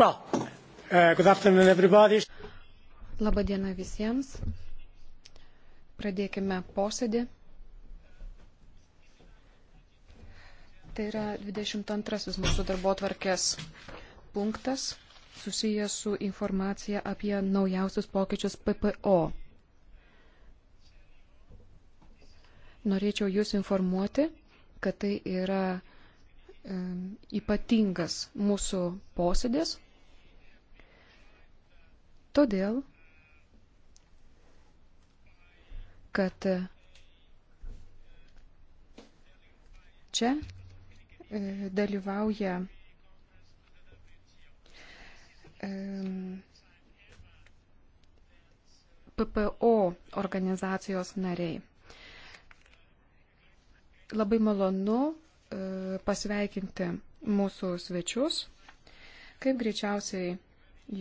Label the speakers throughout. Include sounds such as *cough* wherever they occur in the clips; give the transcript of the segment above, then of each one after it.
Speaker 1: Well,
Speaker 2: uh, good afternoon everybody.
Speaker 1: Labadiena visiems. Pradėkime posėdį. Tai yra 22 mūsų darbo tvarkės punktas susijęs su informacija apie naujausius pokyčius PPO. Norėčiau Jūs informuoti, kad tai yra e, ypatingas mūsų posėdės, Todėl, kad čia e, dalyvauja PPO organizacijos nariai. Labai malonu e, pasveikinti mūsų svečius. Kaip greičiausiai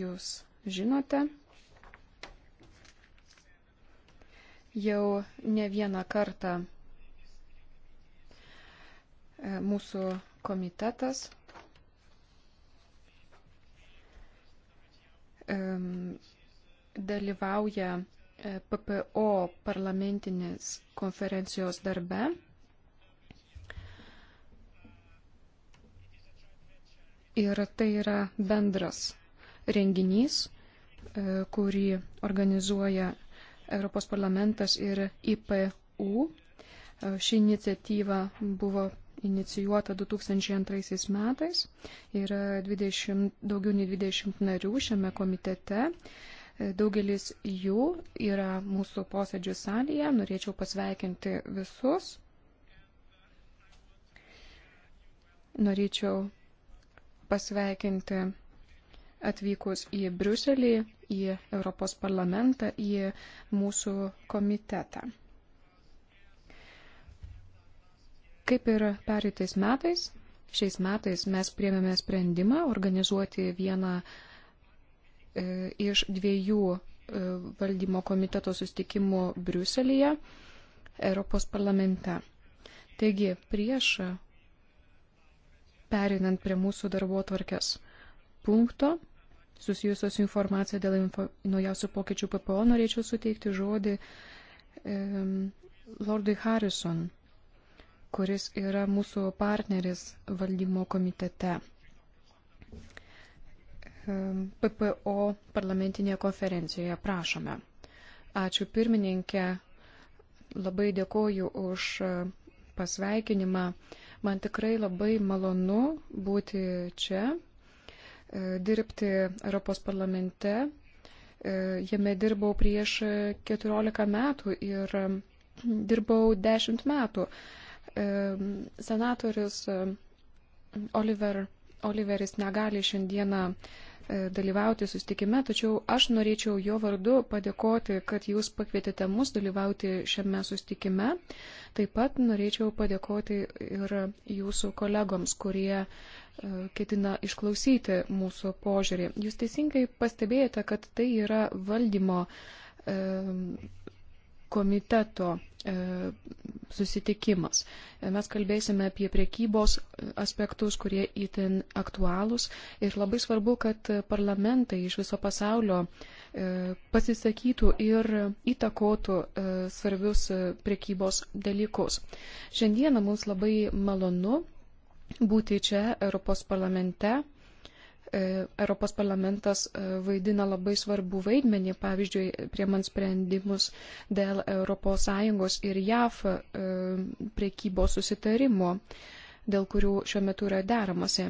Speaker 1: jūs žinote, jau ne vieną kartą e, mūsų komitetas dalyvauja e, PPO parlamentinės konferencijos darbe. Ir tai yra bendras renginys, e, kurį organizuoja Europos parlamentas ir IPU. E, ši iniciatyva buvo inicijuota 2002 metais ir 20, daugiau nei 20 narių šiame komitete. E, daugelis jų yra mūsų posėdžių salėje. Norėčiau pasveikinti visus. Norėčiau pasveikinti atvykus į Briuselį, į Europos parlamentą, į mūsų komitetą. Kaip ir pereitais metais, šiais metais mes priemėme sprendimą organizuoti vieną e, iš dviejų e, valdymo komiteto sustikimų Briuselėje, Europos parlamente. Taigi, prieš perinant prie mūsų darbo tvarkės punkto, susijusios su informacija dėl info, naujausių pokyčių PPO, norėčiau suteikti žodį e, Lordui Harrison, kuris yra mūsų partneris valdymo komitete. E, PPO parlamentinėje konferencijoje prašome. Ačiū pirmininkė, labai dėkoju už e, pasveikinimą. Man tikrai labai malonu būti čia E, dirbti Europos parlamente. E, jame dirbau prieš 14 metų ir e, dirbau 10 metų. Senatorius Oliver, Oliveris negali šiandieną E, dalyvauti sustikime, tačiau aš norėčiau jo vardu padėkoti, kad jūs pakvietėte mus dalyvauti šiame sustikime. Taip pat norėčiau padėkoti ir jūsų kolegoms, kurie e, ketina išklausyti mūsų požiūrį. Jūs teisingai pastebėjote, kad tai yra valdymo e, komiteto e, susitikimas. E, mes kalbėsime apie priekybos e, aspektus, kurie įtin aktualūs ir labai svarbu, kad parlamentai iš viso pasaulio pasisakytų ir įtakotų svarbius priekybos dalykus. Šiandieną mums labai malonu būti čia Europos parlamente E, Europos parlamentas e, vaidina labai svarbu vaidmenį, pavyzdžiui, priemant sprendimus dėl ES ir JAF e, priekybos susitarimo, dėl kurių šiuo metu yra deramasi.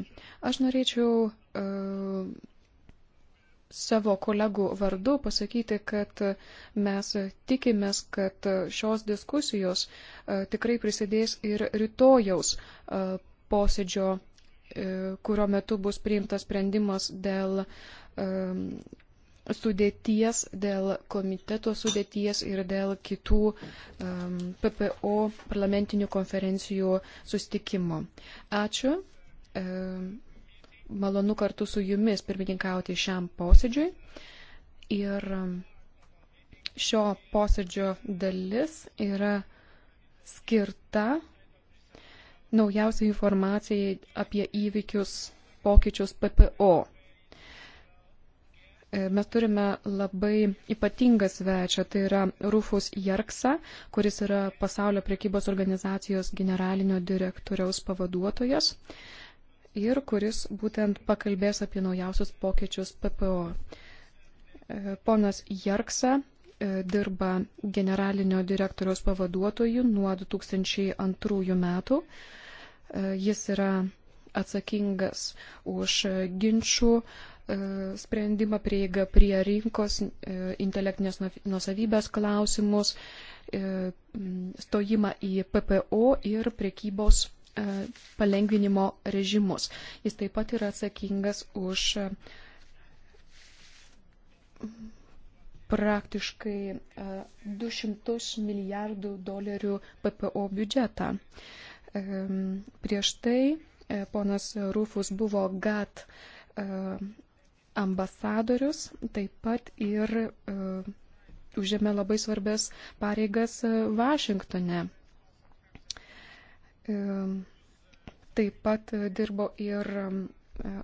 Speaker 1: Aš norėčiau savo kolegų vardu pasakyti, kad mes tikimės, kad šios diskusijos tikrai prisidės ir rytojaus posėdžio E, kurio metu bus priimtas sprendimas dėl e, sudėties, dėl komiteto sudėties ir dėl kitų e, PPO parlamentinių konferencijų sustikimo. Ačiū. Malonu kartu su jumis pirmininkauti šiam posėdžiui. Ir šio posėdžio dalis yra skirta naujausią informaciją apie įvykius pokyčius PPO. E, mes turime labai ypatingą svečią, tai yra Rufus Jarksa, kuris yra pasaulio priekybos organizacijos generalinio direktoriaus pavaduotojas ir kuris būtent pakalbės apie naujausius pokyčius PPO. E, ponas Jarksa e, dirba generalinio direktoriaus pavaduotojų nuo 2002 metų. E, jis yra atsakingas už ginčių e, sprendimą prieigą prie rinkos, e, intelektinės nusavybės klausimus, stojimą į PPO ir prekybos palengvinimo režimus. Jis taip pat yra atsakingas už praktiškai 200 milijardų dolerių PPO biudžetą. Uh, Prieš tai e, ponas Rufus buvo GAT e, ambasadorius, taip pat ir e, užėmė labai svarbės pareigas Vašingtone. Taip pat dirbo ir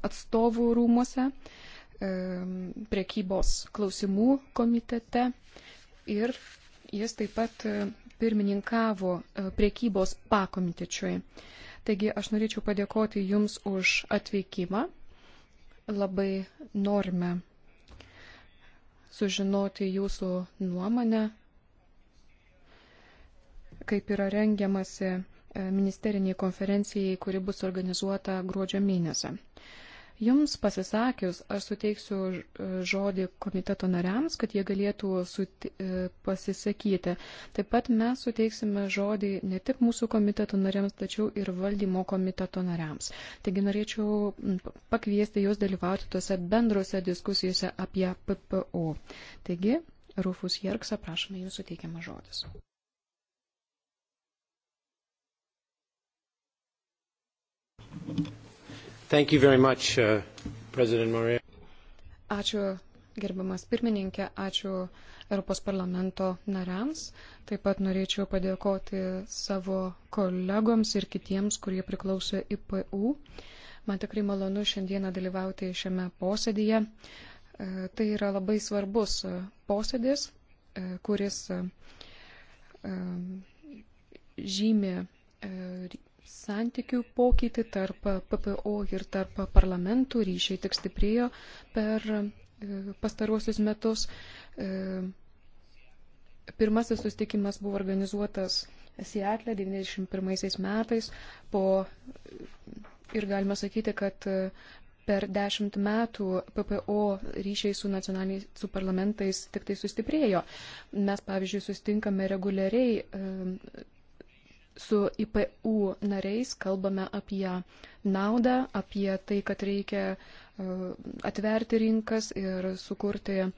Speaker 1: atstovų rūmose, priekybos klausimų komitete ir jis taip pat pirmininkavo e, priekybos pakomitečiui. Taigi aš norėčiau padėkoti Jums už atvykimą. Labai norime sužinoti Jūsų nuomonę, kaip yra rengiamasi e, ministeriniai konferencijai, kuri bus organizuota gruodžio mėnesį. Jums pasisakius, aš suteiksiu žodį komiteto nariams, kad jie galėtų e, pasisakyti. Taip pat mes suteiksime žodį ne tik mūsų komiteto nariams, tačiau ir valdymo komiteto nariams. Taigi norėčiau pakviesti juos dalyvauti tuose bendrose diskusijose apie PPO. Taigi, Rufus Jerksa, prašome jūsų teikiamą žodis. Thank you. Thank you very much,
Speaker 2: uh, President Moreira.
Speaker 1: Ačiū gerbiamas pirmininkė, ačiū Europos parlamento nariams. Taip pat norėčiau padėkoti savo kolegoms ir kitiems, kurie priklauso IPU. Man tikrai malonu šiandieną dalyvauti šiame posėdėje. E, tai yra labai svarbus e, posėdis, e, kuris žymi santykių pokytį tarp PPO ir tarp parlamentų ryšiai tik stiprėjo per e, pastaruosius metus. E, pirmasis sustikimas buvo organizuotas Seatle 91 metais po ir galima sakyti, kad e, per dešimt metų PPO ryšiai su nacionaliniais, su parlamentais tik tai sustiprėjo. Mes, pavyzdžiui, sustinkame reguliariai su IPU nariais kalbame apie naudą, apie tai, kad reikia e, atverti rinkas ir sukurti e,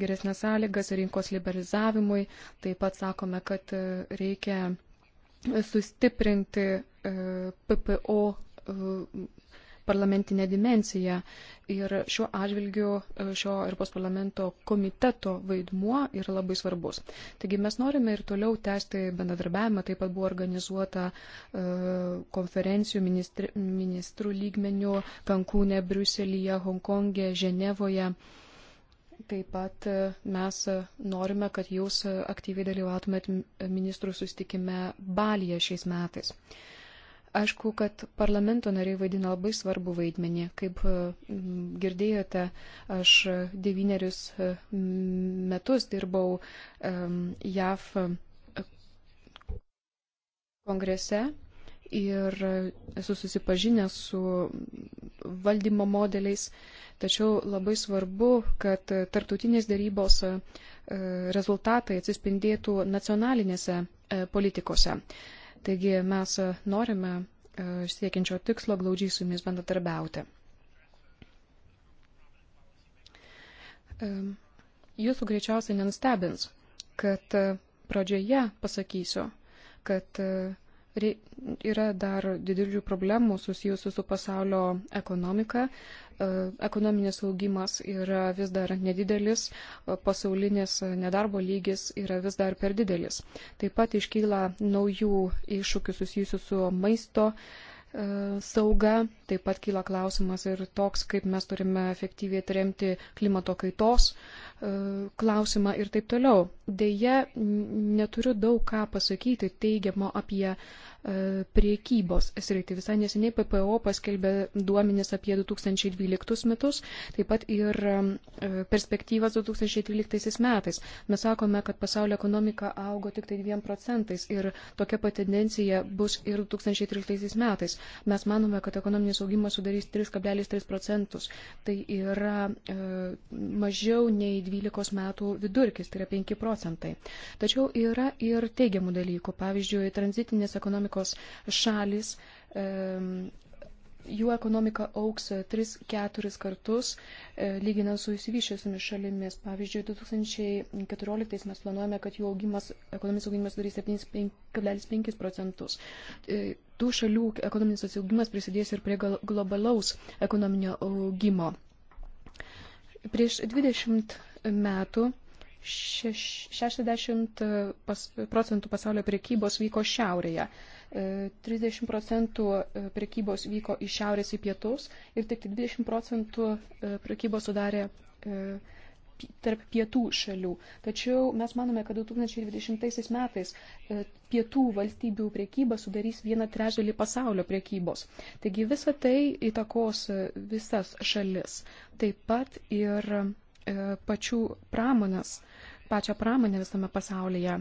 Speaker 1: geresnės sąlygas rinkos liberalizavimui. Taip pat sakome, kad e, reikia sustiprinti PPO parlamentinę dimenciją. Ir šiuo atžvilgiu e, šio Europos parlamento komiteto vaidmuo yra labai svarbus. Taigi mes norime ir toliau tęsti bendradarbiavimą. Taip pat buvo organizuota e, konferencijų ministri, ministrų lygmenių Kankūne, Briuselyje, Hongkonge, Ženevoje. Taip pat e, mes norime, kad jūs aktyviai dalyvautumėt ministrų sustikime Balyje šiais metais. Aišku, kad parlamento nariai vaidina labai svarbu vaidmenį. Kaip e, girdėjote, aš devynerius e, metus dirbau e, JAV kongrese ir esu susipažinęs su valdymo modeliais, tačiau labai svarbu, kad tartutinės darybos rezultatai atsispindėtų nacionalinėse politikose. Taigi mes e, norime e, siekiančio tikslo glaudžiai su jumis bendradarbiauti. E, jūsų greičiausiai nenustebins, kad pradžioje pasakysiu, kad yra dar didelių problemų susijusių su pasaulio ekonomika. E, Ekonominės augimas yra vis dar nedidelis, pasaulinis nedarbo lygis yra vis dar per didelis. Taip pat iškyla naujų iššūkių susijusių su maisto e, sauga, Taip pat kyla klausimas ir toks, kaip mes turime efektyviai atremti klimato kaitos e, klausimą ir taip toliau. Deja, neturiu daug ką pasakyti teigiamo apie e, priekybos sritį. Visai neseniai PPO paskelbė duomenis apie 2012 metus, taip pat ir e, perspektyvas 2012 metais. Mes sakome, kad pasaulio ekonomika augo tik tai 2 procentais ir tokia pati tendencija bus ir 2013 metais. Mes manome, kad ekonominis ekonominis augimas sudarys 3,3 procentus. Tai yra e, mažiau nei 12 metų vidurkis, tai yra 5 procentai. Tačiau yra ir teigiamų dalykų. Pavyzdžiui, tranzitinės ekonomikos šalis. E, jų ekonomika auks 3-4 kartus e, lyginant su įsivyščiusiomis šalimis. Pavyzdžiui, 2014 mes planuojame, kad jų augimas, ekonominis augimas darys 7,5 procentus. E, tų šalių ekonominis atsiaugimas prisidės ir prie globalaus ekonominio augimo. Prieš 20 metų 60 e, procentų pasaulio priekybos vyko šiaurėje, 30 e, procentų e, priekybos vyko iš šiaurės į pietus ir tik 20 procentų priekybos sudarė tarp pietų šalių. Tačiau mes manome, kad 2020 metais e, pietų valstybių priekyba sudarys vieną trečdalį pasaulio priekybos. Taigi visa tai įtakos e, visas šalis. Taip pat ir e, pačių pramonės, pačią pramonę visame pasaulyje.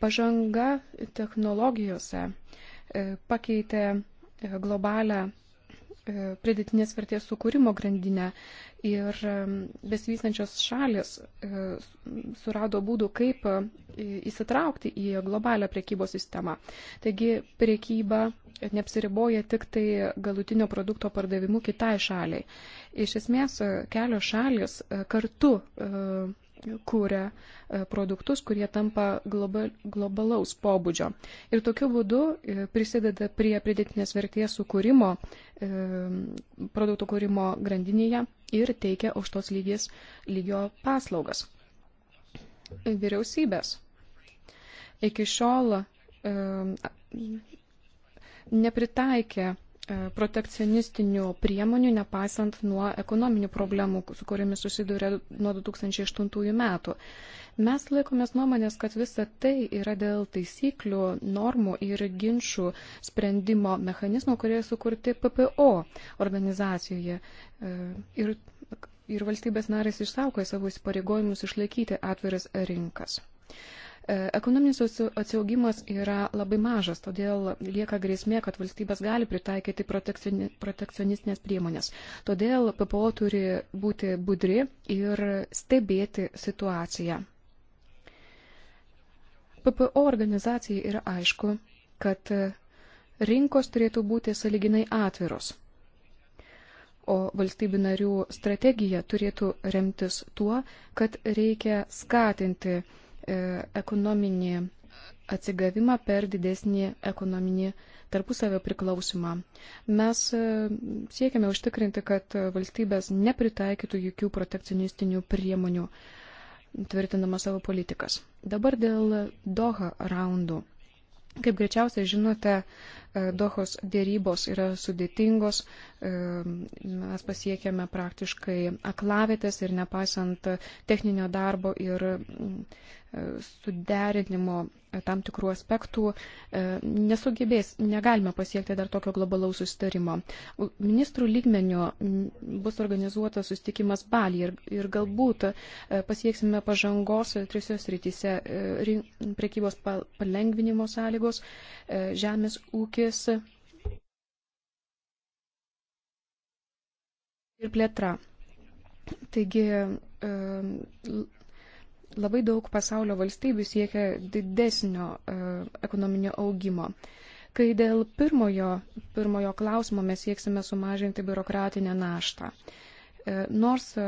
Speaker 1: Pažanga technologijose pakeitė globalią E, pridėtinės vertės sukūrimo grandinę ir e, besivystančios šalis e, surado būdų, kaip įsitraukti į globalią priekybos sistemą. Taigi priekyba neapsiriboja tik tai galutinio produkto pardavimu kitai šaliai. Iš esmės, kelios šalis kartu kūrė e, produktus, kurie tampa global, globalaus pobūdžio. Ir tokiu būdu e, prisideda prie pridėtinės vertės sukūrimo, e, produktų kūrimo grandinėje ir teikia aukštos lygis lygio paslaugas. Vyriausybės. Iki šiol nepritaikė E, protekcionistinių priemonių, nepaisant nuo ekonominių problemų, su kuriamis susidūrė nuo 2008 metų. Mes laikomės nuomonės, kad visa tai yra dėl taisyklių, normų ir ginčių sprendimo mechanizmų, kurie sukurti PPO organizacijoje. E, ir, ir valstybės narės išsaukoja savo įsipareigojimus išlaikyti atviras rinkas. Ekonominis atsiaugimas yra labai mažas, todėl lieka grėsmė, kad valstybės gali pritaikyti protekcionistinės priemonės. Todėl PPO turi būti budri ir stebėti situaciją. PPO organizacijai yra aišku, kad rinkos turėtų būti saliginai atviros, o valstybių narių strategija turėtų remtis tuo, kad reikia skatinti E, ekonominį atsigavimą per didesnį ekonominį tarpusavio priklausimą. Mes e, siekiame užtikrinti, kad valstybės nepritaikytų jokių protekcionistinių priemonių, tvirtinama savo politikas. Dabar dėl Doha raundų. Kaip greičiausiai žinote, e, Dohos dėrybos yra sudėtingos, mes pasiekėme praktiškai aklavėtės ir nepaisant techninio darbo ir suderinimo e, tam tikrų aspektų e, nesugebės, negalime pasiekti dar tokio globalaus sustarimo. Ministrų lygmenio bus organizuotas sustikimas Balį ir, ir galbūt e, pasieksime pažangos trisios rytise prekybos palengvinimo sąlygos, žemės ūkis ir plėtra. Taigi Labai daug pasaulio valstybių siekia didesnio e, ekonominio augimo. Kai dėl pirmojo, pirmojo klausimo mes sieksime sumažinti biurokratinę naštą. E, nors e,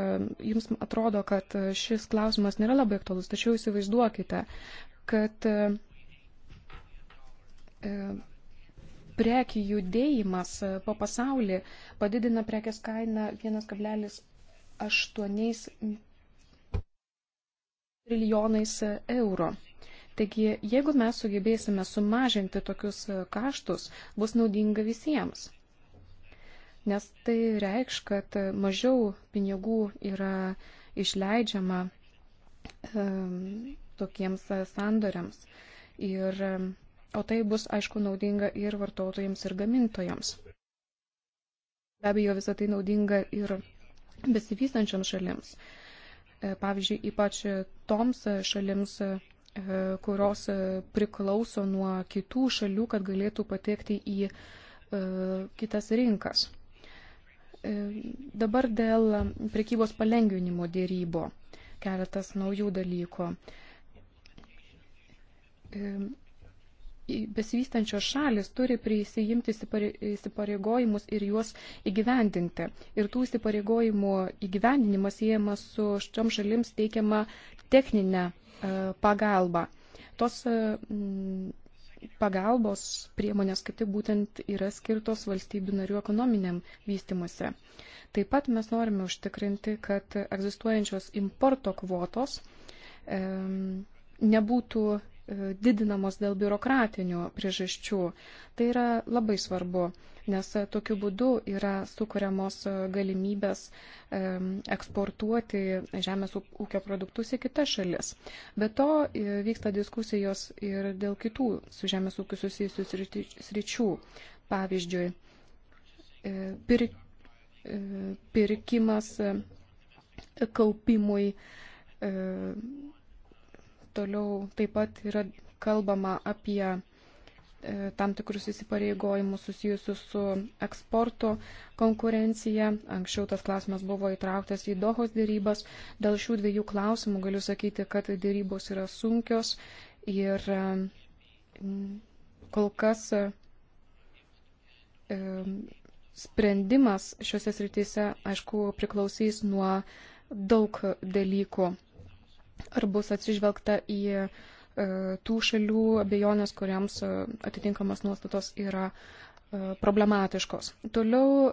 Speaker 1: jums atrodo, kad šis klausimas nėra labai aktualus, tačiau įsivaizduokite, kad prekių judėjimas po pasaulį padidina prekės kainą 1,8 trilijonais e, eurų. Taigi, jeigu mes sugebėsime sumažinti tokius e, kaštus, bus naudinga visiems. Nes tai reikš, kad e, mažiau pinigų yra išleidžiama um, tokiems sandoriams. Ir, o tai bus, aišku, naudinga ir vartotojams, ir gamintojams. Be abejo, visą tai naudinga ir besivystančiams šalims. E, pavyzdžiui, ypač toms šalims, e, kurios e, priklauso nuo kitų šalių, kad galėtų patekti į kitas rinkas. Dabar dėl prekybos palengvinimo dėrybo keletas naujų dalykų besivystančios šalis turi prisijimti įsipareigojimus ir juos įgyvendinti. Ir tų įsipareigojimų įgyvendinimas siejamas su šiom šalims teikiama techninė e, pagalba. Tos e, pagalbos priemonės kaip tik būtent yra skirtos valstybių narių ekonominiam vystimuose. Taip pat mes norime užtikrinti, kad egzistuojančios importo kvotos e, nebūtų E, didinamos dėl biurokratinių priežasčių. Tai yra labai svarbu, nes tokiu būdu yra sukuriamos galimybės e, eksportuoti žemės ūkio produktus į kitas šalis. Be to e, vyksta diskusijos ir dėl kitų su žemės ūkiu susijusių sričių. Pavyzdžiui, pir, pirkimas kaupimui Toliau taip pat yra kalbama apie e, tam tikrus įsipareigojimus susijusius su eksporto konkurencija. Anksčiau tas klausimas buvo įtrauktas į Dohos dėrybas. Dėl šių dviejų klausimų galiu sakyti, kad dėrybos yra sunkios ir e, kol kas e, sprendimas šiuose srityse, aišku, priklausys nuo daug dalykų ar bus atsižvelgta į e, tų šalių abejonės, kuriams e, atitinkamas nuostatos yra e, problematiškos. Toliau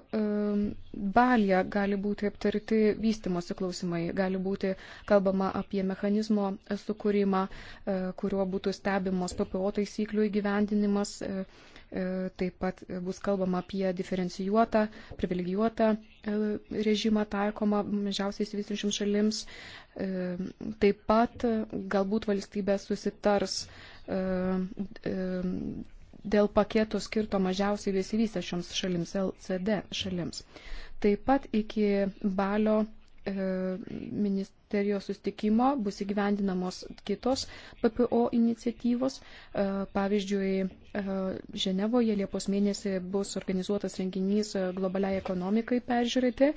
Speaker 1: balė gali būti aptarti vystimosi klausimai, gali būti kalbama apie mechanizmo sukūrimą, kuriuo būtų stebimos PPO taisyklių įgyvendinimas. E, E, taip pat bus kalbama apie diferencijuotą, privilegijuotą e, režimą taikomą mažiausiai įsivysinčiams šalims. E, taip pat galbūt valstybė susitars dėl paketo skirto mažiausiai besivystačioms šalims, LCD šalims. Taip pat iki balio e, ministerijos sustikimo bus įgyvendinamos kitos PPO iniciatyvos. E, pavyzdžiui, e, Ženevoje Liepos mėnesį bus organizuotas renginys e, globaliai ekonomikai peržiūrėti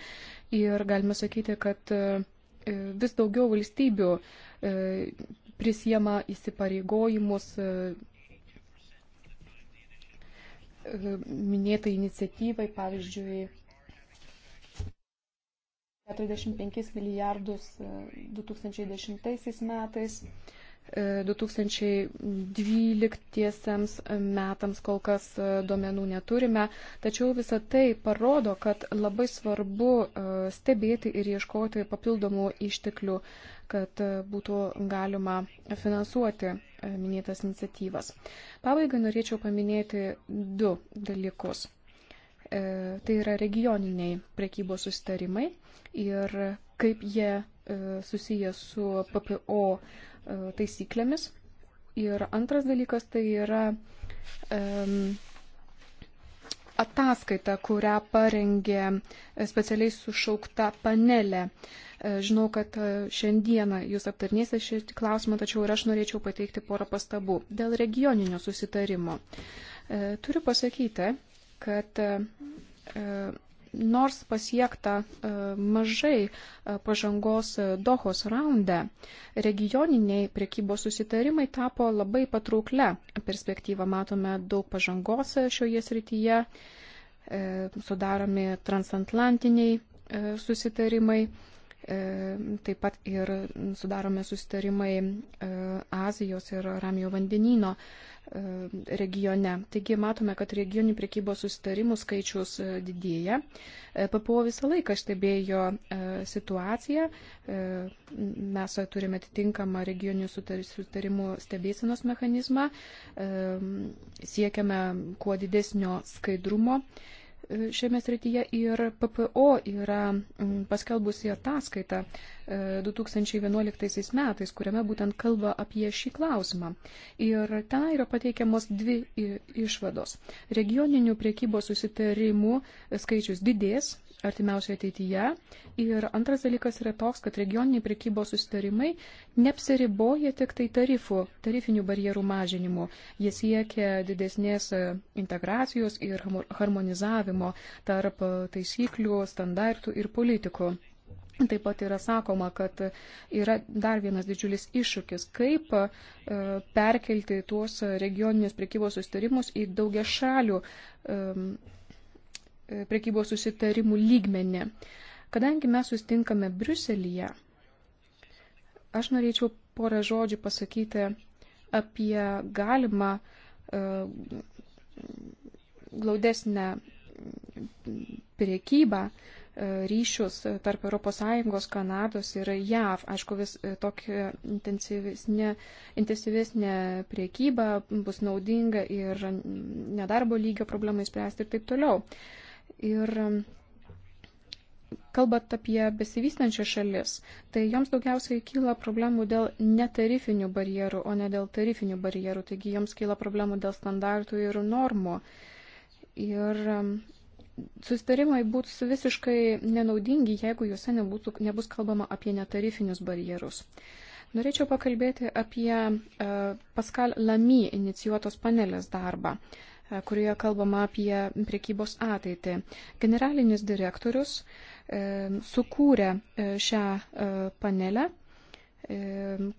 Speaker 1: ir galime sakyti, kad vis daugiau valstybių prisiema įsipareigojimus minėtai iniciatyvai, pavyzdžiui, 45 milijardus 2010 e, metais. 2012 e, metams kol kas e, duomenų neturime, tačiau visa tai parodo, kad labai svarbu stebėti ir ieškoti papildomų išteklių, kad būtų galima finansuoti minėtas iniciatyvas. Pabaigai norėčiau paminėti du dalykus. E, tai yra regioniniai prekybos sustarimai ir kaip jie e, susiję su PPO e, taisyklėmis. Ir antras dalykas tai yra um, ataskaita, kurią parengė specialiai sušaukta panelė. Žinau, kad šiandieną jūs aptarnėsite šį klausimą, tačiau ir aš norėčiau pateikti porą pastabų dėl regioninio susitarimo. Turiu pasakyti, kad e, e, nors pasiekta e, mažai pažangos Dohos raunde, regioniniai priekybos susitarimai tapo labai patrauklę perspektyvą. Matome daug pažangos šioje srityje, sudaromi transatlantiniai susitarimai E, taip pat ir sudaromi sustarimai e, Azijos ir Ramijo vandenino e, regione. Taigi matome, kad regionių priekybos sustarimų skaičius didėja. PPO visą laiką stebėjo situaciją. Mes turime atitinkamą regioninių sustarimų stebėsinos mechanizmą. Siekiame kuo didesnio skaidrumo šiame srityje ir PPO yra mm, paskelbusi ataskaitą 2011 e, metais, kuriame būtent kalba apie šį klausimą. Ir ten yra pateikiamos dvi išvados. Regioninių priekybos susitarimų skaičius didės artimiausioje ateityje. Ir antras dalykas yra toks, kad regioniniai prekybos susitarimai neapsiriboja tik tai tarifų, tarifinių barjerų mažinimu. Jie siekia didesnės e, integracijos ir harmonizavimo tarp e, taisyklių, standartų ir politikų. Taip pat yra sakoma, kad yra dar vienas didžiulis iššūkis, kaip e, perkelti tuos regioninius prekybos sustarimus į daugia šalių prekybos susitarimų lygmenį. Kadangi mes sustinkame Briuselyje, aš norėčiau porą žodžių pasakyti apie galimą e, glaudesnę priekybą e, ryšius tarp ES, Kanados ir JAV. Aišku, vis e, tokia intensyvesnė, intensyvesnė priekyba bus naudinga ir nedarbo lygio problemai spręsti ir taip toliau. Ir um, kalbant apie besivystančias šalis, tai joms daugiausiai kyla problemų dėl netarifinių barjerų, o ne dėl tarifinių barjerų. Taigi joms kyla problemų dėl standartų ir normų. Ir um, susitarimai būtų visiškai nenaudingi, jeigu juose nebūtų, nebus kalbama apie netarifinius barjerus. Norėčiau pakalbėti apie uh, Pascal Lamy inicijuotos panelės darbą. Uh, kurioje kalbama apie priekybos ateitį. Generalinis direktorius e, sukūrė e, šią e, panelę,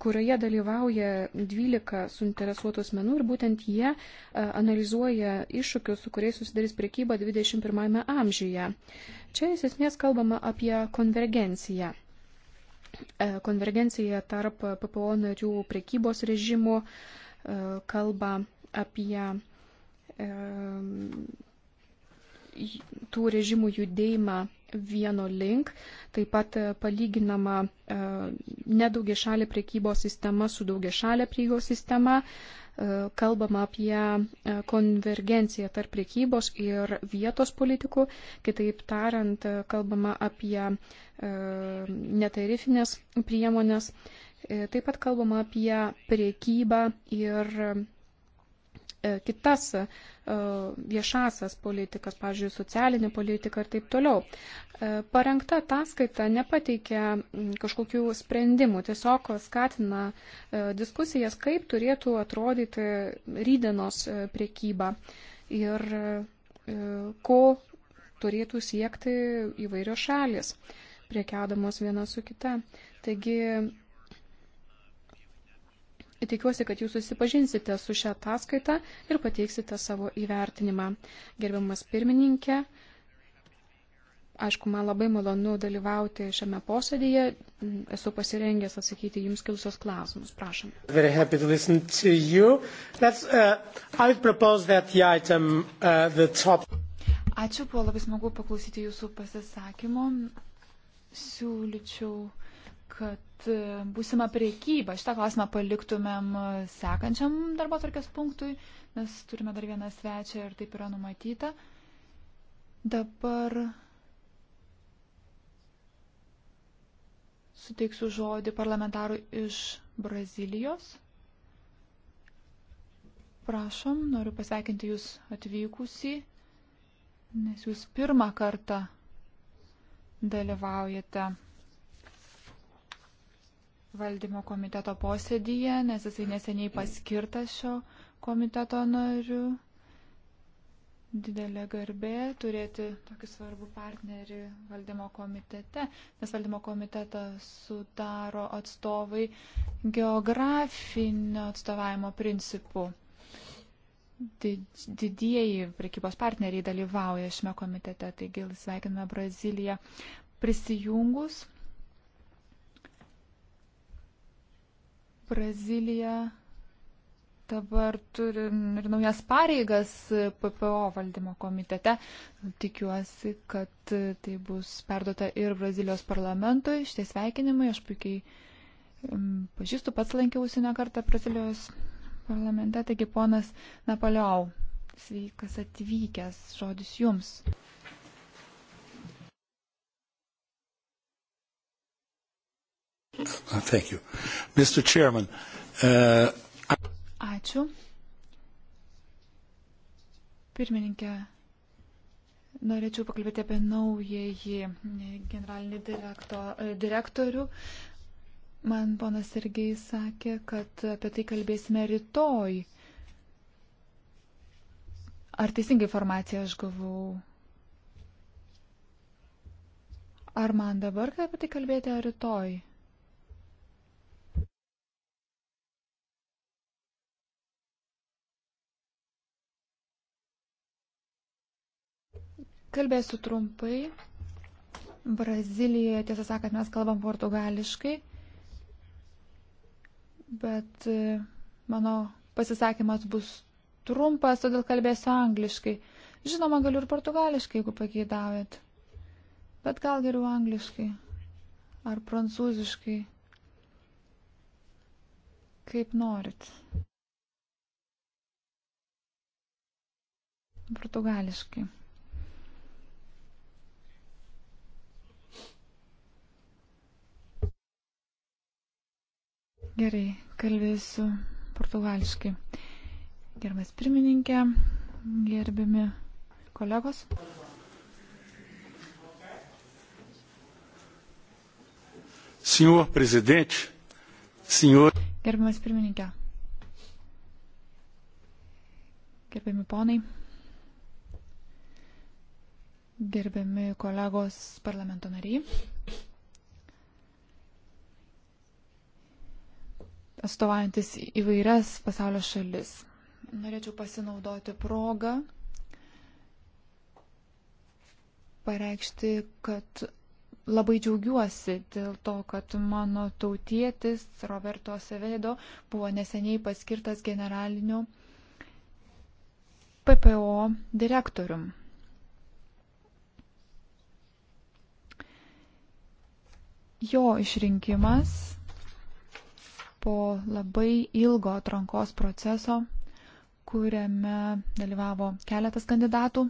Speaker 1: kurioje dalyvauja 12 suinteresuotų asmenų ir būtent jie analizuoja iššūkius, su kuriais susidarys priekyba 21 amžiuje. Čia iš esmės kalbama apie konvergenciją konvergencija tarp PPO narių prekybos režimų kalba apie tų režimų judėjimą vieno link, taip pat e, palyginama e, nedaugia šalia priekybos sistema su daugia šalia priegos sistema, e, kalbama apie konvergenciją tarp priekybos ir vietos politikų, kitaip tariant, kalbama apie netarifinės priemonės, taip pat kalbama apie priekybą ir E, kitas e, viešasias politikas, pavyzdžiui, socialinė politika ir taip toliau. E, parengta ataskaita nepateikia kažkokių sprendimų, tiesiog skatina diskusijas, kaip turėtų atrodyti rydenos priekyba ir ko turėtų siekti įvairios šalis priekiaudamos viena su kita. Taigi Tikiuosi, kad jūs susipažinsite su šią ataskaitą ir pateiksite savo įvertinimą. Gerbiamas pirmininkė, aišku, man labai malonu dalyvauti šiame posėdėje. Esu pasirengęs atsakyti jums kilusios klausimus. Prašom.
Speaker 3: To to That's, uh,
Speaker 2: item, uh, top...
Speaker 3: Ačiū, buvo labai smagu paklausyti jūsų pasisakymo. Siūlyčiau kad e, būsima priekyba. Šitą klausimą paliktumėm e, sekančiam darbo tvarkės punktui, nes turime dar vieną svečią ir taip yra numatyta. Dabar suteiksiu žodį parlamentarui iš Brazilijos. Prašom, noriu pasveikinti Jūs atvykusi, nes Jūs pirmą kartą dalyvaujate valdymo komiteto posėdyje, nes jisai neseniai paskirtas šio komiteto nariu. Didelė garbė turėti tokį svarbų partnerį valdymo komitete, nes valdymo komitetą sudaro atstovai geografinio atstovavimo principų. Didieji prekybos partneriai dalyvauja šiame komitete, taigi sveikiname Braziliją prisijungus Brazilija dabar turi ir naujas pareigas PPO valdymo komitete. Tikiuosi, kad tai bus perduota ir Brazilijos parlamentui. Šitie sveikinimai, aš puikiai pažįstu, pats lankiausi ne kartą Brazilijos parlamente. Taigi, ponas Napoleau, sveikas atvykęs, žodis jums.
Speaker 1: Uh, thank you.
Speaker 3: Mr. Chairman. Uh, I... Ačiū. Pirmininkė, norėčiau pakalbėti apie naująjį generalinį direkto, direktorių. Man ponas Sergei sakė, kad apie tai kalbėsime rytoj. Ar teisingai informaciją aš gavau? Ar man dabar apie tai kalbėti, ar rytoj? Kalbėsiu trumpai. Brazilijoje, tiesą sakant, mes kalbam portugališkai, bet e, mano pasisakymas bus trumpas, todėl kalbėsiu angliškai. Žinoma, galiu ir portugališkai, jeigu pageidaujat, bet gal geriau angliškai ar prancūziškai, kaip norit. Portugališkai. Gerai, kalbėsiu portugališkai. Gerbas pirmininkė, gerbiami kolegos.
Speaker 2: Senhor presidente, senhor.
Speaker 3: Gerbiamas pirmininkė. Gerbiami ponai. Gerbiami kolegos parlamento nariai. atstovaujantis įvairias pasaulio šalis. Norėčiau pasinaudoti progą pareikšti, kad labai džiaugiuosi dėl to, kad mano tautietis Roberto Sevedo buvo neseniai paskirtas generaliniu PPO direktorium. Jo išrinkimas po labai ilgo atrankos proceso, kuriame dalyvavo keletas kandidatų.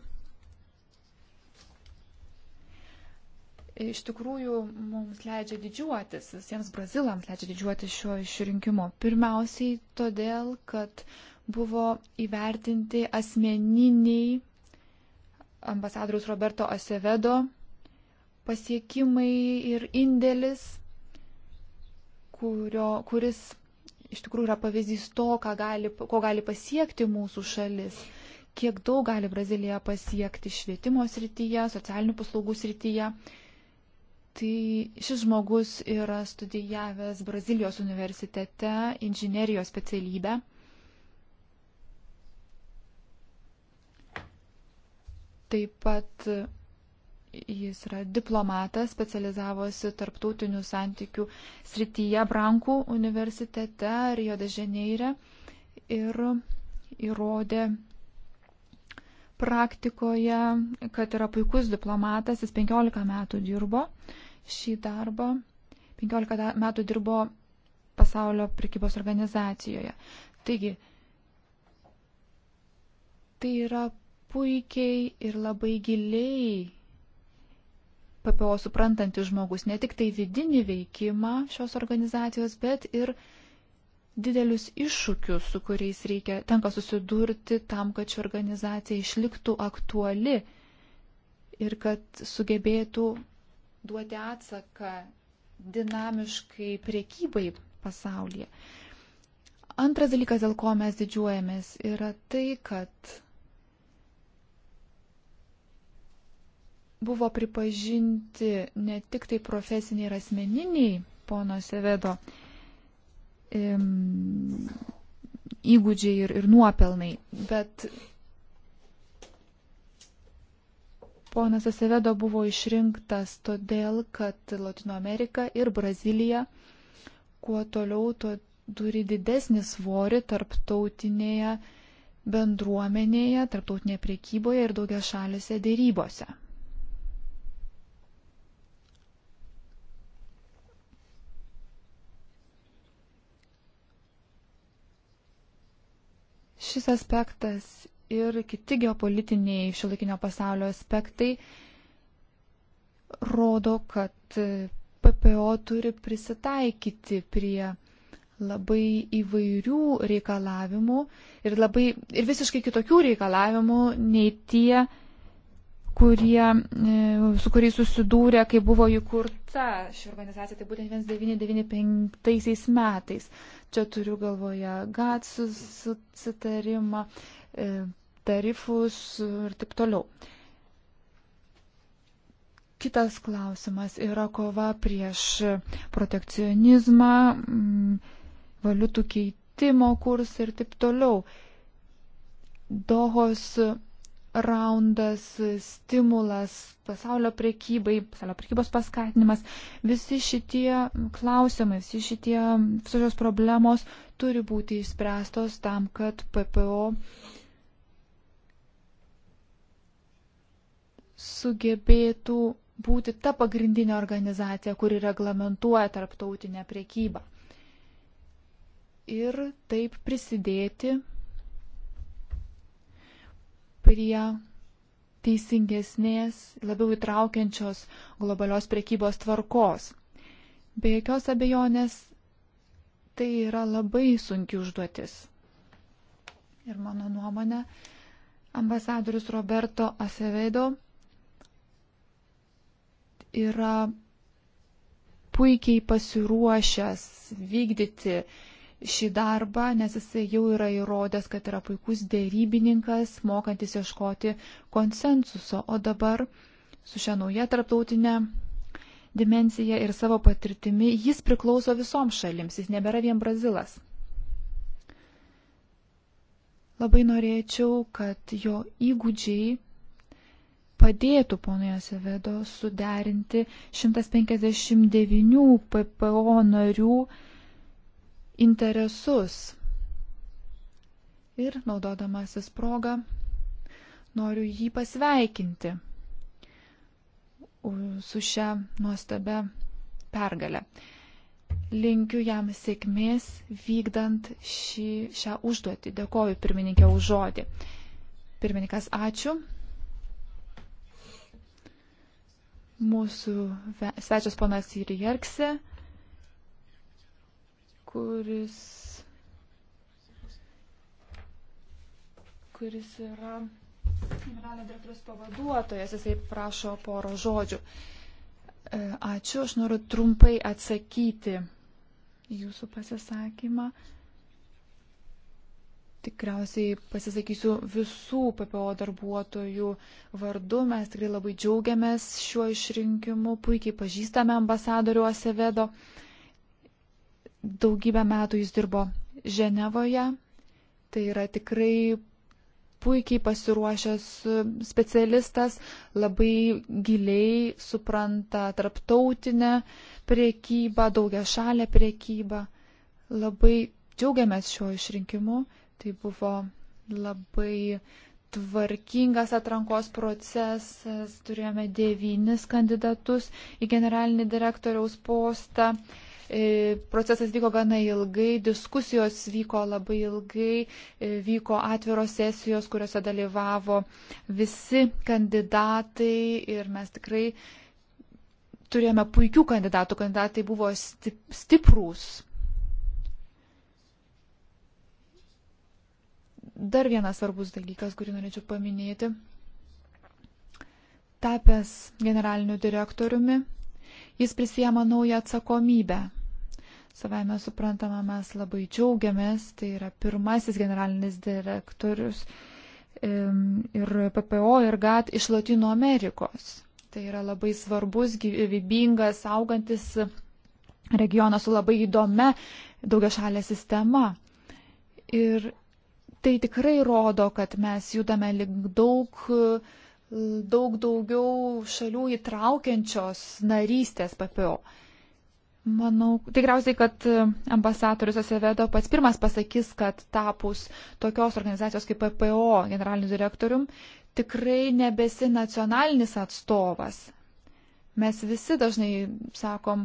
Speaker 3: Iš tikrųjų, mums leidžia didžiuotis, visiems brazilams leidžia didžiuotis šio išrinkimu. Pirmiausiai todėl, kad buvo įvertinti asmeniniai ambasadoriaus Roberto Asevedo pasiekimai ir indėlis kurio, kuris iš tikrųjų yra pavyzdys to, gali, ko gali pasiekti mūsų šalis, kiek daug gali Brazilija pasiekti švietimo srityje, socialinių paslaugų srityje. Tai šis žmogus yra studijavęs Brazilijos universitete inžinerijos specialybę. Taip pat Jis yra diplomatas, specializavosi tarptautinių santykių srityje Brankų universitete Rio de Žaneire ir įrodė praktikoje, kad yra puikus diplomatas. Jis 15 metų dirbo šį darbą. 15 metų dirbo pasaulio prekybos organizacijoje. Taigi, tai yra puikiai ir labai giliai PPO suprantantis žmogus ne tik tai vidinį veikimą šios organizacijos, bet ir didelius iššūkius, su kuriais reikia, tenka susidurti tam, kad ši organizacija išliktų aktuali ir kad sugebėtų duoti atsaką dinamiškai priekybai pasaulyje. Antras dalykas, dėl ko mes didžiuojamės, yra tai, kad buvo pripažinti ne tik tai profesiniai ir asmeniniai pono Sevedo įgūdžiai ir, ir nuopelnai, bet ponas Sevedo buvo išrinktas todėl, kad Latino Amerika ir Brazilija kuo toliau, tuo turi didesnį svorį tarptautinėje bendruomenėje, tarptautinėje priekyboje ir daugia šalėse dėrybose. Šis aspektas ir kiti geopolitiniai šiolikinio pasaulio aspektai rodo, kad PPO turi prisitaikyti prie labai įvairių reikalavimų ir, labai, ir visiškai kitokių reikalavimų nei tie kurie, e, su kuriais susidūrė, kai buvo įkurta ši organizacija, tai būtent 1995 metais. Čia turiu galvoje GATS susitarimą, e, tarifus ir taip toliau. Kitas klausimas yra kova prieš protekcionizmą, valiutų keitimo kursą ir taip toliau. Dohos raundas, stimulas, pasaulio priekybai, pasaulio priekybos paskatinimas, visi šitie klausimai, visi šitie, visos šios problemos turi būti išspręstos tam, kad PPO sugebėtų būti ta pagrindinė organizacija, kuri reglamentuoja tarptautinę priekybą. Ir taip prisidėti prie teisingesnės, labiau įtraukiančios globalios prekybos tvarkos. Be jokios abejonės, tai yra labai sunki užduotis. Ir mano nuomonė, ambasadorius Roberto Acevedo yra puikiai pasiruošęs vykdyti šį darbą, nes jisai jau yra įrodęs, kad yra puikus dėrybininkas, mokantis ieškoti konsensuso. O dabar su šia nauja tarptautinė dimensija ir savo patirtimi jis priklauso visoms šalims, jis nebėra vien Brazilas. Labai norėčiau, kad jo įgūdžiai padėtų ponui Asevedo suderinti 159 PPO narių interesus. Ir naudodamasis progą noriu jį pasveikinti su šią nuostabę pergalę. Linkiu jam sėkmės vykdant šį, šią užduotį. Dėkoju pirmininkė už žodį. Pirmininkas, ačiū. Mūsų svečias ponas Irijerkse kuris, kuris yra generalinio direktorius pavaduotojas, jisai prašo poro žodžių. E, ačiū, aš noriu trumpai atsakyti jūsų pasisakymą. Tikriausiai pasisakysiu visų PPO darbuotojų vardu. Mes tikrai labai džiaugiamės šiuo išrinkimu, puikiai pažįstame ambasadorių Asevedo. Uh, Daugybę metų jis dirbo Ženevoje. Tai yra tikrai puikiai pasiruošęs specialistas, labai giliai supranta tarptautinę priekybą, daugia šalę priekybą. Labai džiaugiamės šiuo išrinkimu. Tai buvo labai tvarkingas atrankos procesas, turėjome devynis kandidatus į generalinį direktoriaus postą. E, procesas vyko gana ilgai, diskusijos vyko labai ilgai, e, vyko atviros sesijos, kuriuose dalyvavo visi kandidatai ir mes tikrai turėjome puikių kandidatų, kandidatai buvo stiprūs. Dar vienas svarbus dalykas, kurį norėčiau paminėti. Tapęs generaliniu direktoriumi, jis prisijama naują atsakomybę. Savai mes suprantama, mes labai džiaugiamės, tai yra pirmasis generalinis direktorius ir PPO ir GAT iš Latino Amerikos. Tai yra labai svarbus, gyvybingas, augantis regionas su labai įdomia daugia šalė sistema. Ir tai tikrai rodo, kad mes judame link daug, daug daugiau šalių įtraukiančios narystės PPO. Manau, tikriausiai, kad e, ambasadorius Asevedo pats pirmas pasakys, kad tapus tokios organizacijos kaip PPO generaliniu direktorium, tikrai nebesi nacionalinis atstovas. Mes visi dažnai sakom,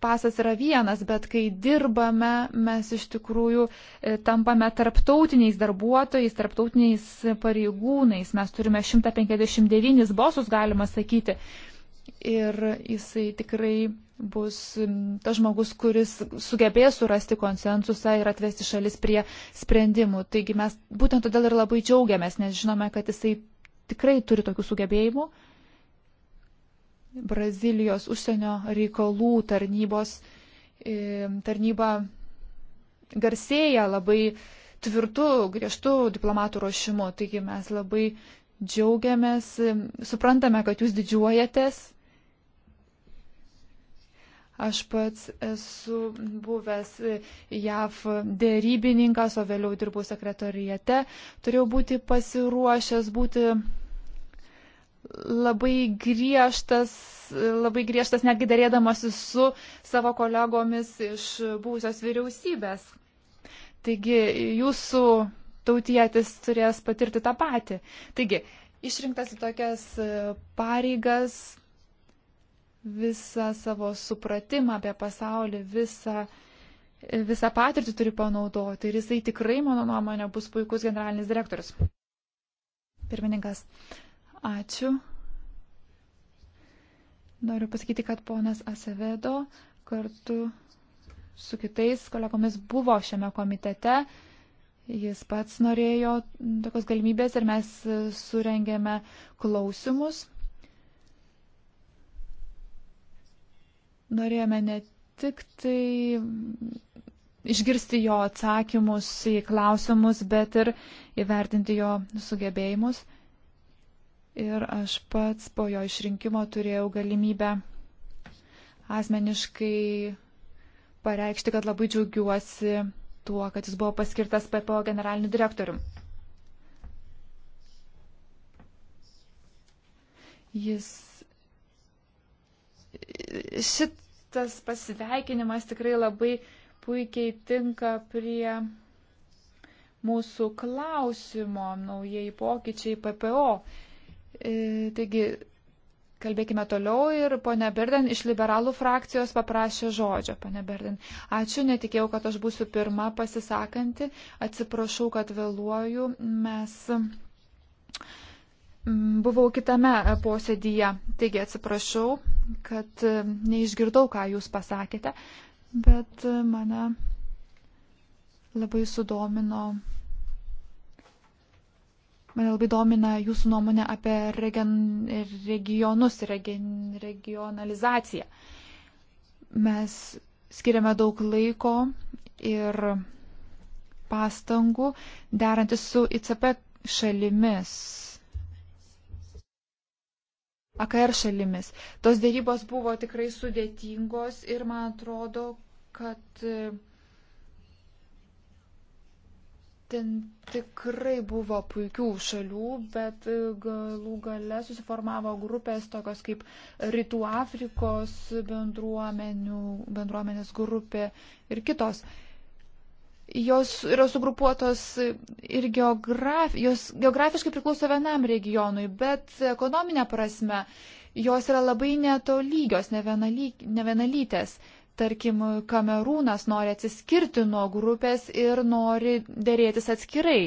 Speaker 3: pasas yra vienas, bet kai dirbame, mes iš tikrųjų e, tampame tarptautiniais darbuotojais, tarptautiniais pareigūnais. Mes turime 159 bosus, galima sakyti, ir jisai tikrai bus tas žmogus, kuris sugebės surasti konsensusą ir atvesti šalis prie sprendimų. Taigi mes būtent todėl ir labai džiaugiamės, nes žinome, kad jisai tikrai turi tokių sugebėjimų. Brazilijos užsienio reikalų tarnybos, e, tarnyba garsėja labai tvirtų, griežtų diplomatų ruošimu. Taigi mes labai džiaugiamės, suprantame, kad jūs didžiuojatės Aš pats esu buvęs JAV dėrybininkas, o vėliau dirbau sekretorijate. Turėjau būti pasiruošęs būti labai griežtas, labai griežtas netgi darėdamasi su savo kolegomis iš buvusios vyriausybės. Taigi jūsų tautietis turės patirti tą patį. Taigi, išrinktas į tokias pareigas visą savo supratimą apie pasaulį, visą, visą patirtį turi panaudoti ir jisai tikrai, mano nuomonė, bus puikus generalinis direktorius. Pirmininkas, ačiū. Noriu pasakyti, kad ponas Asevedo kartu su kitais kolegomis buvo šiame komitete. Jis pats norėjo tokios galimybės ir mes surengėme klausimus Norėjome ne tik tai išgirsti jo atsakymus į klausimus, bet ir įvertinti jo sugebėjimus. Ir aš pats po jo išrinkimo turėjau galimybę asmeniškai pareikšti, kad labai džiaugiuosi tuo, kad jis buvo paskirtas PPO generaliniu direktorium. Jis šitas pasiteikinimas tikrai labai puikiai tinka prie mūsų klausimo naujieji pokyčiai PPO. E, taigi, kalbėkime toliau ir ponia Berden iš liberalų frakcijos paprašė žodžio. Pane Berden, ačiū, netikėjau, kad aš būsiu pirma pasisakanti. Atsiprašau, kad vėluoju. Mes Mm, buvau kitame e, posėdyje, taigi atsiprašau, kad e, neišgirdau, ką jūs pasakėte, bet e, mane labai sudomino, mane labai domina jūsų nuomonė apie regen, regionus, regen, regionalizaciją. Mes skiriame daug laiko ir pastangų derantis su ICP šalimis AKR šalimis. Tos dėrybos buvo tikrai sudėtingos ir man atrodo, kad e, ten tikrai buvo puikių šalių, bet e, galų gale susiformavo grupės tokios kaip Rytų Afrikos bendruomenių, bendruomenės grupė ir kitos jos yra sugrupuotos ir geograf, jos geografiškai priklauso vienam regionui, bet ekonominė prasme jos yra labai netolygios, nevienalytės. Tarkim, Kamerūnas nori atsiskirti nuo grupės ir nori dėrėtis atskirai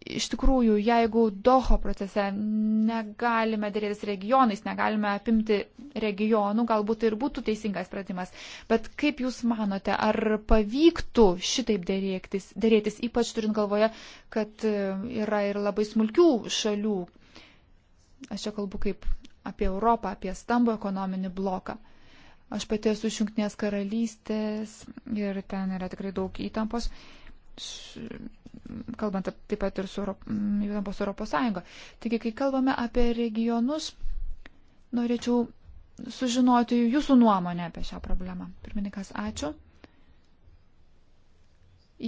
Speaker 3: iš tikrųjų, jeigu Doho procese negalime dėrėtis regionais, negalime apimti regionų, galbūt tai ir būtų teisingas sprendimas. Bet kaip Jūs manote, ar pavyktų šitaip dėrėtis, dėrėtis ypač turint galvoje, kad e, yra ir labai smulkių šalių? Aš čia kalbu kaip apie Europą, apie stambų ekonominį bloką. Aš pati esu iš Junktinės karalystės ir ten yra tikrai daug įtampos. Uh, kalbant taip pat ir su Europos, Europos Sąjunga. Taigi, kai kalbame apie regionus, norėčiau sužinoti jūsų nuomonę apie šią problemą. Pirmininkas, ačiū.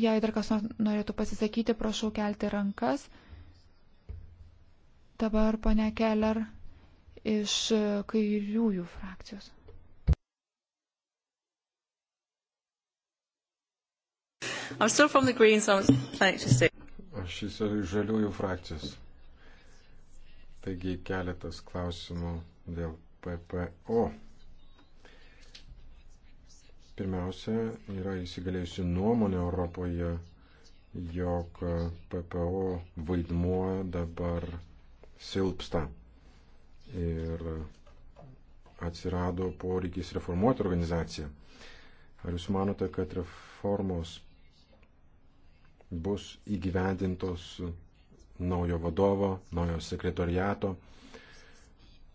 Speaker 3: Jei dar kas norėtų pasisakyti, prašau kelti rankas. Dabar pane Keller iš e, kairiųjų frakcijos.
Speaker 2: Greens, so Aš esu iš žaliųjų frakcijos. Taigi keletas klausimų dėl PPO. Pirmiausia, yra įsigalėjusi nuomonė Europoje, jog PPO vaidmuo dabar silpsta ir atsirado poreikis reformuoti organizaciją. Ar jūs manote, kad reformos bus įgyvendintos naujo vadovo, naujo sekretoriato,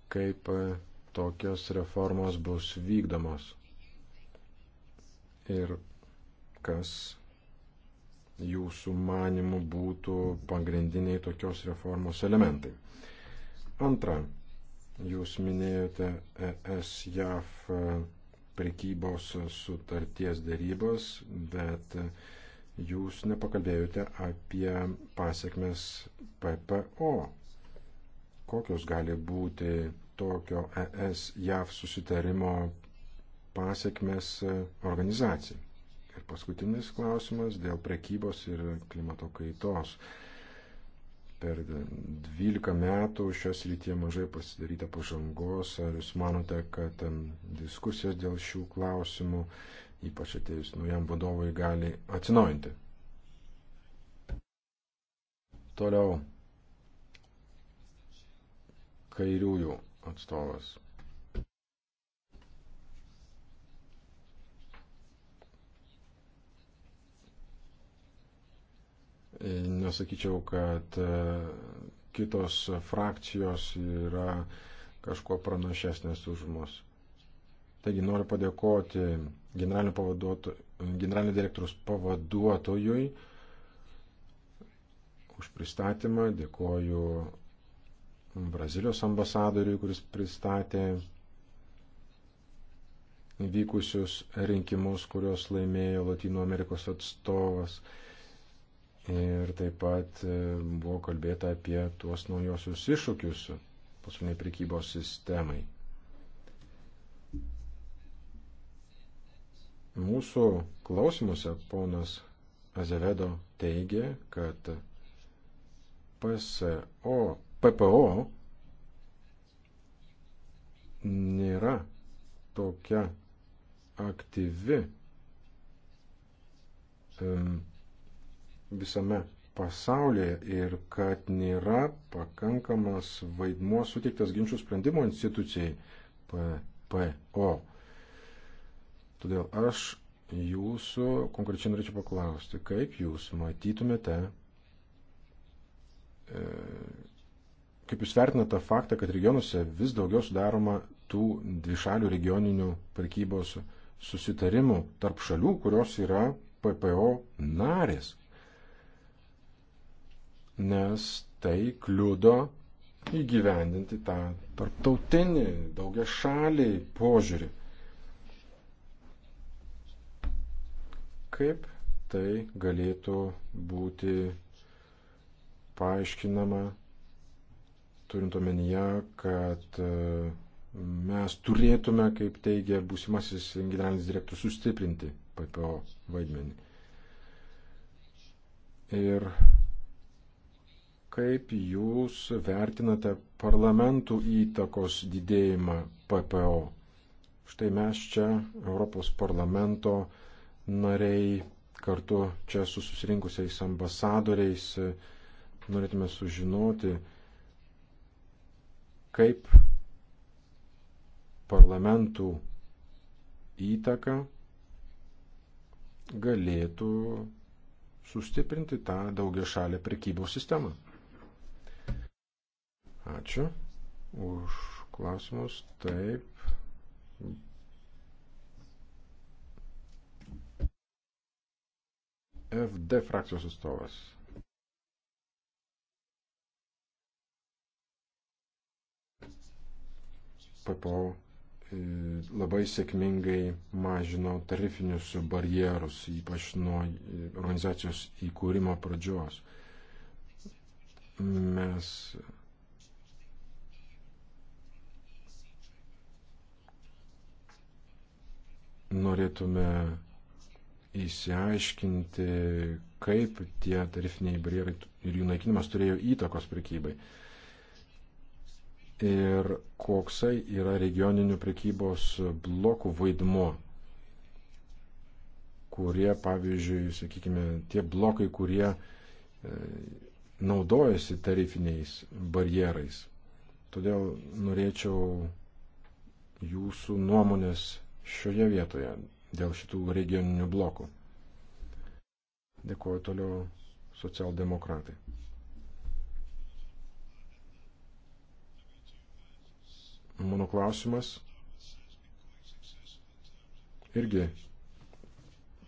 Speaker 2: kaip e, tokios reformos bus vykdomos ir kas jūsų manimų būtų pagrindiniai tokios reformos elementai. Antra, jūs minėjote ES-JAF e, prekybos sutarties dėrybos, bet e, jūs nepakalbėjote apie pasiekmes PPO. Kokios gali būti tokio ES-JAV susitarimo pasiekmes e, organizacijai? Ir paskutinis klausimas dėl prekybos ir klimato kaitos. Per 12 metų šios rytie mažai pasidaryta pažangos. Ar jūs manote, kad diskusijos dėl šių klausimų ypač atėjus naujam vadovui, gali atsinaujinti. Toliau kairiųjų atstovas. Nesakyčiau, kad e, kitos frakcijos yra kažkuo pranašesnės už mus. Taigi noriu padėkoti generalinio, pavaduoto, generalinio direktorius pavaduotojui už pristatymą. Dėkoju Brazilijos ambasadoriui, kuris pristatė vykusius rinkimus, kuriuos laimėjo Latino Amerikos atstovas. Ir taip pat e, buvo kalbėta apie tuos naujosius iššūkius pasauliniai prekybos sistemai. Mūsų klausimuose ponas Azevedo teigė, kad PSO, PPO nėra tokia aktyvi um, visame pasaulyje ir kad nėra pakankamas vaidmuo suteiktas ginčių sprendimo institucijai PPO. Todėl aš jūsų konkrečiai norėčiau paklausti, kaip jūs matytumėte, e, kaip jūs vertinate tą faktą, kad regionuose vis daugiau sudaroma tų dvišalių regioninių prekybos susitarimų tarp šalių, kurios yra PPO narės. Nes tai kliudo įgyvendinti tą tarptautinį daugia šalį požiūrį. Kaip tai galėtų būti paaiškinama, turint omenyje, kad e, mes turėtume, kaip teigia būsimasis generalinis direktorius, sustiprinti PPO vaidmenį. Ir kaip jūs vertinate parlamentų įtakos didėjimą PPO? Štai mes čia Europos parlamento uh, nariai kartu čia su susirinkusiais ambasadoriais norėtume sužinoti, kaip parlamentų įtaka galėtų sustiprinti tą daugia šalę prekybos sistemą. Ačiū už klausimus. Taip, FD frakcijos atstovas. PPO e, labai sėkmingai mažino tarifinius barjerus, ypač nuo e, organizacijos įkūrimo pradžios. Mes norėtume įsiaiškinti, kaip tie tarifiniai barjerai ir jų naikinimas turėjo įtakos prekybai. Ir koksai yra regioninių prekybos blokų vaidmuo, kurie, pavyzdžiui, sakykime, tie blokai, kurie e, naudojasi tarifiniais barjerais. Todėl norėčiau jūsų nuomonės šioje vietoje dėl šitų regioninių blokų. Dėkuoju toliau socialdemokratai. Mano klausimas irgi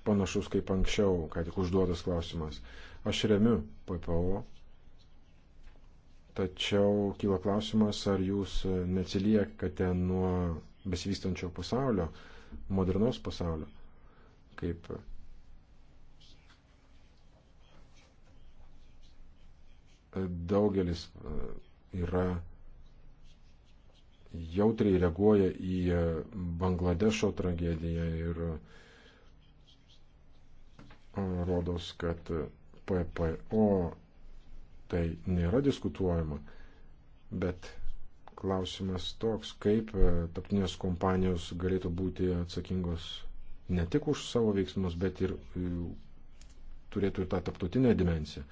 Speaker 2: panašus kaip anksčiau, ką tik užduotas klausimas. Aš remiu PPO, tačiau kyla klausimas, ar jūs neatsiliekate nuo besivystančio pasaulio, modernaus pasaulio, kaip daugelis e, yra jautriai reaguoja į e, Bangladešo tragediją ir e, rodos, kad PPO tai nėra diskutuojama, bet klausimas toks, kaip e, tapnės kompanijos galėtų būti atsakingos ne tik už savo veiksmus, bet ir e, turėtų ir tą taptutinę dimenciją.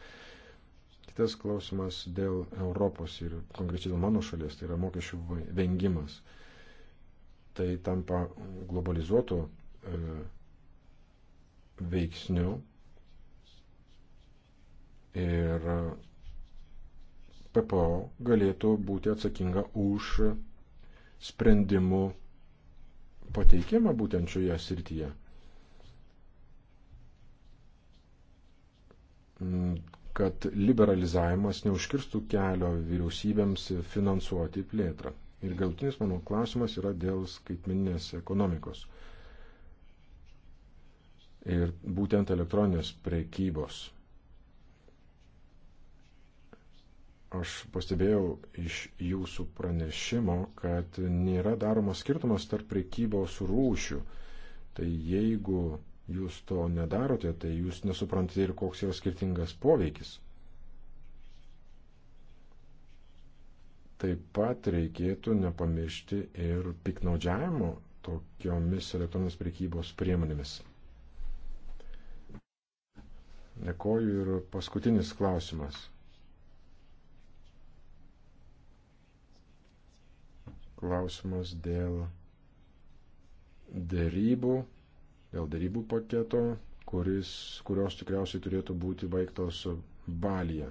Speaker 2: Kitas klausimas dėl Europos ir konkrečiai dėl mano šalies, tai yra mokesčių vengimas. Tai tampa globalizuotų e, veiksnių ir PPO galėtų būti atsakinga už sprendimų pateikimą būtent šioje srityje. Mm, kad liberalizavimas neužkirstų kelio vyriausybėms finansuoti plėtrą. Ir galtinis mano klausimas yra dėl skaitmeninės ekonomikos. Ir būtent elektroninės prekybos Aš pastebėjau iš jūsų pranešimo, kad nėra daromas skirtumas tarp prekybos rūšių. Tai jeigu jūs to nedarote, tai jūs nesuprantate ir koks yra skirtingas poveikis. Taip pat reikėtų nepamiršti ir piknaudžiavimo tokiomis elektroninės prekybos priemonėmis. Dėkoju ir paskutinis klausimas. klausimas dėl dėrybų, dėl dėrybų paketo, kuris, kurios tikriausiai turėtų būti baigtos balyje.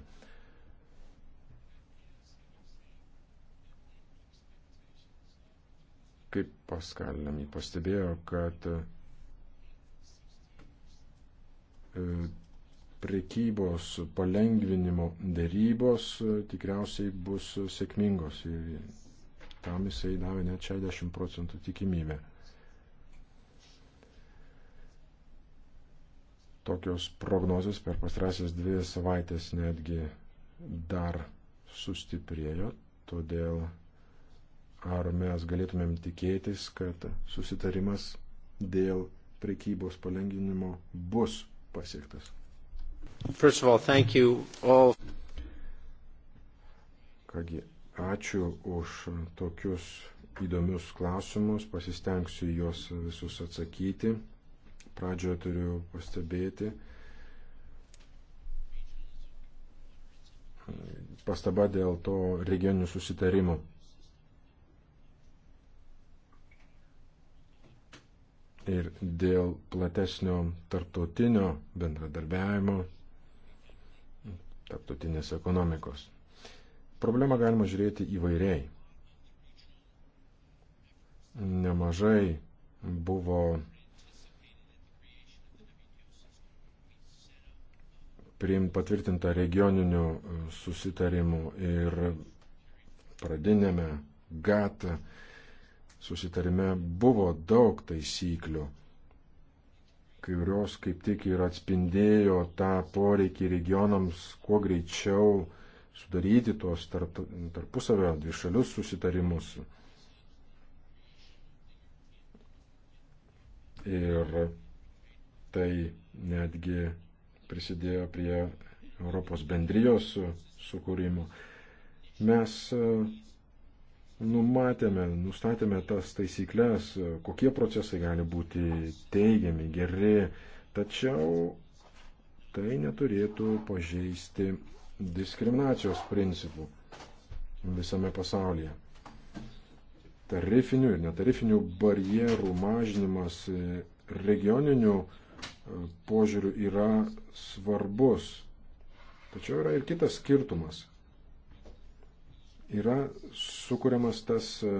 Speaker 2: Kaip paskalinami pastebėjo, kad e, prekybos palengvinimo dėrybos e, tikriausiai bus sėkmingos tam jisai davė net 60 procentų tikimybę. Tokios prognozijos per pastrasias dvi savaitės netgi dar sustiprėjo, todėl ar mes galėtumėm tikėtis, kad susitarimas dėl prekybos palengvinimo bus pasiektas. First of all, thank you all. Kągi, Ačiū už tokius įdomius klausimus, pasistengsiu juos visus atsakyti. Pradžioje turiu pastebėti. Pastaba dėl to regioninių susitarimų. Ir dėl platesnio tarptautinio bendradarbiavimo, tarptautinės ekonomikos problemą galima žiūrėti įvairiai. Nemažai buvo priimt patvirtinta regioninių susitarimų ir pradinėme GAT susitarime buvo daug taisyklių, kurios kaip tik ir atspindėjo tą poreikį regionams kuo greičiau sudaryti tuos tarp, tarpusavio dvišalius susitarimus. Ir tai netgi prisidėjo prie Europos bendrijos sukūrimo. Mes e, numatėme, nustatėme tas taisyklės, kokie procesai gali būti teigiami, geri, tačiau tai neturėtų pažeisti diskriminacijos principų visame pasaulyje. Tarifinių ir netarifinių barjerų mažinimas regioninių e, požiūrių yra svarbus. Tačiau yra ir kitas skirtumas. Yra sukūriamas tas e,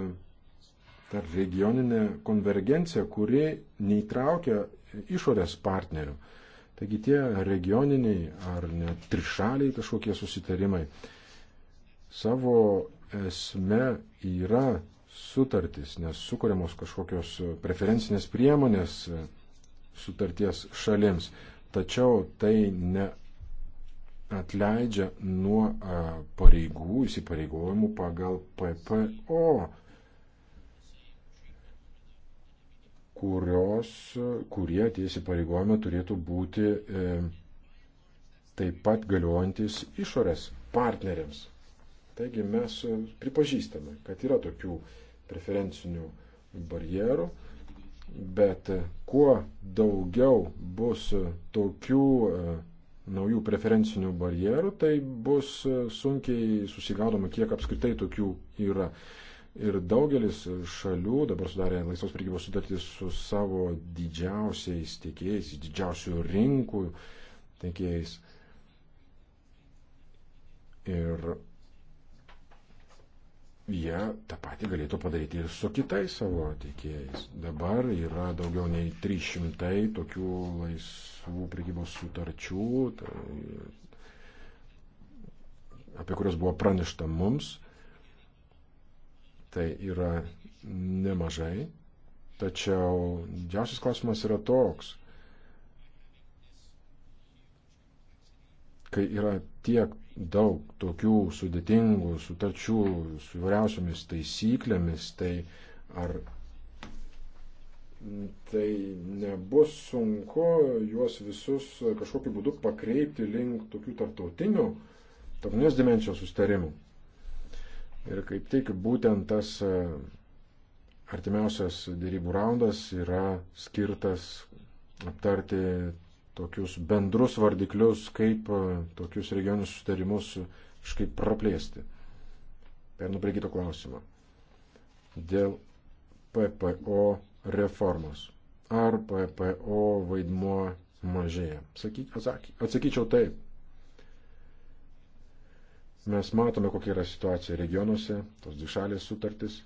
Speaker 2: ta regioninė konvergencija, kuri neįtraukia išorės partnerių. Taigi tie regioniniai ar net trišaliai kažkokie susitarimai savo esme yra sutartis, nes sukūriamos kažkokios preferencinės priemonės sutarties šalims, tačiau tai ne atleidžia nuo pareigų įsipareigojimų pagal PPO kurios, kurie tie įsipareigojimai turėtų būti e, taip pat galiojantis išorės partneriams. Taigi mes pripažįstame, kad yra tokių preferencinių barjerų, bet kuo daugiau bus tokių e, naujų preferencinių barjerų, tai bus sunkiai susigaudoma, kiek apskritai tokių yra. E, Ir daugelis šalių dabar sudarė laisvos prekybos sutartys su savo didžiausiais tiekėjais, didžiausių rinkų tiekėjais. Ir jie tą patį galėtų padaryti ir su kitais savo tiekėjais. Dabar yra daugiau nei 300 tokių laisvų prekybos sutarčių, tai, apie kurias buvo pranešta mums tai yra nemažai, tačiau didžiausias klausimas yra toks, kai yra tiek daug tokių sudėtingų sutarčių su įvairiausiamis taisyklėmis, tai ar tai nebus sunku juos visus kažkokiu būdu pakreipti link tokių tarptautinių, tarptautinės dimensijos sustarimų. Ir kaip tik būtent tas e, artimiausias dėrybų raundas yra skirtas aptarti tokius bendrus vardiklius, kaip e, tokius regioninius sutarimus kažkaip praplėsti. Pernu tai prie kito klausimo. Dėl PPO reformos. Ar PPO vaidmuo mažėja? Sakyk, atsaky, atsakyčiau taip. Mes matome, kokia yra situacija regionuose, tos dvišalės sutartis.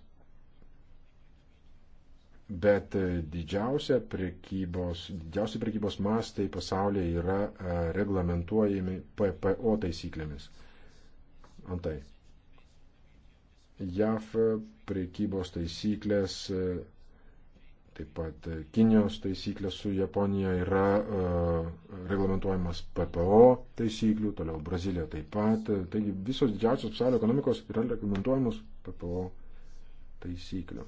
Speaker 2: Bet e, didžiausia prekybos, didžiausia prekybos mastai pasaulyje yra e, reglamentuojami PPO taisyklėmis. Antai. JAF prekybos taisyklės e, Taip pat e, Kinijos taisyklės su Japonija yra e, reglamentuojamas PPO taisyklių, toliau Brazilija taip pat. E, taigi visos didžiausios pasaulio ekonomikos yra reglamentuojamos PPO taisyklių.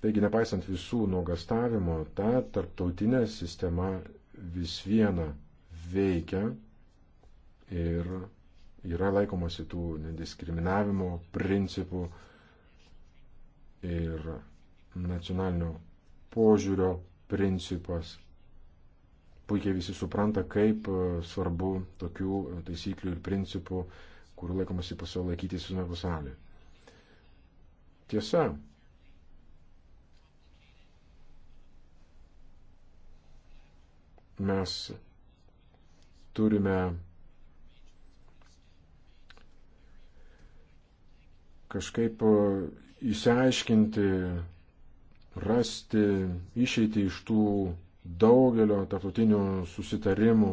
Speaker 2: Taigi, nepaisant visų nuogastavimo, ta tarptautinė sistema vis viena veikia ir yra laikomasi tų nediskriminavimo principų ir nacionalinio požiūrio principas. Puikiai visi supranta, kaip e, svarbu tokių e, taisyklių ir principų, kurių laikomasi pasaulio laikytis visame pasaulyje. Tiesa, mes turime kažkaip įsiaiškinti, e, rasti išeitį iš tų daugelio tarptautinių susitarimų,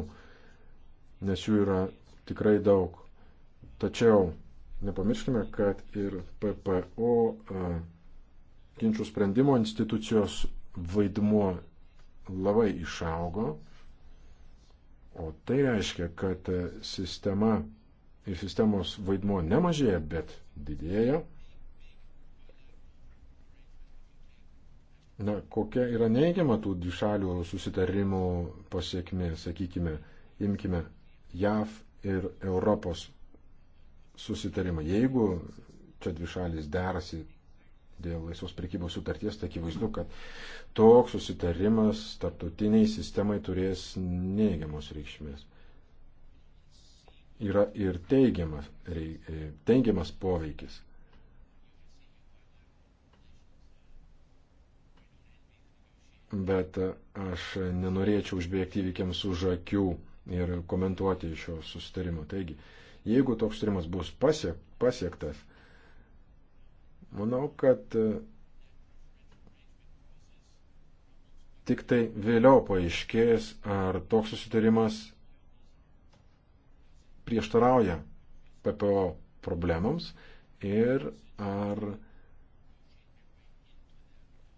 Speaker 2: nes jų yra tikrai daug. Tačiau nepamirškime, kad ir PPO e, ginčių sprendimo institucijos vaidmuo labai išaugo, o tai reiškia, kad sistema ir sistemos vaidmuo nemažėja, bet didėja. Na, kokia yra neigiama tų dvišalių susitarimų pasiekmi, sakykime, imkime JAV ir Europos susitarimą. Jeigu čia dvišalis derasi dėl laisvos prekybos sutarties, tai akivaizdu, kad toks susitarimas tarptautiniai sistemai turės neigiamos reikšmės yra ir teigiamas, e, teigiamas poveikis. Bet aš nenorėčiau užbėgti įvykiams už akių ir komentuoti šio susitarimo. Taigi, jeigu toks sutarimas bus pasiek, pasiektas, manau, kad e, tik tai vėliau paaiškės, ar toks susitarimas prieštarauja PPO problemams ir ar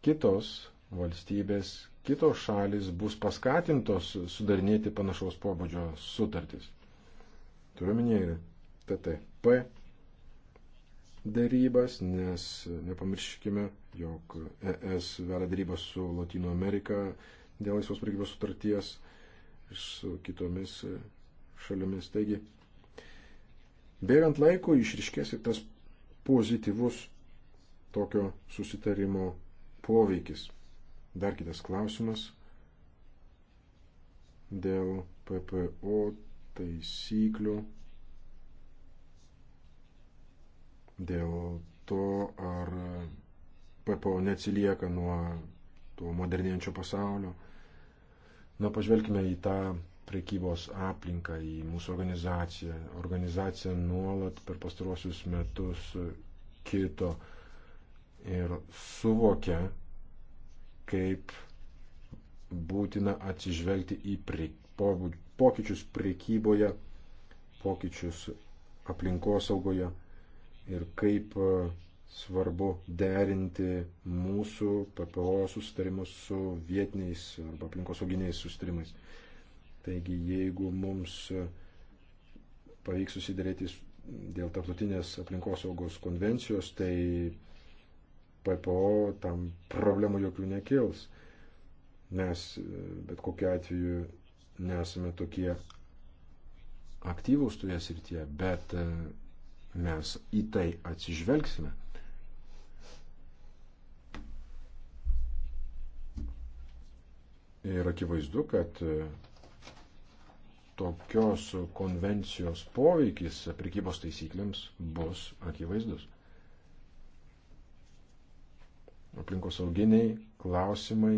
Speaker 2: kitos valstybės, kitos šalis bus paskatintos sudarinėti panašaus pobūdžio sutartis. Turiuomenėje TTP darybas, nes nepamirškime, jog ES veda darybas su Latino Amerika dėl laisvos prekybos sutarties ir su kitomis šalimis. Taigi, Bėgant laiko išriškės ir tas pozityvus tokio susitarimo poveikis. Dar kitas klausimas dėl PPO taisyklių, dėl to, ar PPO neatsilieka nuo to modernėjančio pasaulio. Na, pažvelkime į tą prekybos aplinką, į mūsų organizaciją. Organizacija nuolat per pastaruosius metus kito ir suvokia, kaip būtina atsižvelgti į pre, po, pokyčius prekyboje, pokyčius aplinkosaugoje ir kaip e, svarbu derinti mūsų PPO sustarimus su vietiniais arba aplinkosauginiais sustarimais. Taigi, jeigu mums e, pavyks susidėrėti dėl tarptautinės aplinkosaugos konvencijos, tai PPO tam problemų jokių nekils. Mes e, bet kokiu atveju nesame tokie aktyvūs toje srityje, bet e, mes į tai atsižvelgsime. Ir akivaizdu, kad tokios konvencijos poveikis prekybos taisyklėms bus akivaizdus. Aplinkosauginiai klausimai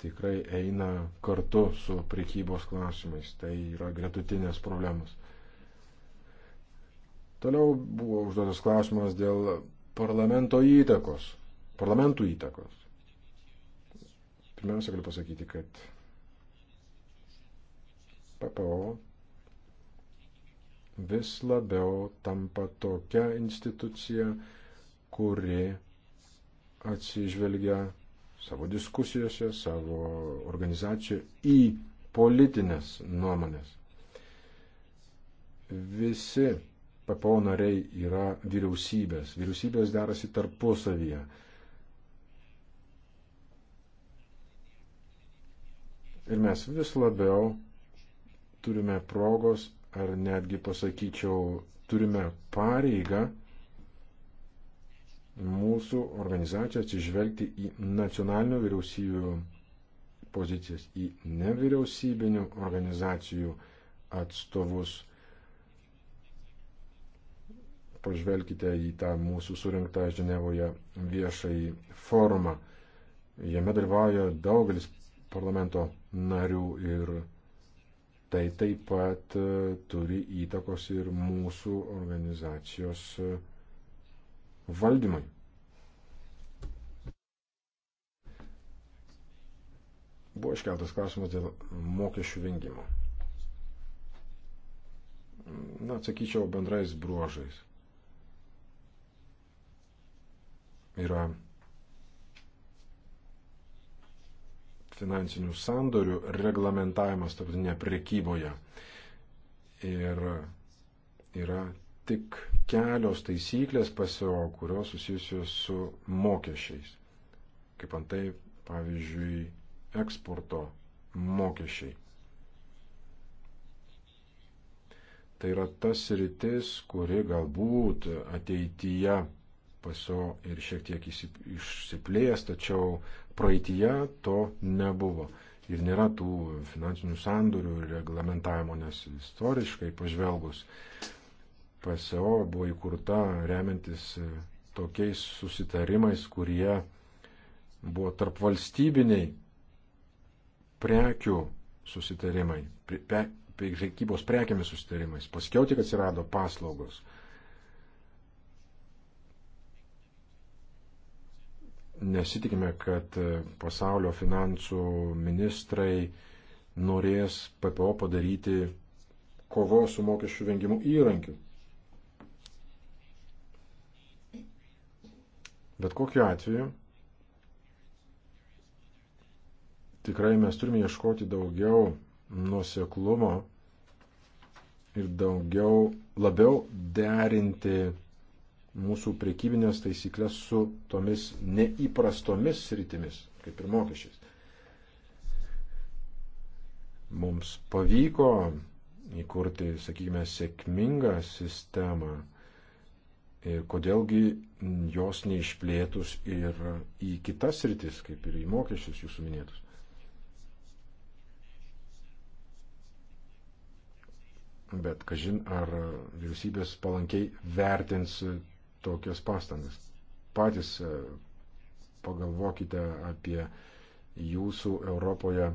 Speaker 2: tikrai eina kartu su prekybos klausimais. Tai yra gretutinės problemos. Toliau buvo užduotas klausimas dėl parlamento įtakos, parlamentų įtakos. Pirmiausia, galiu pasakyti, kad PPO vis labiau tampa tokia institucija, kuri atsižvelgia savo diskusijose, savo organizacijoje į politinės nuomonės. Visi PPO nariai yra vyriausybės. Vyriausybės derasi tarpusavyje. Ir mes vis labiau turime progos, ar netgi pasakyčiau, turime pareigą mūsų organizaciją atsižvelgti į nacionalinių vyriausybių pozicijas, į nevyriausybinių organizacijų atstovus. Pažvelkite į tą mūsų surinktą Ženevoje viešai forumą. Jame dalyvauja daugelis parlamento narių ir tai taip pat e, turi įtakos ir mūsų organizacijos e, valdymai. Buvo iškeltas klausimas dėl mokesčių vengimo. Na, atsakyčiau bendrais bruožais. Yra finansinių sandorių reglamentavimas tarptautinėje prekyboje. Ir yra tik kelios taisyklės pasio, kurios susijusios su mokesčiais. Kaip antai, pavyzdžiui, eksporto mokesčiai. Tai yra tas rytis, kuri galbūt ateityje paso ir šiek tiek išsiplės, tačiau praeitie to nebuvo. Ir nėra tų finansinių sandorių reglamentavimo, nes istoriškai pažvelgus, PSO buvo įkurta remiantis e, tokiais susitarimais, kurie buvo tarp valstybiniai prekių susitarimai, prekybos prekiamis susitarimais. Paskiau tik atsirado paslaugos. nesitikime, kad e, pasaulio finansų ministrai norės PPO padaryti kovos su mokesčių vengimu įrankiu. Bet kokiu atveju tikrai mes turime ieškoti daugiau nuoseklumo ir daugiau labiau derinti mūsų priekybinės taisyklės su tomis neįprastomis sritimis, kaip ir mokesčiais. Mums pavyko įkurti, sakykime, sėkmingą sistemą ir kodėlgi jos neišplėtus ir į kitas sritis, kaip ir į mokesčius jūsų minėtus. bet kažin ar vyriausybės palankiai vertins tokias pastangas. Patys e, pagalvokite apie jūsų Europoje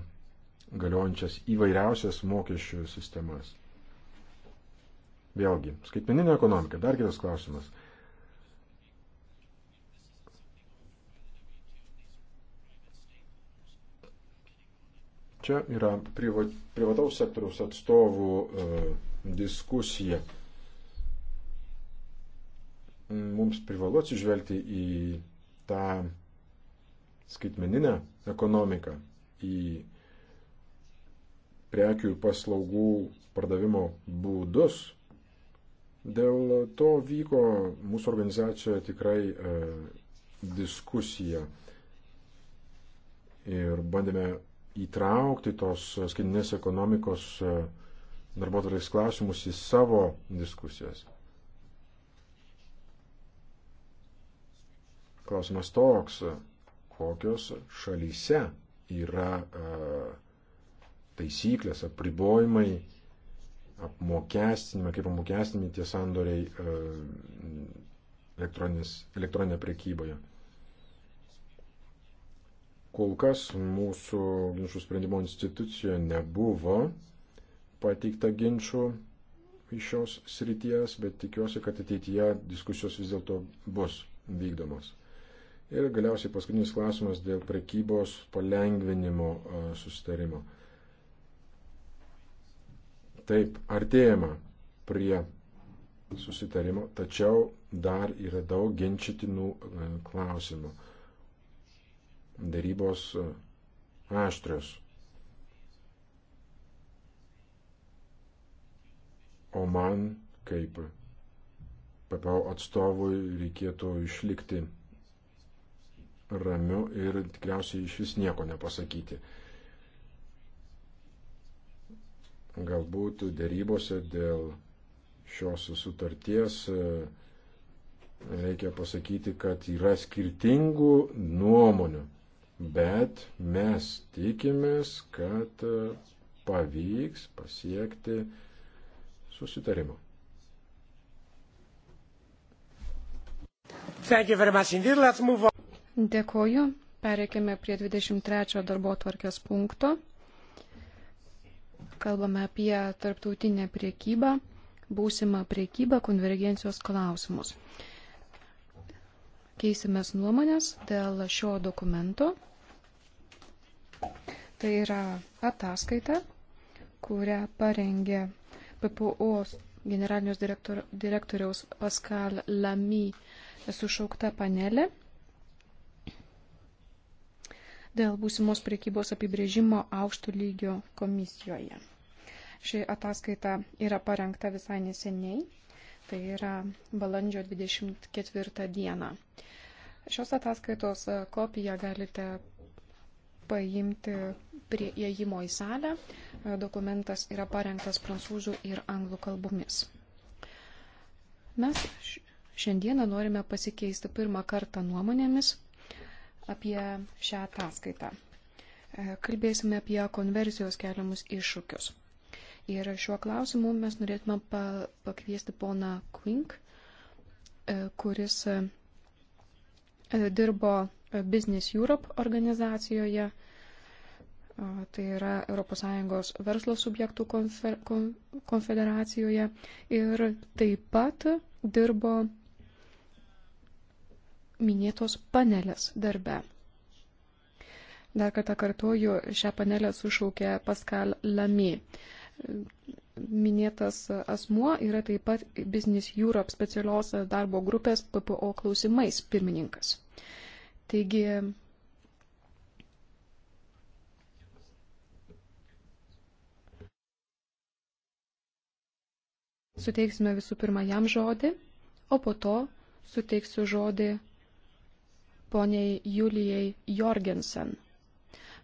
Speaker 2: galiojančias įvairiausias mokesčių sistemas. Vėlgi, skaitmeninė ekonomika, dar kitas klausimas. Čia yra privataus sektoriaus atstovų e, diskusija mums privalu atsižvelgti į tą skaitmeninę ekonomiką, į prekių ir paslaugų pardavimo būdus. Dėl to vyko mūsų organizacijoje tikrai e, diskusija ir bandėme įtraukti tos skaitinės ekonomikos e, darbotvarkės klausimus į savo diskusijas. Klausimas toks, kokios šalyse yra taisyklės, apribojimai, apmokestinimai, kaip apmokestinimai tie sandoriai elektroninė priekyboje. Kol kas mūsų ginčių sprendimo institucijoje nebuvo pateikta ginčių iš šios srities, bet tikiuosi, kad ateityje diskusijos vis dėlto bus vykdomos. Ir galiausiai paskutinis klausimas dėl prekybos palengvinimo sustarimo. Taip, artėjama prie susitarimo, tačiau dar yra daug ginčytinų klausimų. Darybos aštrios. O man, kaip PPO atstovui, reikėtų išlikti ramiu ir tikriausiai iš vis nieko nepasakyti. Galbūt dėrybose dėl šios sutarties e, reikia pasakyti, kad yra skirtingų nuomonių, bet mes tikimės, kad e, pavyks pasiekti susitarimą. Thank you very much indeed. Let's move on.
Speaker 1: Dėkoju. Pereikime prie 23 darbo tvarkės punkto. Kalbame apie tarptautinę priekybą, būsimą priekybą, konvergencijos klausimus. Keisimės nuomonės dėl šio dokumento. Tai yra ataskaita, kurią parengė PPO generalinio direktor, direktoriaus Pascal Lamy sušaukta panelė dėl būsimos priekybos apibrėžimo aukštų lygio komisijoje. Ši ataskaita yra parengta visai neseniai, tai yra balandžio 24 dieną. Šios ataskaitos kopiją galite paimti prie įėjimo į salę. Dokumentas yra parengtas prancūzų ir anglų kalbomis. Mes šiandieną norime pasikeisti pirmą kartą nuomonėmis apie šią ataskaitą. E, kalbėsime apie konversijos keliamus iššūkius. Ir šiuo klausimu mes norėtume pakviesti poną Quink, e, kuris e, dirbo Business Europe organizacijoje, tai yra ES verslo subjektų konfer, kon, konfederacijoje ir taip pat dirbo minėtos panelės darbe. Dar kartą kartuoju, šią panelę sušaukė Pascal Lamy. Minėtas asmuo yra taip pat Business Europe specialios darbo grupės PPO klausimais pirmininkas. Taigi, suteiksime visų pirma jam žodį, o po to suteiksiu žodį poniai Julijai Jorgensen,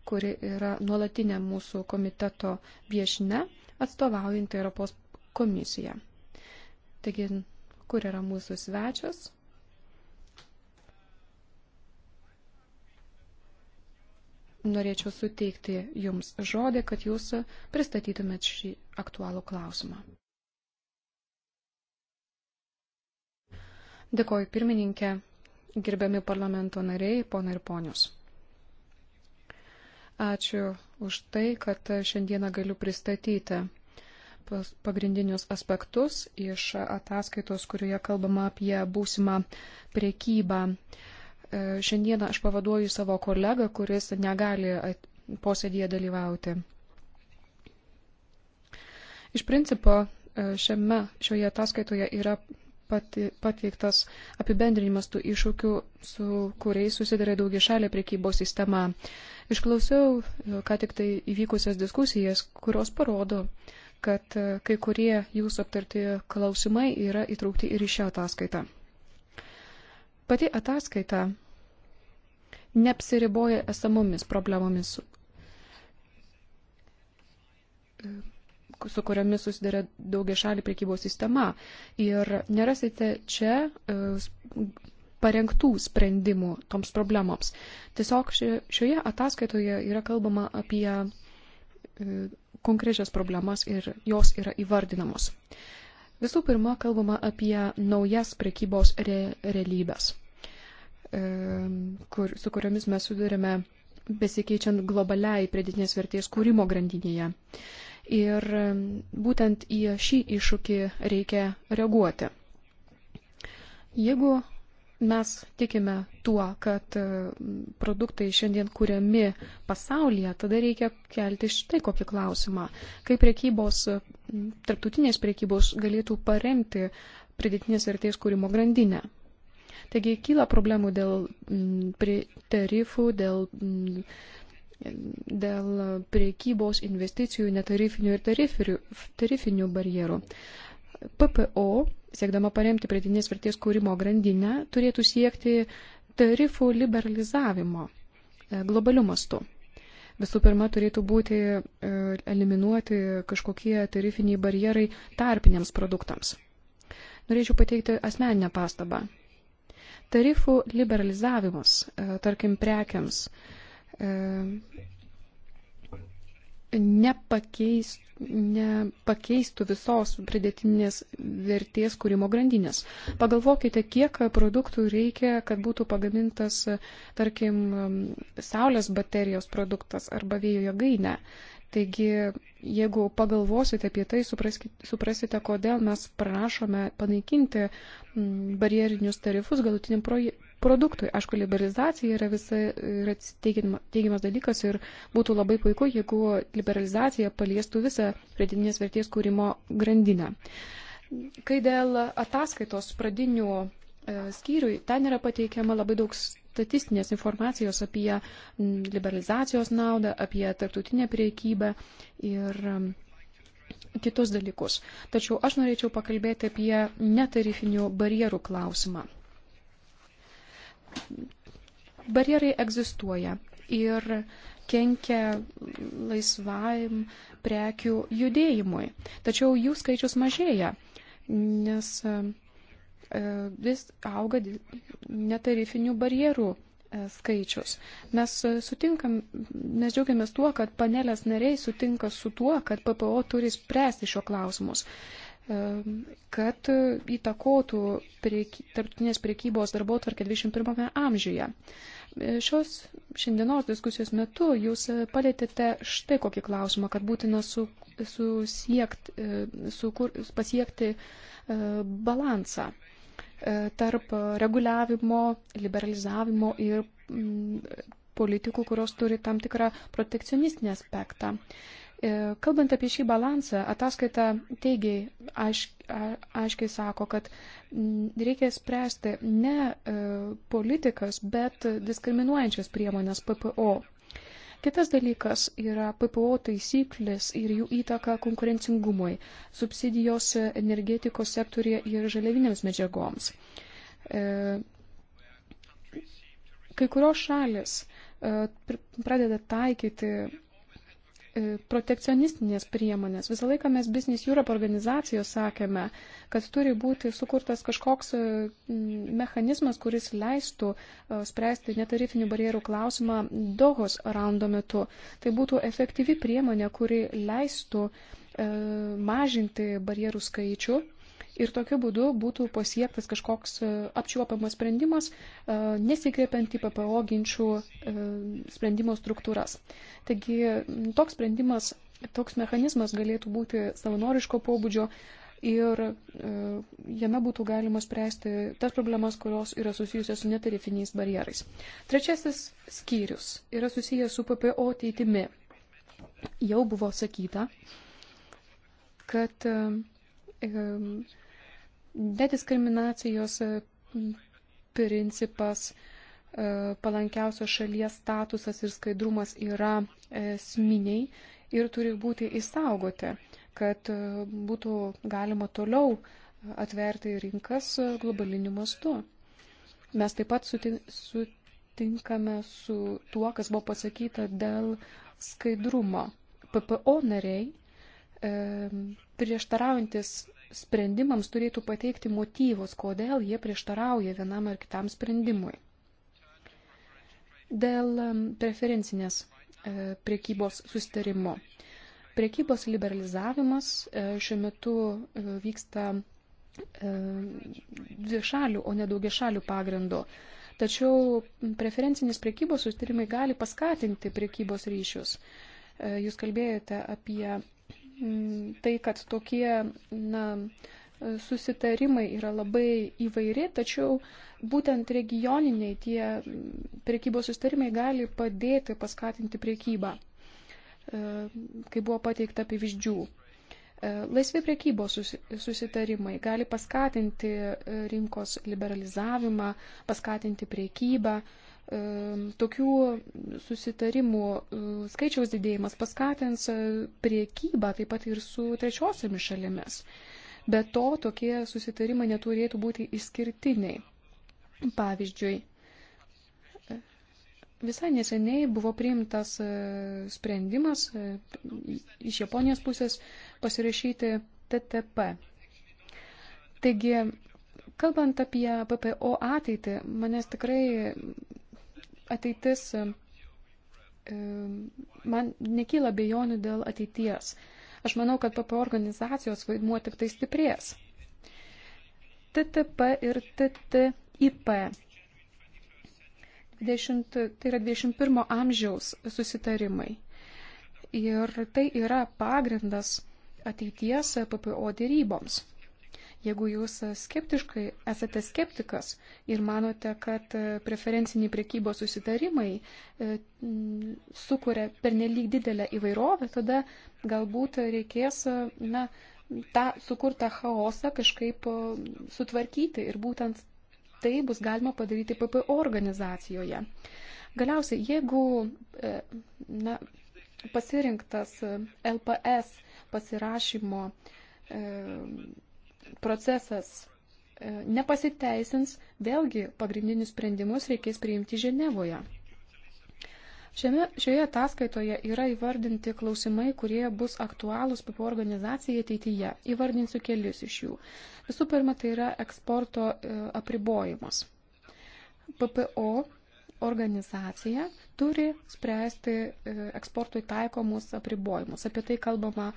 Speaker 1: kuri yra nuolatinė mūsų komiteto viešne, atstovaujantį Europos komisiją. Taigi, kur yra mūsų svečias? Norėčiau suteikti Jums žodį, kad Jūs pristatytumėt šį aktualų klausimą. Dėkoju pirmininkė, gerbiami parlamento nariai, pona ir ponius. Ačiū už tai, kad šiandieną galiu pristatyti pagrindinius aspektus iš ataskaitos, kurioje kalbama apie būsimą priekybą. E, šiandieną aš pavaduoju savo kolegą, kuris negali posėdėje dalyvauti. Iš principo, e, šiame, šioje ataskaitoje yra pateiktas apibendrinimas tų iššūkių, su kuriais susidarė daugia šalia priekybos sistema. Išklausiau, e, ką tik tai įvykusias diskusijas, kurios parodo, kad e, kai kurie jūsų aptarti klausimai yra įtraukti ir į šią ataskaitą. Pati ataskaita neapsiriboja esamomis problemomis e, su kuriamis susidarė daugia šalį priekybos sistema. Ir nerasite čia e, parengtų sprendimų toms problemoms. Tiesiog šioje ataskaitoje yra kalbama apie e, konkrečias problemas ir jos yra įvardinamos. Visų pirma, kalbama apie naujas prekybos re realybės, e, kur, su kuriomis mes sudurime besikeičiant globaliai pridėtinės vertės kūrimo grandinėje. Ir būtent į šį iššūkį reikia reaguoti. Jeigu mes tikime tuo, kad produktai šiandien kuriami pasaulyje, tada reikia kelti štai kokį klausimą. Kaip priekybos, tarptautinės priekybos galėtų paremti pridėtinės vertės kūrimo grandinę. Taigi kyla problemų dėl tarifų, dėl dėl priekybos investicijų netarifinių ir tarifinių, tarifinių barjerų. PPO, siekdama paremti pridinės vertės kūrimo grandinę, turėtų siekti tarifų liberalizavimo e, globaliu mastu. Visų pirma, turėtų būti e, eliminuoti kažkokie tarifiniai barjerai tarpiniams produktams. Norėčiau pateikti asmeninę pastabą. Tarifų liberalizavimas, e, tarkim, prekiams, E, nepakeis, nepakeistų visos pridėtinės vertės kūrimo grandinės. Pagalvokite, kiek produktų reikia, kad būtų pagamintas, tarkim, saulės baterijos produktas arba vėjo jėgainė. Taigi, jeigu pagalvosite apie tai, suprasite, kodėl mes prašome panaikinti barjerinius tarifus galutiniam produktui. Aišku, liberalizacija yra, visa, yra teigiamas dalykas ir būtų labai puiku, jeigu liberalizacija paliestų visą pridėtinės vertės kūrimo grandinę. Kai dėl ataskaitos pradinių e, skyrių, ten yra pateikiama labai daug statistinės informacijos apie liberalizacijos naudą, apie tarptautinę priekybę ir kitus dalykus. Tačiau aš norėčiau pakalbėti apie netarifinių barjerų klausimą. Barjerai egzistuoja ir kenkia laisvajam prekių judėjimui. Tačiau jų skaičius mažėja, nes e, e, vis auga netarifinių barjerų e, skaičius. Mes sutinkam, mes džiaugiamės tuo, kad panelės nariai sutinka su tuo, kad PPO turi spręsti šio klausimus. Ehm, kad įtakotų prieky, tarptautinės priekybos darbo tvarkę 21 amžiuje. E, šios šiandienos diskusijos metu jūs e, palėtėte štai kokį klausimą, kad būtina su, su siekt, e, su kur, pasiekti balansą tarp reguliavimo, liberalizavimo ir mm, politikų, kurios turi tam tikrą protekcionistinį aspektą. E, kalbant apie šį balansą, ataskaita teigiai aiš, aiškiai sako, kad mm, reikia spręsti ne e, politikas, bet diskriminuojančias priemonės PPO. Kitas dalykas yra PPO taisyklės ir jų įtaka konkurencingumui, subsidijos energetikos sektorija ir žaliavinėms medžiagoms. E, kai kurios šalis pradeda taikyti E, protekcionistinės priemonės. Visą laiką mes Business Europe organizacijos sakėme, kad turi būti sukurtas kažkoks e, mechanizmas, kuris leistų e, spręsti netarifinių barjerų klausimą Dohos raundo metu. Tai būtų efektyvi priemonė, kuri leistų mažinti barjerų skaičių ir tokiu būdu būtų pasiektas kažkoks e, apčiuopiamas sprendimas, e, nesikreipiant į PPO ginčių e, sprendimo struktūras. Taigi toks sprendimas, toks mechanizmas galėtų būti savanoriško pobūdžio ir jame būtų galima spręsti tas problemas, kurios yra susijusios su netarifiniais barjerais. Trečiasis skyrius yra susijęs su PPO teitimi. Jau buvo sakyta, kad nediskriminacijos e, principas, e, palankiausios šalies statusas ir skaidrumas yra esminiai ir turi būti įsaugoti, kad e, būtų galima toliau atverti rinkas globaliniu mastu. Mes taip pat sutinkame su tuo, kas buvo pasakyta dėl skaidrumo. PPO nariai prieštaraujantis sprendimams turėtų pateikti motyvus, kodėl jie prieštarauja vienam ar kitam sprendimui. Dėl preferencinės e, priekybos sustarimo. Priekybos liberalizavimas e, šiuo metu e, vyksta dvišalių, o ne daugiašalių pagrindų. Tačiau preferencinis priekybos sustarimai gali paskatinti priekybos ryšius. Jūs kalbėjote apie Mm, tai, kad tokie na, susitarimai yra labai įvairi, tačiau būtent regioniniai tie mm, priekybos susitarimai gali padėti paskatinti priekybą, e, kai buvo pateikta pavyzdžių. E, laisvi priekybos susitarimai gali paskatinti e, rinkos liberalizavimą, paskatinti priekybą, tokių susitarimų e, skaičiaus didėjimas paskatins e, priekybą taip pat ir su trečiosiomis šalimis. Be to, tokie susitarimai neturėtų būti išskirtiniai. Pavyzdžiui, e, visai neseniai buvo priimtas sprendimas iš Japonijos pusės pasirašyti TTP. Taigi, kalbant apie PPO ateitį, manęs tikrai ateitis, e, man nekyla bejonių dėl ateities. Aš manau, kad PPO organizacijos vaidmuo tik tai stiprės. TTP ir TTIP. 20, tai yra 21 amžiaus susitarimai. Ir tai yra pagrindas ateities PPO dėryboms. Jeigu jūs skeptiškai esate skeptikas ir manote, kad e, preferenciniai priekybos susitarimai e, sukuria pernelyg didelę įvairovę, tada galbūt reikės e, na, tą sukurtą chaosą kažkaip sutvarkyti ir būtent tai bus galima padaryti PPO organizacijoje. Galiausiai, jeigu na, pasirinktas LPS pasirašymo procesas e, nepasiteisins, vėlgi pagrindinius sprendimus reikės priimti Ženevoje. Šiame, šioje ataskaitoje yra įvardinti klausimai, kurie bus aktualūs PPO organizacijai ateityje. Įvardinsiu kelius iš jų. Visų pirma, tai yra eksporto e, apribojimas. PPO organizacija turi spręsti e, eksportui taikomus apribojimus. Apie tai kalbama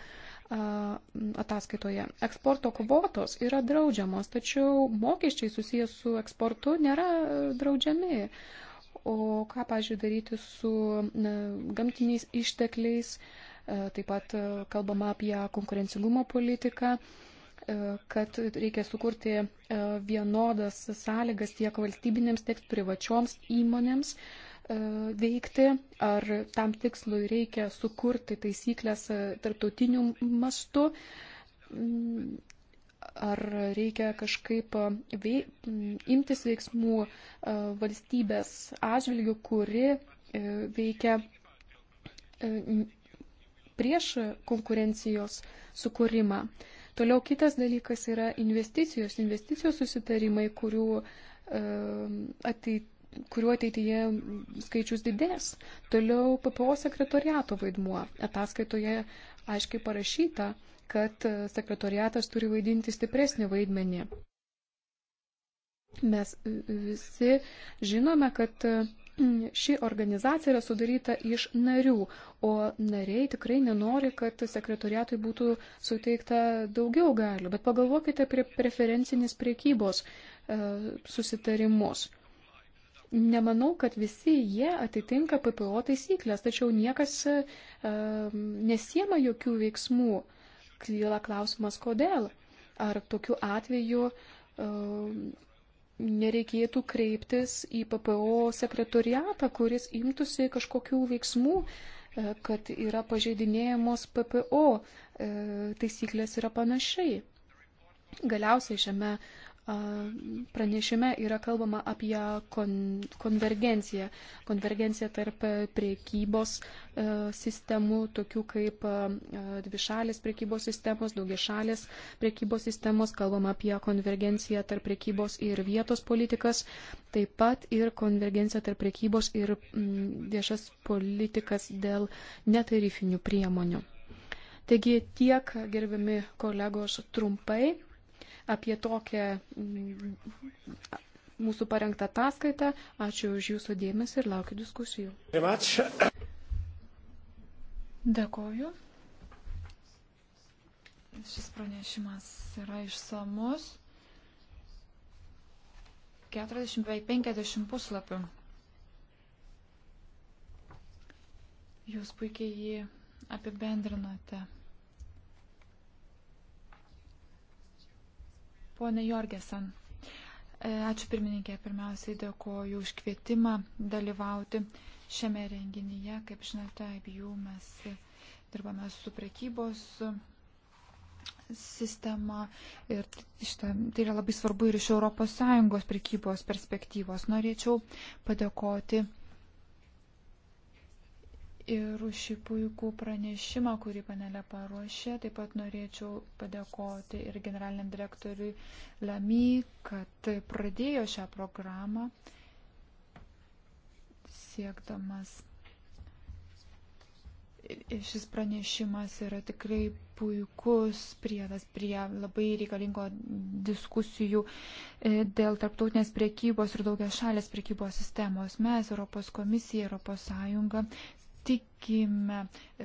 Speaker 1: ataskaitoje. Eksporto kvotos yra draudžiamos, tačiau mokesčiai susijęs su eksportu nėra draudžiami. O ką, pažiūrėjau, daryti su gamtiniais ištekliais, taip pat kalbama apie konkurencingumo politiką, kad reikia sukurti vienodas sąlygas tiek valstybinėms, tiek privačioms įmonėms. Uh, E, veikti, ar tam tikslui reikia sukurti taisyklės e, tarptautiniu mastu, mm, ar reikia kažkaip e, vei, mm, imtis veiksmų valstybės atžvilgių, kuri veikia prieš konkurencijos sukūrimą. Toliau kitas dalykas yra investicijos, investicijos susitarimai, kurių ateitis kuriuo ateityje skaičius didės. Toliau PPO sekretoriato vaidmuo. Ataskaitoje aiškiai parašyta, kad sekretoriatas turi vaidinti stipresnį vaidmenį. Mes visi žinome, kad mm, ši organizacija yra sudaryta iš narių, o nariai tikrai nenori, kad sekretoriatui būtų suteikta daugiau galių. Bet pagalvokite prie preferencinės priekybos e, susitarimus. E, Nemanau, kad visi jie atitinka PPO taisyklės, tačiau niekas e, nesiema jokių veiksmų. Kyla klausimas, kodėl. Ar tokiu atveju e, nereikėtų kreiptis į PPO sekretoriatą, kuris imtųsi kažkokių veiksmų, e, kad yra pažeidinėjamos PPO e, taisyklės yra panašiai. Galiausiai šiame Pranešime yra kalbama apie kon, konvergenciją. Konvergenciją tarp priekybos e, sistemų, tokių kaip e, dvišalės priekybos sistemos, daugiešalės priekybos sistemos, kalbama apie konvergenciją tarp priekybos ir vietos politikas, taip pat ir konvergenciją tarp priekybos ir m, viešas politikas dėl netarifinių priemonių. Taigi tiek, gerbiami kolegos, trumpai apie tokią mm, mūsų parengtą ataskaitą. Ačiū už jūsų dėmesį ir laukiu diskusijų. Dėkoju. Šis pranešimas
Speaker 3: yra išsamus. 40-50 puslapių. Jūs puikiai jį apibendrinote. Pone Jorgesen, e, ačiū pirmininkė, pirmiausiai dėkoju už kvietimą dalyvauti šiame renginyje. Kaip žinote, abiejų mes dirbame su prekybos sistema ir šitą, tai yra labai svarbu ir iš ES prekybos perspektyvos. Norėčiau padėkoti ir už šį puikų pranešimą, kurį panelė paruošė. Taip pat norėčiau padėkoti ir generaliniam direktoriui Lamy, kad pradėjo šią programą siekdamas. Šis pranešimas yra tikrai puikus priedas prie labai reikalingo diskusijų e, dėl tarptautinės priekybos ir daugia šalės priekybos sistemos. Mes, Europos komisija, Europos Sąjunga tikime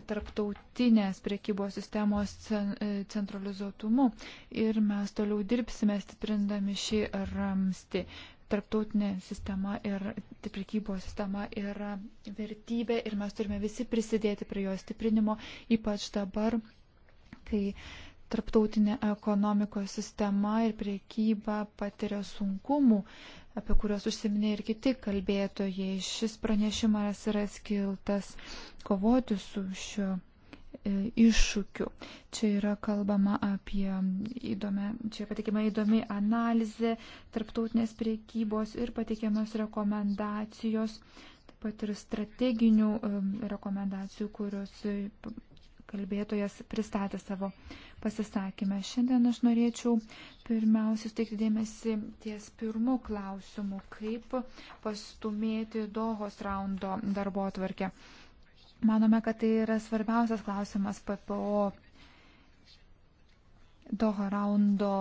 Speaker 3: tarptautinės priekybos sistemos e, centralizuotumu ir mes toliau dirbsime stiprindami šį ramsti. Tarptautinė sistema ir priekybos sistema yra vertybė ir mes turime visi prisidėti prie jos stiprinimo, ypač dabar, kai tarptautinė ekonomikos sistema ir priekyba patiria sunkumų, apie kuriuos užsiminė ir kiti kalbėtojai. Šis pranešimas yra skiltas kovoti su šiuo e, iššūkių. Čia yra kalbama apie įdomią, čia patikima įdomi analizė tarptautinės priekybos ir patikiamos rekomendacijos, taip pat ir strateginių e, rekomendacijų, kurios kalbėtojas pristatė savo pasisakymę. Šiandien aš norėčiau pirmiausia suteikti dėmesį ties pirmų klausimų, kaip pastumėti Dohos raundo darbo atvarkę. Manome, kad tai yra svarbiausias klausimas PPO Doha raundo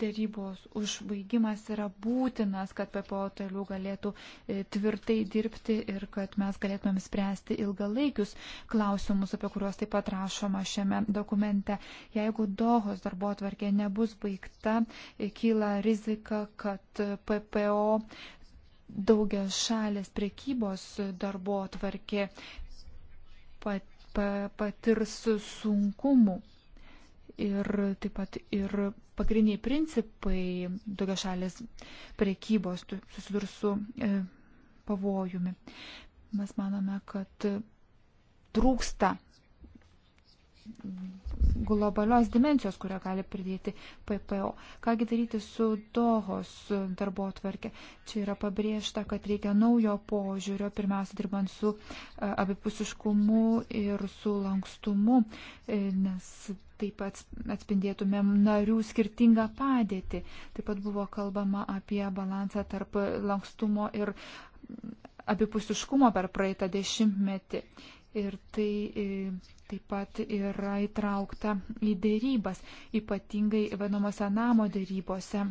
Speaker 3: dėrybos užbaigimas yra būtinas, kad PPO toliau galėtų e, tvirtai dirbti ir kad mes galėtumėm spręsti ilgalaikius klausimus, apie kuriuos taip pat rašoma šiame dokumente. Jeigu Dohos darbo atvarkė nebus baigta, e, kyla rizika, kad PPO daugia šalės prekybos darbo atvarkė pat, pa, patirs sunkumų ir taip pat ir pagrindiniai principai daugia šalės prekybos susidurs su e, pavojumi. Mes manome, kad trūksta globalios dimencijos, kurią gali pridėti PPO. Kągi daryti su Dohos darbo tvarkė? Čia yra pabrėžta, kad reikia naujo požiūrio, pirmiausia, dirbant su e, abipusiškumu ir su lankstumu, e, nes taip pat atspindėtumėm narių skirtingą padėtį. Taip pat buvo kalbama apie balansą tarp lankstumo ir abipusiškumo per praeitą dešimtmetį. Ir tai e, taip pat yra įtraukta į dėrybas, ypatingai vadinamose namo dėrybose.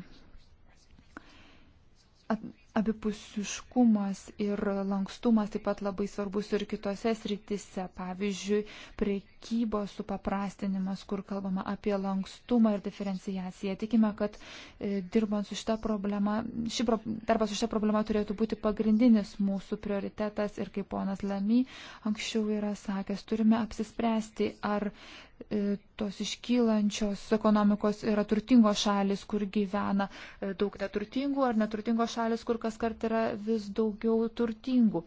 Speaker 3: At, abipusiškumas ir lankstumas taip pat labai svarbus ir kitose sritise, pavyzdžiui, priekybos supaprastinimas, kur kalbama apie lankstumą ir diferenciaciją. Tikime, kad e, dirbant su šitą problemą, ši pro, darbas su šitą problemą turėtų būti pagrindinis mūsų prioritetas ir kaip ponas Lamy anksčiau yra sakęs, turime apsispręsti, ar E, tos iškylančios ekonomikos yra turtingos šalis, kur gyvena e, daug neturtingų, ar neturtingos šalis, kur kas kart yra vis daugiau turtingų.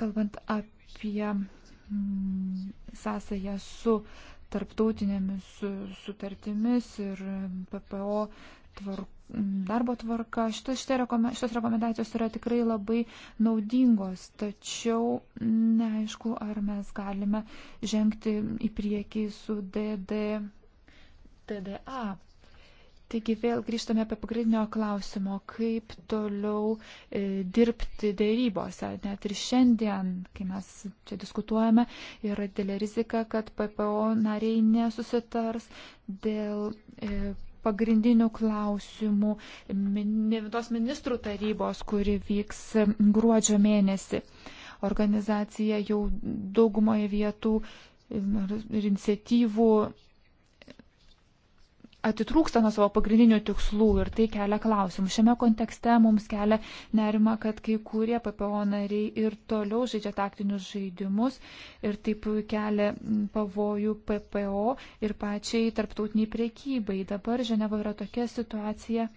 Speaker 3: Kalbant apie mm, sąsąją su tarptautinėmis sutartimis ir mm, PPO tvarku darbo tvarka. Šitos, rekome, šitos rekomendacijos yra tikrai labai naudingos, tačiau neaišku, ar mes galime žengti į priekį su DD, DDA. Taigi vėl grįžtame apie pagrindinio klausimo, kaip toliau e, dirbti dėrybose. Net ir šiandien, kai mes čia diskutuojame, yra didelė rizika, kad PPO nariai nesusitars dėl e, pagrindinių klausimų tos ministrų tarybos, kuri vyks gruodžio mėnesį. Organizacija jau daugumoje vietų ir iniciatyvų atitrūksta nuo savo pagrindinių tikslų ir tai kelia klausimų. Šiame kontekste mums kelia nerima, kad kai kurie PPO nariai ir toliau žaidžia taktinius žaidimus ir taip kelia pavojų PPO ir pačiai tarptautiniai priekybai. Dabar Ženeva yra tokia situacija,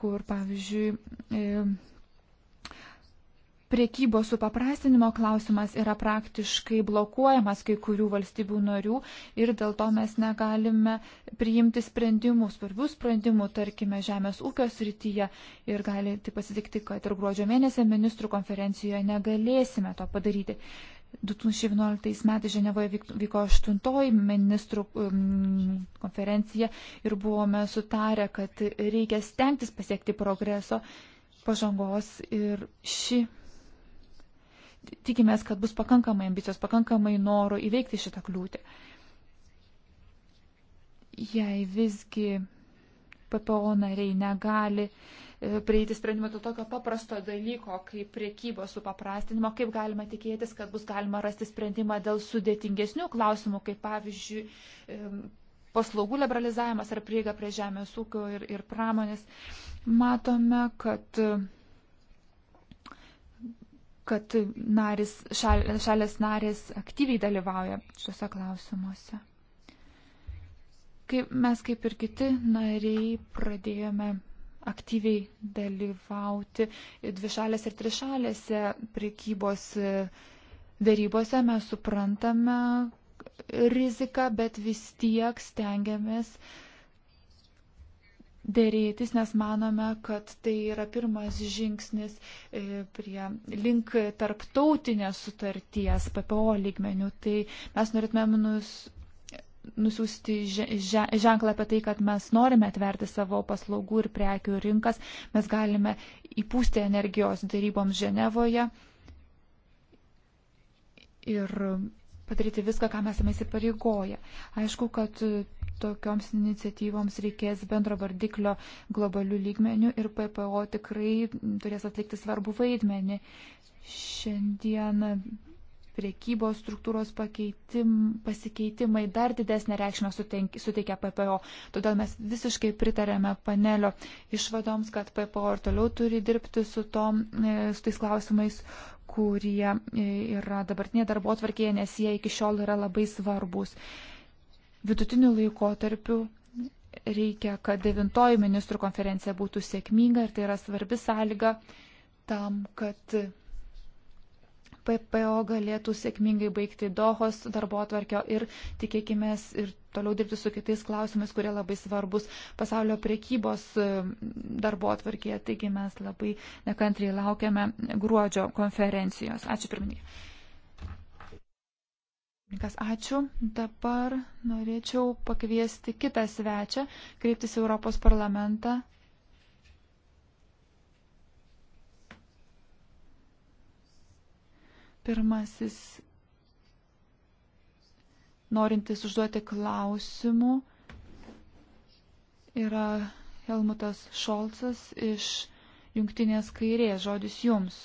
Speaker 3: kur pavyzdžiui. E, Priekybos supaprastinimo klausimas yra praktiškai blokuojamas kai kurių valstybių narių ir dėl to mes negalime priimti sprendimų, svarbių sprendimų, tarkime, žemės ūkio srityje ir gali tai pasitikti, kad ir gruodžio mėnesį ministrų konferencijoje negalėsime to padaryti. 2011 metais Ženevoje vyko 8 ministrų um, konferencija ir buvome sutarę, kad reikia stengtis pasiekti progreso, pažangos ir ši tikimės, kad bus pakankamai ambicijos, pakankamai noro įveikti šitą kliūtį. Jei visgi PPO nariai negali e, prieiti sprendimą dėl tokio paprasto dalyko, kaip priekybos supaprastinimo, kaip galima tikėtis, kad bus galima rasti sprendimą dėl sudėtingesnių klausimų, kaip pavyzdžiui paslaugų liberalizavimas ar prieiga prie žemės ūkio ir, ir pramonės. Matome, kad kad narys, šal, šalės narės aktyviai dalyvauja šiuose klausimuose. Kaip, mes kaip ir kiti nariai pradėjome aktyviai dalyvauti dvišalės ir trišalėse prekybos darybose, mes suprantame riziką, bet vis tiek stengiamės uh, dėrėtis, nes manome, kad tai yra pirmas žingsnis e, prie, link tarptautinės sutarties PPO lygmenių. Tai mes norėtumėm nus, nusiųsti ženklą apie tai, kad mes norime atverti savo paslaugų ir prekių rinkas, mes galime įpūsti energijos daryboms Ženevoje ir padaryti viską, ką mes esame įsipareigoję. Aišku, kad tokioms iniciatyvoms reikės bendro vardiklio globalių lygmenių ir PPO tikrai turės atlikti svarbų vaidmenį. Šiandien priekybos struktūros pasikeitimai dar didesnę reikšmę suteikia PPO. Todėl mes visiškai pritarėme panelio išvadoms, kad PPO ir toliau turi dirbti su, tom, e, su tais klausimais, kurie e, yra dabartinėje darbo atvarkėje, nes jie iki šiol yra labai svarbus. Vidutiniu laikotarpiu reikia, kad devintoji ministrų konferencija būtų sėkminga ir tai yra svarbi sąlyga tam, kad PPO galėtų sėkmingai baigti Dohos darbo atvarkio ir tikėkime ir toliau dirbti su kitais klausimais, kurie labai svarbus pasaulio priekybos e, darbo atvarkėje. Taigi mes labai nekantriai laukiame gruodžio konferencijos. Ačiū pirmininkai. Pirmininkas, ačiū. Dabar norėčiau pakviesti kitą svečią, kreiptis į Europos parlamentą. Pirmasis norintis užduoti klausimų yra Helmutas Šolcas iš Junktinės kairės. Žodis jums.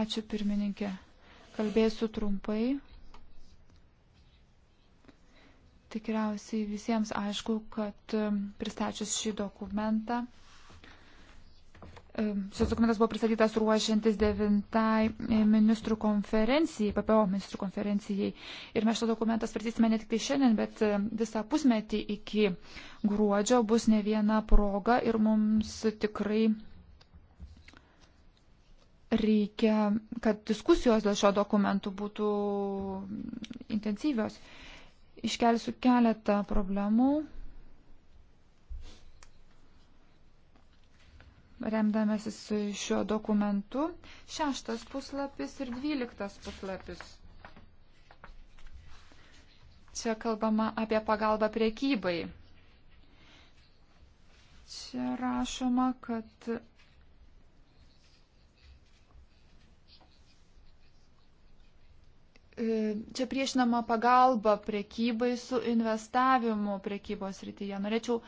Speaker 3: Ačiū pirmininkė. Kalbėsiu trumpai. Tikriausiai visiems aišku, kad um, pristačius šį dokumentą, um, šis dokumentas buvo pristatytas ruošiantis devintai e, ministrų konferencijai, PPO ministrų konferencijai. Ir mes šitą dokumentą svarstysime ne tik tai šiandien, bet e, visą pusmetį iki gruodžio bus ne viena proga ir mums tikrai reikia, kad diskusijos dėl šio dokumentų būtų intensyvios iškelsiu keletą problemų, remdamasis šiuo dokumentu. Šeštas puslapis ir dvyliktas puslapis. Čia kalbama apie pagalbą priekybai. Čia rašoma, kad E, čia priešinama pagalba prekybai su investavimu prekybos rytyje. Norėčiau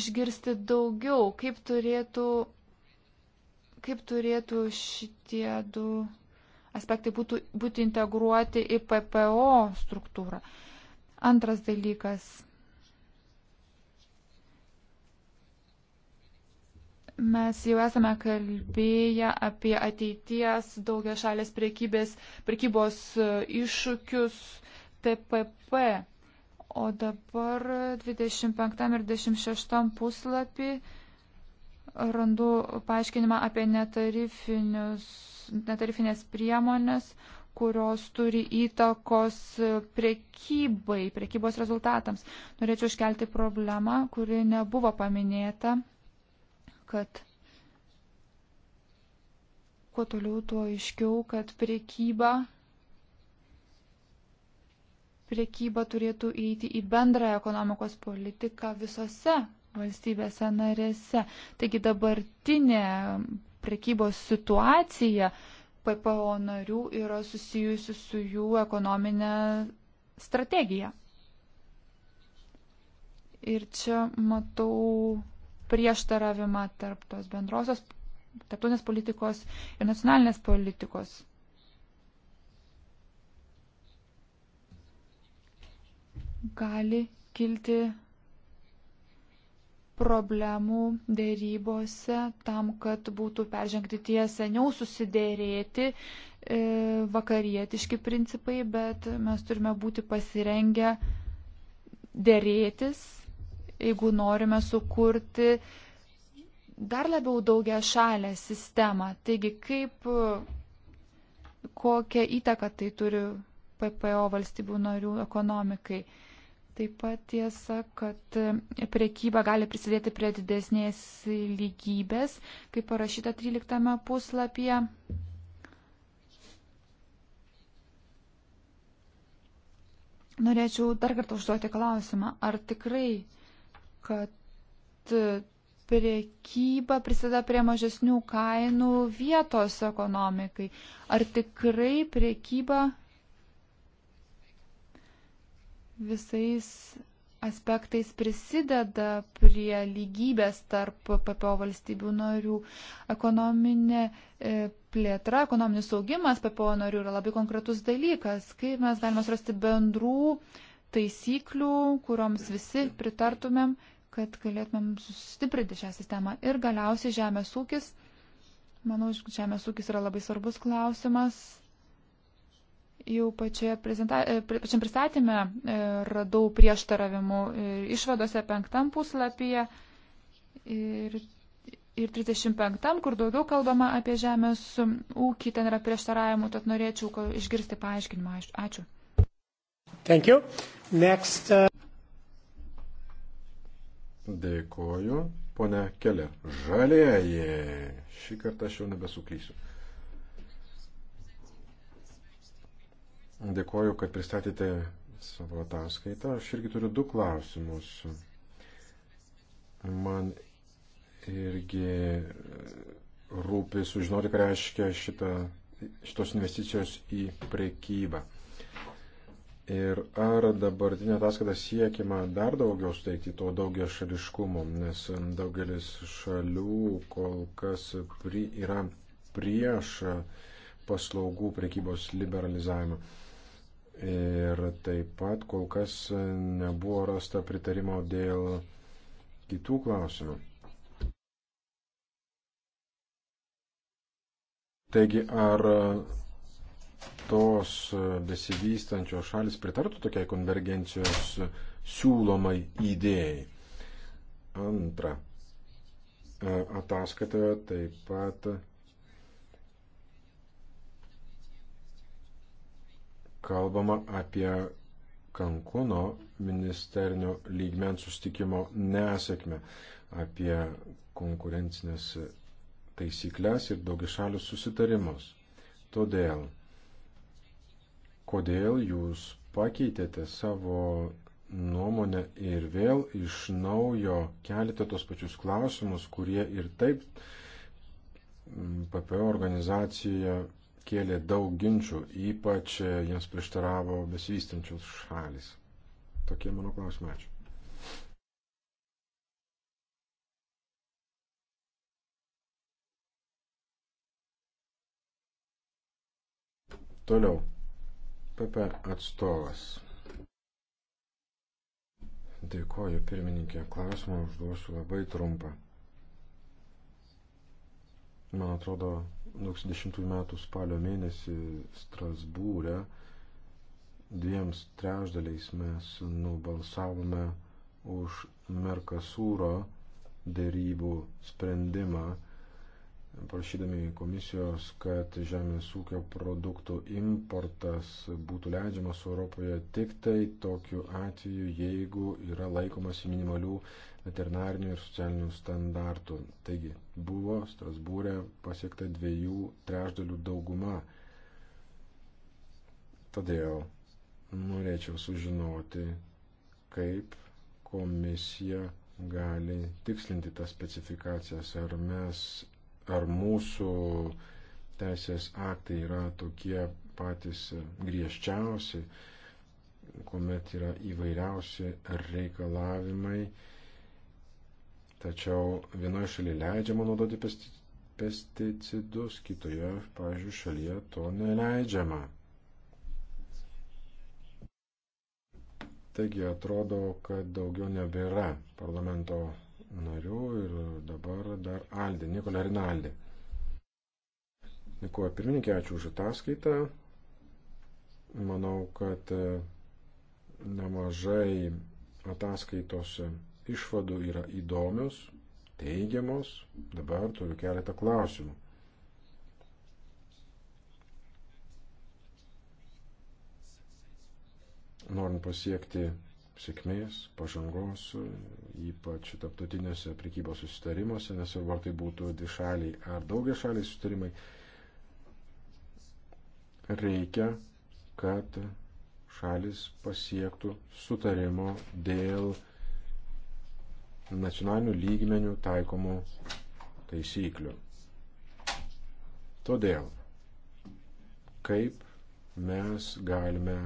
Speaker 3: išgirsti daugiau, kaip turėtų, kaip turėtų šitie du aspektai būtų, būti integruoti į PPO struktūrą. Antras dalykas Mes jau esame kalbėję apie ateities daugia šalės priekybės, priekybos e, iššūkius TPP. O dabar 25 ir 26 puslapį randu paaiškinimą apie netarifinės priemonės, kurios turi įtakos priekybai, priekybos rezultatams. Norėčiau iškelti problemą, kuri nebuvo paminėta kad kuo toliau, tuo aiškiau, kad priekyba priekyba turėtų įeiti į bendrą ekonomikos politiką visose valstybėse narėse. Taigi dabartinė priekybos situacija PPO narių yra susijusi su jų ekonominė strategija. Ir čia matau prieštaravimą tarp tos bendrosios tarptautinės politikos ir nacionalinės politikos. Gali kilti problemų dėrybose tam, kad būtų peržengti tie seniau susidėrėti e, vakarietiški principai, bet mes turime būti pasirengę dėrėtis jeigu norime sukurti dar labiau daugia šalę sistemą. Taigi, kaip, kokią įtaką tai turi PPO valstybių narių ekonomikai. Taip pat tiesa, kad priekyba gali prisidėti prie didesnės lygybės, kaip parašyta 13 puslapyje. Norėčiau dar kartą užduoti klausimą, ar tikrai kad e, priekyba prisideda prie mažesnių kainų vietos ekonomikai. Ar tikrai priekyba visais aspektais prisideda prie lygybės tarp PPO valstybių narių. Ekonominė e, plėtra, ekonominis augimas PPO narių yra labai konkretus dalykas, kaip mes galime surasti bendrų uh, taisyklių, kuriuoms visi pritartumėm, kad galėtumėm sustiprinti šią sistemą. Ir galiausiai žemės ūkis. Manau, žemės ūkis yra labai svarbus klausimas. Jau prezenta... E, pačiam pristatymę e, radau prieštaravimų e, išvadose penktam puslapyje ir, ir 35, kur daugiau kalbama apie žemės ūkį, ten yra prieštaravimų, tad norėčiau išgirsti paaiškinimą. Ačiū.
Speaker 1: Thank you. Next. Uh,
Speaker 2: Dėkoju, ponia Keller. Žalieji. Šį kartą aš jau nebesuklysiu. Dėkoju, kad pristatėte savo ataskaitą. Aš irgi turiu du klausimus. Man irgi rūpi sužinoti, ką reiškia šita, šitos investicijos į prekybą. Ir ar dabartinė ataskaita siekima dar daugiau suteikti to daugia šališkumo, nes daugelis šalių kol kas pri, yra prieš paslaugų prekybos liberalizavimą. Ir taip pat kol kas nebuvo rasta pritarimo dėl kitų klausimų. Taigi, ar kitos besivystančios šalis pritartų tokiai konvergencijos siūlomai idėjai. Antra. E, ataskaitoje taip pat kalbama apie Kankuno ministerinio lygmens sustikimo nesėkmę, apie konkurencinės taisyklės ir daugišalius susitarimus. Todėl kodėl jūs pakeitėte savo nuomonę ir vėl iš naujo kelite tos pačius klausimus, kurie ir taip PPO organizacija kėlė daug ginčių, ypač e, jiems prieštaravo besivystančios šalis. Tokie mano klausimai. Ačiū. Toliau. PP atstovas. Dėkoju, pirmininkė. Klausimą užduosiu labai trumpą. Man atrodo, 2010 metų spalio mėnesį Strasbūrė dviems trešdaliais mes nubalsavome už Merkasūro dėrybų sprendimą prašydami komisijos, kad žemės ūkio produktų importas būtų leidžiamas Europoje tik tai tokiu atveju, jeigu yra laikomasi minimalių veterinarinių ir socialinių standartų. Taigi buvo Strasbūrė pasiekta dviejų trešdalių dauguma. Todėl norėčiau sužinoti, kaip komisija gali tikslinti tas specifikacijas, ar mes ar mūsų teisės aktai yra tokie patys griežčiausi, kuomet yra įvairiausi reikalavimai. Tačiau vienoje šalyje leidžiama naudoti pesticidus, kitoje, pavyzdžiui, šalyje to neleidžiama. Taigi atrodo, kad daugiau nebėra parlamento narių ir dabar dar Aldė, Nikola Rinaldė. Dėkuoju pirmininkė, ačiū už ataskaitą. Manau, kad e, nemažai ataskaitos išvadų yra įdomios, teigiamos. Dabar turiu keletą klausimų. Norint pasiekti sėkmės, pažangos, ypač taptautinėse prekybos susitarimuose, nesvarbu ar tai būtų dvišaliai ar daugia šaliai susitarimai, reikia, kad šalis pasiektų sutarimo dėl nacionalinių lygmenių taikomų taisyklių. Todėl, kaip mes galime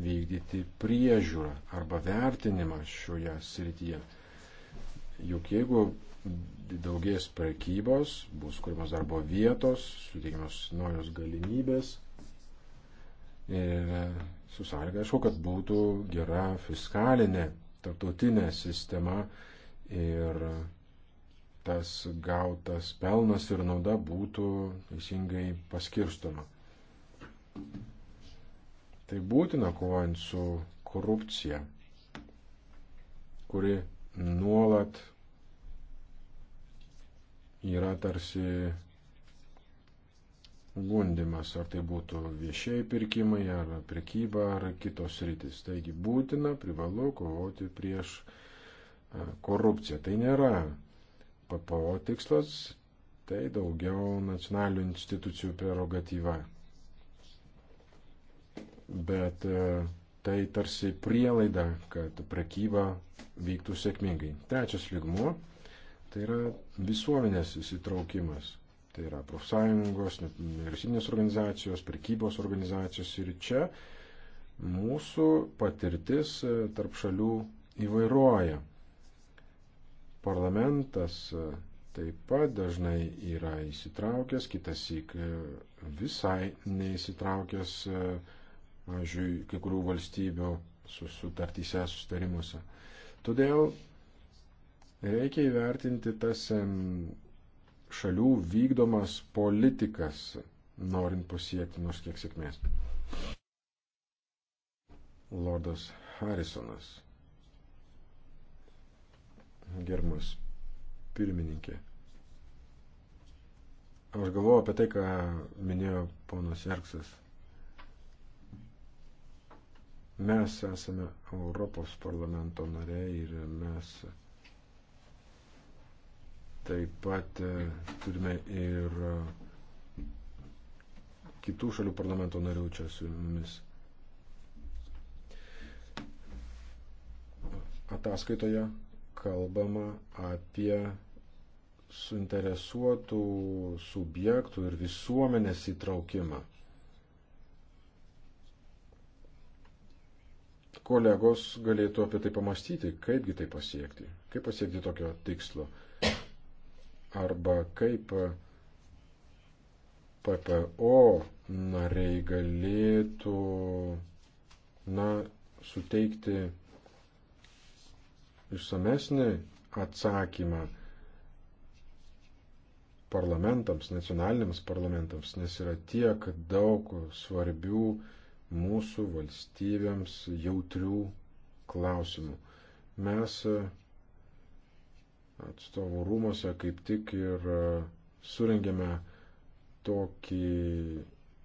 Speaker 2: vykdyti priežiūrą arba vertinimą šioje srityje. Juk jeigu daugės prekybos, bus kurimas darbo vietos, suteikimas naujos galimybės ir su sąlyga, aišku, kad būtų gera fiskalinė, tarptautinė sistema ir tas gautas pelnas ir nauda būtų teisingai paskirstoma. Tai būtina kovojant su korupcija, kuri nuolat yra tarsi gundimas, ar tai būtų viešieji pirkimai, ar prekyba, ar kitos rytis. Taigi būtina, privalu kovoti prieš korupciją. Tai nėra PPO tikslas, tai daugiau nacionalinių institucijų prerogatyva bet e, tai tarsi prielaida, kad prekyba vyktų sėkmingai. Trečias lygmuo - tai yra visuomenės įsitraukimas. Tai yra profsąjungos, nevyriausybinės organizacijos, prekybos organizacijos ir čia mūsų patirtis e, tarp šalių įvairuoja. Parlamentas e, taip pat dažnai yra įsitraukęs, kitas įk visai neįsitraukęs pavyzdžiui, kai kurių valstybių sutartyse, sustarimuose. Todėl reikia įvertinti tas šalių vykdomas politikas, norint pasiekti nors kiek sėkmės. Lordas Harrisonas. Gerbimas pirmininkė. Aš galvoju apie tai, ką minėjo ponas Jerksas. Mes esame Europos parlamento nariai ir mes taip pat e, turime ir e, kitų šalių parlamento narių čia su mumis. Ataskaitoje kalbama apie suinteresuotų subjektų ir visuomenės įtraukimą. kolegos galėtų apie tai pamastyti, kaipgi tai pasiekti, kaip pasiekti tokio tikslo. Arba kaip PPO nariai galėtų na, suteikti išsamesnį atsakymą parlamentams, nacionaliniams parlamentams, nes yra tiek daug svarbių mūsų valstybėms jautrių klausimų. Mes e, atstovų rūmose kaip tik ir e, surengėme tokį,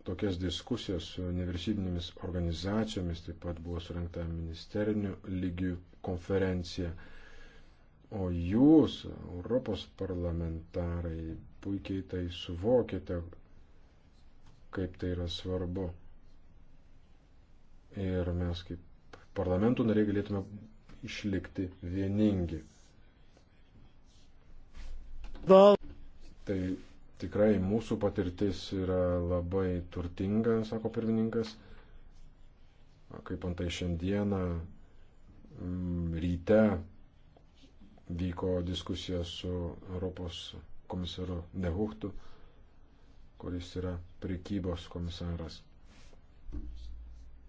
Speaker 2: tokias diskusijas su nevyriausybinėmis organizacijomis, taip pat buvo surinkta ministerinių lygių konferencija. O jūs, Europos parlamentarai, puikiai tai suvokite, kaip tai yra svarbu ir mes kaip parlamentų nariai galėtume išlikti vieningi. Tai tikrai mūsų patirtis yra labai turtinga, sako pirmininkas. Kaip antai šiandieną mm, ryte vyko diskusija su Europos komisaru Nehuchtu, kuris yra prekybos komisaras.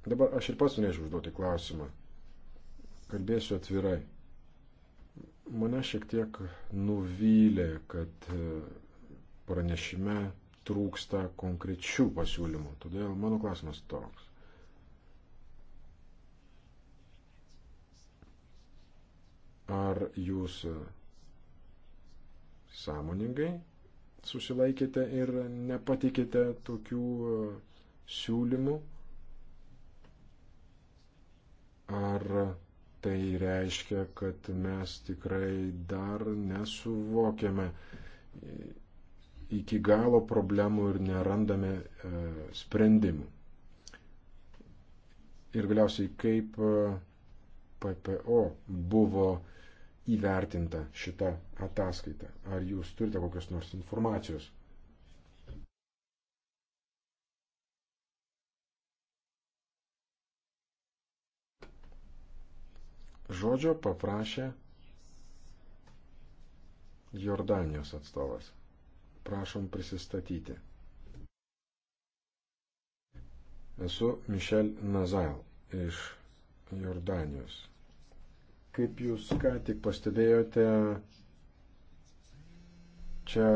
Speaker 2: Dabar aš ir pats norėčiau užduoti klausimą. Kalbėsiu atvirai. Mane šiek tiek nuvylė, kad e, pranešime trūksta konkrečių pasiūlymų. Todėl mano klausimas toks. Ar jūs e, sąmoningai susilaikėte ir nepatikėte tokių e, siūlymų, Ar tai reiškia, kad mes tikrai dar nesuvokiame iki galo problemų ir nerandame e, sprendimų? Ir galiausiai, kaip e, PPO buvo įvertinta šita ataskaita? Ar jūs turite kokios nors informacijos? Žodžio paprašė Jordanijos atstovas. Prašom prisistatyti. Esu Mišel Nazail iš Jordanijos. Kaip jūs ką tik pastebėjote, čia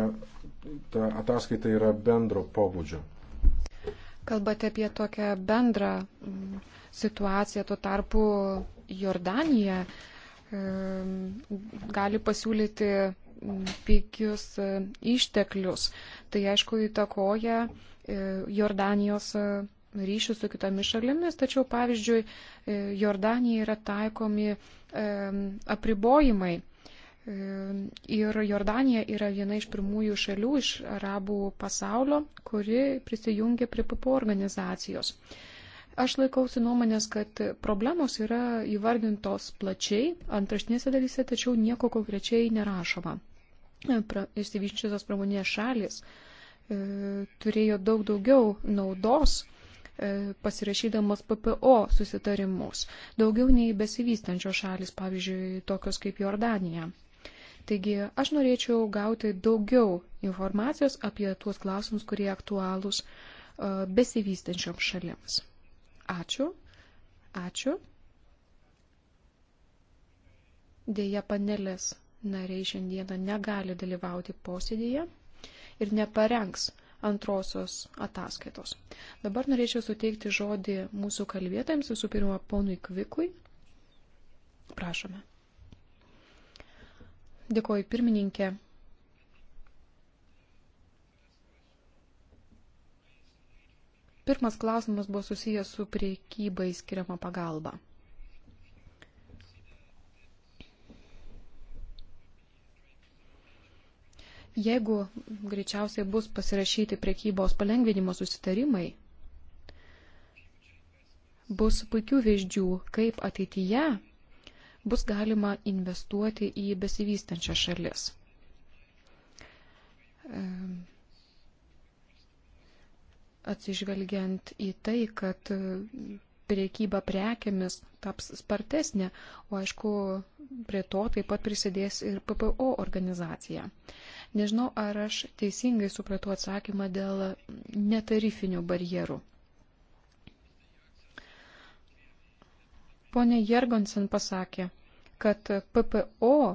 Speaker 2: ta ataskaita yra bendro
Speaker 1: pobūdžio. Kalbate apie tokią bendrą mm, situaciją, tuo tarpu Jordanija e, gali pasiūlyti pigius e, išteklius. Tai aišku įtakoja e, Jordanijos ryšių su kitomis šalimis, tačiau pavyzdžiui, Jordanija yra taikomi apribojimai. Ir Jordanija yra viena iš pirmųjų šalių iš arabų pasaulio, kuri prisijungia prie PPO organizacijos. Aš laikausi nuomonės, kad problemos yra įvardintos plačiai antraštinėse dalyse, tačiau nieko konkrečiai nerašoma. Pra, Įsivyščiusios pramonės šalis e, turėjo daug daugiau naudos e, pasirašydamas PPO susitarimus, daugiau nei besivystančios šalis, pavyzdžiui, tokios kaip Jordanija. Taigi aš norėčiau gauti daugiau informacijos apie tuos klausimus, kurie aktualūs e, besivystančioms šalims. Ačiū. Ačiū. Dėja, panelės nariai šiandieną negali dalyvauti posėdėje ir neparengs antrosios ataskaitos. Dabar norėčiau suteikti žodį mūsų kalbėtojams, visų pirma, ponui Kvikui. Prašome. Dėkoju pirmininkė. Pirmas klausimas buvo susijęs su priekybai skiriama pagalba. Jeigu greičiausiai bus pasirašyti priekybos palengvinimo susitarimai, bus puikių vėždžių, kaip ateityje bus galima investuoti į besivystančias šalis. Ehm, atsižvelgiant į tai, kad priekyba prekiamis taps spartesnė, o aišku, prie to taip pat prisidės ir PPO organizacija. Nežinau, ar aš teisingai supratau atsakymą dėl netarifinių barjerų. Pone Jergonsen pasakė, kad PPO um,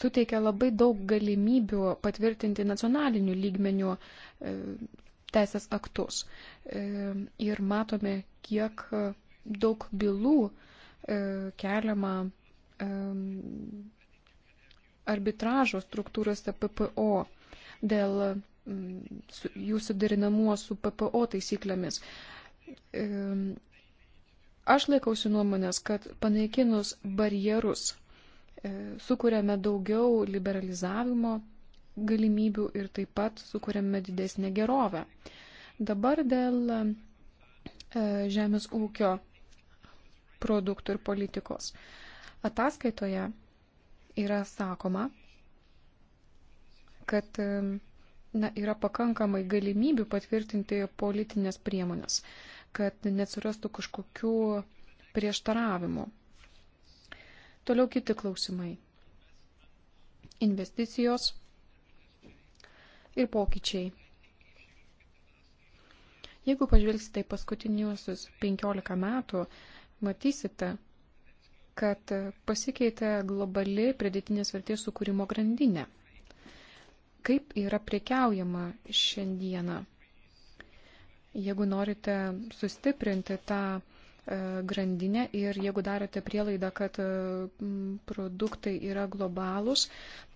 Speaker 1: suteikia labai daug galimybių patvirtinti nacionalinių lygmenių e, teisės aktus. E, ir matome, kiek daug bylų e, keliama arbitražo struktūrose PPO dėl mm, jų suderinamuo su PPO taisyklėmis. Aš laikausi nuomonės, kad panaikinus barjerus E, sukūrėme daugiau liberalizavimo galimybių ir taip pat sukūrėme didesnę gerovę. Dabar dėl e, žemės ūkio produktų ir politikos. Ataskaitoje yra sakoma, kad e, na, yra pakankamai galimybių patvirtinti politinės priemonės, kad neatsirastų kažkokių prieštaravimų. Toliau kiti klausimai. Investicijos ir pokyčiai. Jeigu pažvelgsite į paskutiniuosius 15 metų, matysite, kad pasikeitė globali pridėtinės vertės sukūrimo grandinė. Kaip yra priekiaujama šiandieną? Jeigu norite sustiprinti tą E, grandinę ir jeigu darote prielaidą, kad e, produktai yra globalūs,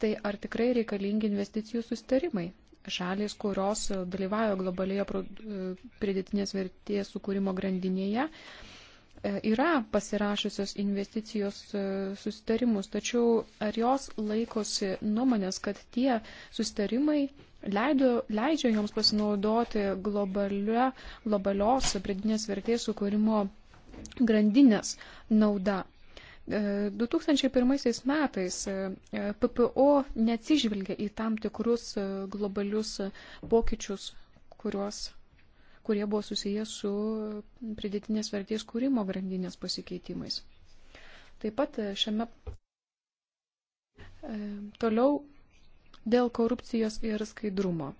Speaker 1: tai ar tikrai reikalingi investicijų sustarimai? Šalis, kurios e, dalyvauja globalioje pridėtinės vertės sukūrimo grandinėje, yra pasirašusios investicijos sustarimus, tačiau ar jos laikosi nuomonės, kad tie sustarimai leido, leidžia joms pasinaudoti globalio, globalios pridinės vertės sukūrimo grandinės nauda. 2001 e, metais e, e, PPO neatsižvelgia į tam tikrus globalius pokyčius, kuriuos, kurie buvo susijęs su pridėtinės vertės kūrimo grandinės pasikeitimais. Taip pat šiame toliau dėl korupcijos ir skaidrumo.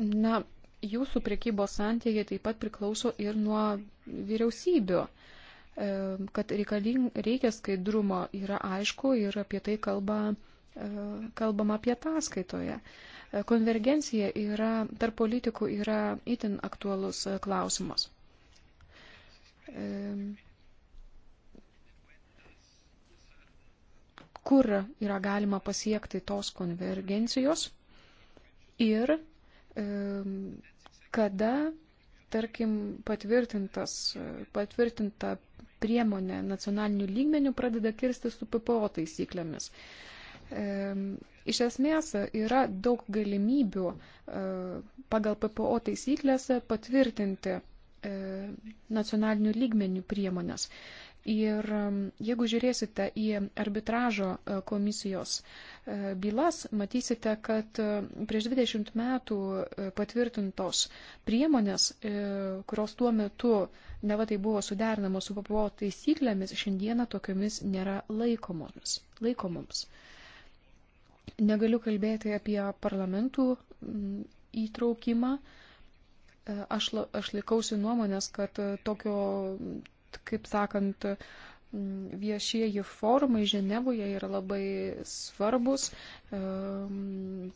Speaker 1: Na, jūsų priekybos santykiai taip pat priklauso ir nuo vyriausybių e, kad reikaling, reikia skaidrumo yra aišku ir apie tai kalba, e, kalbama apie ataskaitoje. E, konvergencija yra, tarp politikų yra itin aktualus klausimas. Kur yra galima pasiekti tos konvergencijos ir kada, tarkim, patvirtinta priemonė nacionalinių lygmenių pradeda kirsti su PPO taisyklėmis. Iš esmės yra daug galimybių e, pagal PPO taisyklėse patvirtinti e, nacionalinių lygmenių priemonės. Ir um, jeigu žiūrėsite į arbitražo e, komisijos e, bylas, matysite, kad e, prieš 20 metų patvirtintos priemonės, kurios tuo metu neva tai buvo suderinamos su PPO taisyklėmis, šiandieną tokiamis nėra laikomomis. laikomoms. Negaliu kalbėti apie parlamentų įtraukimą. Aš, aš laikausi nuomonės, kad tokio kaip sakant, viešieji forumai Ženevoje yra labai svarbus. Ehm,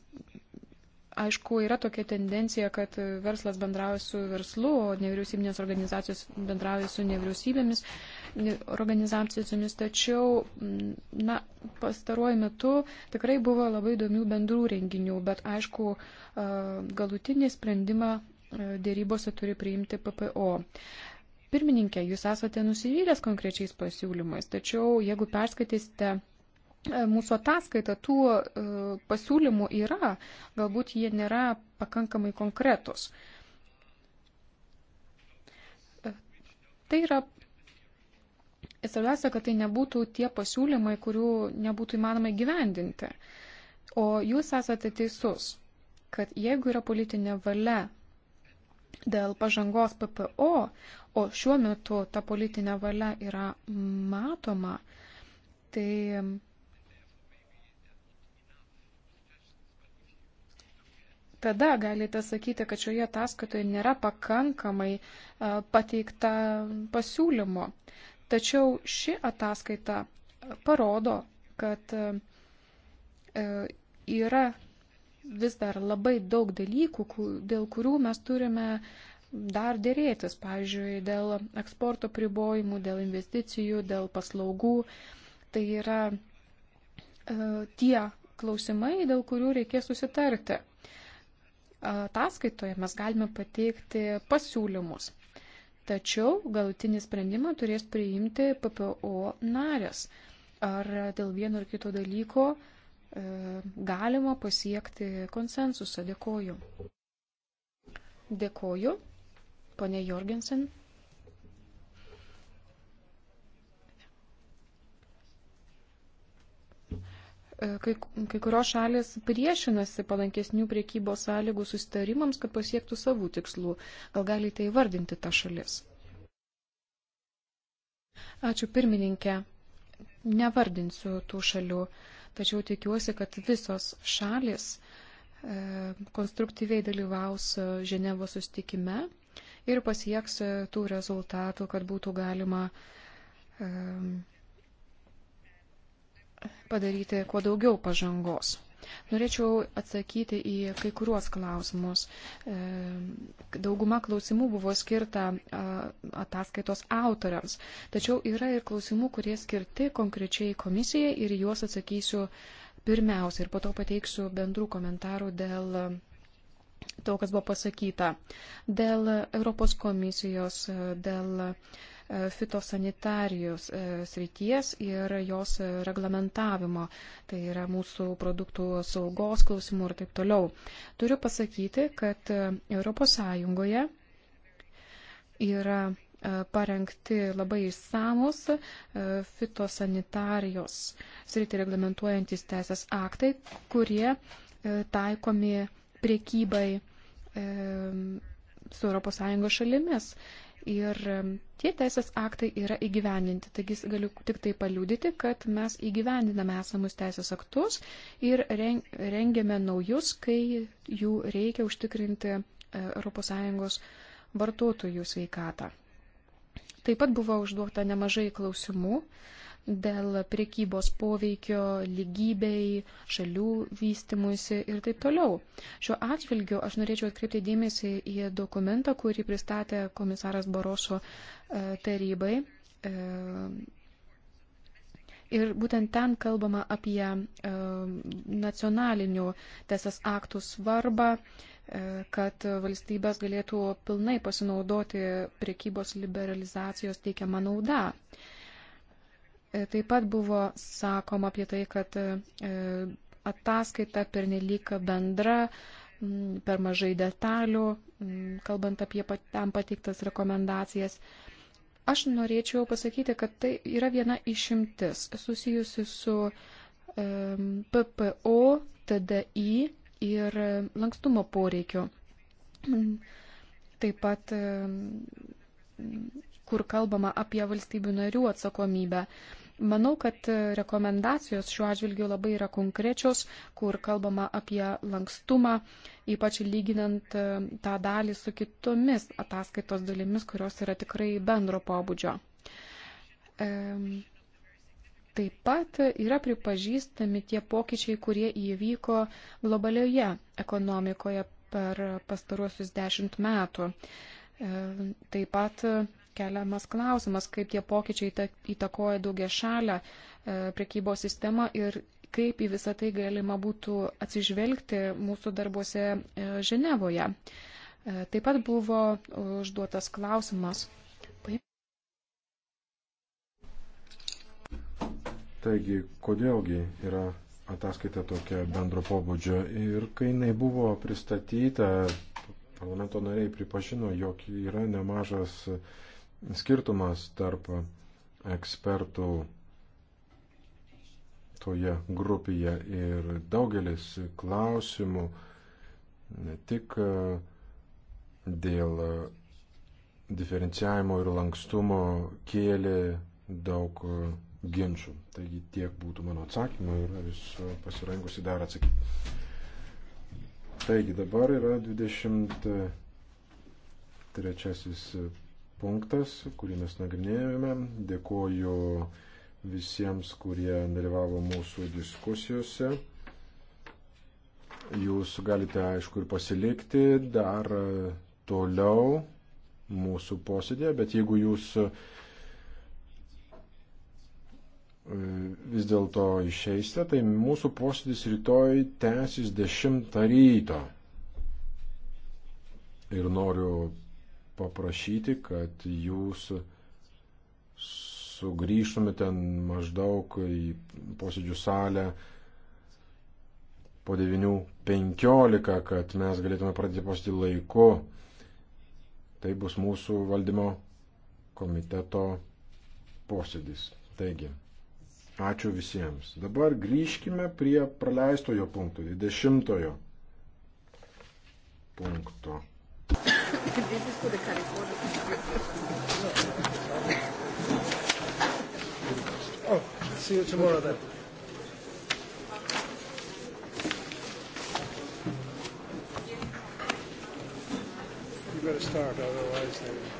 Speaker 1: aišku, yra tokia tendencija, kad verslas bendrauja su verslu, o nevyriausybinės organizacijos bendrauja su nevyriausybėmis organizacijomis, tačiau, mm, na, pastaruoju metu tikrai buvo labai įdomių bendrų renginių, bet aišku, e, galutinį sprendimą e, dėrybose turi priimti PPO. Pirmininkė, jūs esate nusivylęs konkrečiais pasiūlymais, tačiau jeigu perskaitysite e, mūsų ataskaitą, tų e, pasiūlymų yra, galbūt jie nėra pakankamai konkretus. E, tai yra Ir svarbiausia, kad tai nebūtų tie pasiūlymai, kurių nebūtų įmanoma gyvendinti. O jūs esate teisus, kad jeigu yra politinė valia dėl pažangos PPO, o šiuo metu ta politinė valia yra matoma, tai tada galite sakyti, kad šioje ataskaitoje nėra pakankamai e, pateikta pasiūlymo. Tačiau ši ataskaita parodo, kad e, yra vis dar labai daug dalykų, dėl kurių mes turime dar dėrėtis, pavyzdžiui, dėl eksporto pribojimų, dėl investicijų, dėl paslaugų. Tai yra e, tie klausimai, dėl kurių reikės susitarti. Ataskaitoje mes galime pateikti pasiūlymus. Tačiau galutinį sprendimą turės priimti PPO narės. Ar dėl vieno ar kito dalyko uh, galima pasiekti konsensusą. Dėkoju. Dėkoju, ponė Jorgensen. Kai, kai kurios šalis priešinasi palankesnių priekybos sąlygų susitarimams, kad pasiektų savų tikslų. Gal galite įvardinti tą šalis? Ačiū pirmininkė. Nevardinsiu tų šalių. Uh, tačiau tikiuosi, kad visos šalis e, konstruktyviai dalyvaus e, Ženevos sustikime ir pasieks e, tų rezultatų, kad būtų galima padaryti kuo daugiau pažangos. Norėčiau atsakyti į kai kuriuos klausimus. E, dauguma klausimų buvo skirta ataskaitos autoriams, tačiau yra ir klausimų, kurie skirti konkrečiai komisijai ir juos atsakysiu pirmiausia ir po to pateiksiu bendrų komentarų dėl to, kas buvo pasakyta. Dėl Europos komisijos, dėl E, fitosanitarijos e, srities ir jos e, reglamentavimo, tai yra mūsų produktų saugos klausimų ir taip toliau. Turiu pasakyti, kad ES yra parengti labai įsamus fitosanitarijos sritį reglamentuojantis teisės aktai, kurie taikomi priekybai su ES šalimis ir tie teisės aktai yra įgyvendinti. Taigi galiu tik tai paliūdyti, kad mes įgyvendiname esamus teisės aktus ir rengiame naujus, kai jų reikia užtikrinti e, ES vartotojų sveikatą. Taip pat buvo užduota nemažai klausimų dėl priekybos poveikio lygybei, šalių vystimuisi ir taip toliau. Šiuo atžvilgiu aš norėčiau atkreipti dėmesį į dokumentą, kurį pristatė komisaras Baroso e, tarybai. E, ir būtent ten kalbama apie e, nacionalinių teisės aktų svarbą kad valstybės galėtų pilnai pasinaudoti priekybos liberalizacijos teikiamą naudą. E, taip pat buvo sakoma apie tai, kad e, ataskaita pernelyg bendra, per mažai detalių, kalbant apie tam patiktas rekomendacijas. Aš norėčiau pasakyti, kad tai yra viena išimtis susijusi su PPO, TDI ir lankstumo poreikiu. Taip pat, kur kalbama apie valstybių narių atsakomybę. Manau, kad rekomendacijos šiuo atžvilgiu labai yra konkrečios, kur kalbama apie lankstumą, ypač lyginant e, tą dalį su kitomis ataskaitos dalimis, kurios yra tikrai bendro pobūdžio. Taip pat yra pripažįstami tie pokyčiai, kurie įvyko globalioje ekonomikoje per pastaruosius dešimt metų. Taip pat keliamas klausimas, kaip tie pokyčiai įtakoja daugia šalę e, prekybos sistemą ir kaip į visą tai galima būtų atsižvelgti mūsų darbuose e, Ženevoje. E, taip pat buvo užduotas klausimas.
Speaker 2: Taigi, kodėlgi yra ataskaita tokia bendro pobūdžio ir kai jinai buvo pristatyta, parlamento nariai pripažino, jog yra nemažas skirtumas tarp ekspertų toje grupėje ir daugelis klausimų ne tik e, dėl diferencijavimo ir lankstumo kėlė daug e, ginčių. Taigi tiek būtų mano atsakymų ir esu pasirengusi dar atsakyti. Taigi dabar yra 23 punktas, kurį mes nagrinėjome. Dėkoju visiems, kurie dalyvavo mūsų diskusijose. Jūs galite, aišku, ir pasilikti dar toliau mūsų posėdėje, bet jeigu jūs e, vis dėlto išeisite, tai mūsų posėdis rytoj tęsis 10 ryto. Ir noriu paprašyti, kad jūs sugrįžtumėte maždaug į posėdžių salę po 9.15, kad mes galėtume pradėti posėdį laiku. Tai bus mūsų valdymo komiteto posėdis. Taigi, ačiū visiems. Dabar grįžkime prie praleistojo punkto, 20 punkto
Speaker 1: this is for the California.
Speaker 2: *laughs* oh, see you tomorrow then.
Speaker 1: You better start, otherwise they.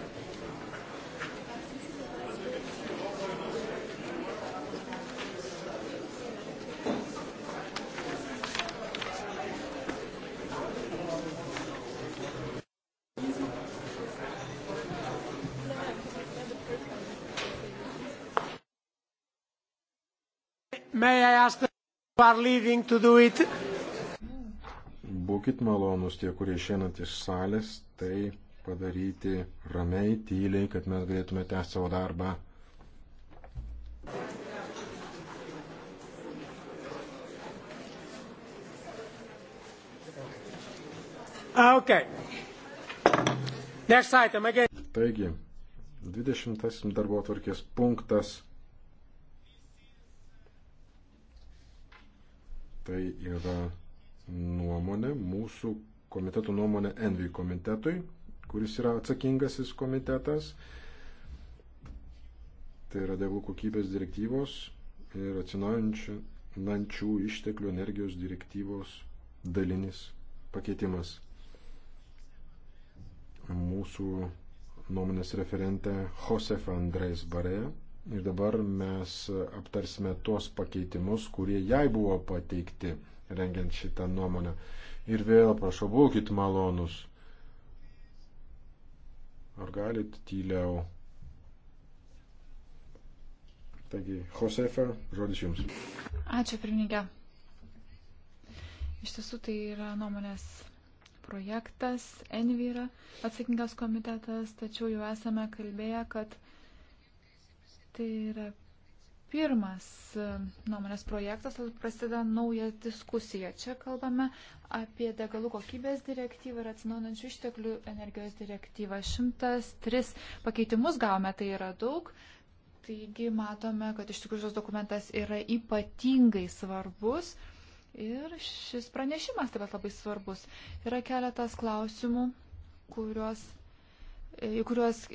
Speaker 2: Būkit malonus tie, kurie išeinat iš salės, tai padaryti ramiai, tyliai, kad mes galėtume tęsti savo darbą. Ah, okay. Next item again. Taigi, 20 darbo atvarkės punktas Tai yra nuomonė, mūsų komiteto nuomonė Envy komitetui, kuris yra atsakingasis komitetas. Tai yra degalų kokybės direktyvos ir atsinaujančių išteklių energijos direktyvos dalinis pakeitimas. Mūsų nuomonės referentė Josefa Andrės Barėja Ir dabar mes aptarsime tuos pakeitimus, kurie jai buvo pateikti, rengiant šitą nuomonę. Ir vėl prašau, būkite malonus. Ar galit tyliau? Taigi, Josefa, žodis jums.
Speaker 3: Ačiū, pirmininkė. Iš tiesų tai yra nuomonės projektas, Envy yra atsakingas komitetas, tačiau jau esame kalbėję, kad Tai yra pirmas e, nuomonės projektas, prasideda nauja diskusija. Čia kalbame apie degalų kokybės direktyvą ir atsinaujančių išteklių energijos direktyvą. 103 pakeitimus gavome, tai yra daug. Taigi matome, kad iš tikrųjų šis dokumentas yra ypatingai svarbus ir šis pranešimas taip pat labai svarbus. Yra keletas klausimų, kuriuos, į kuriuos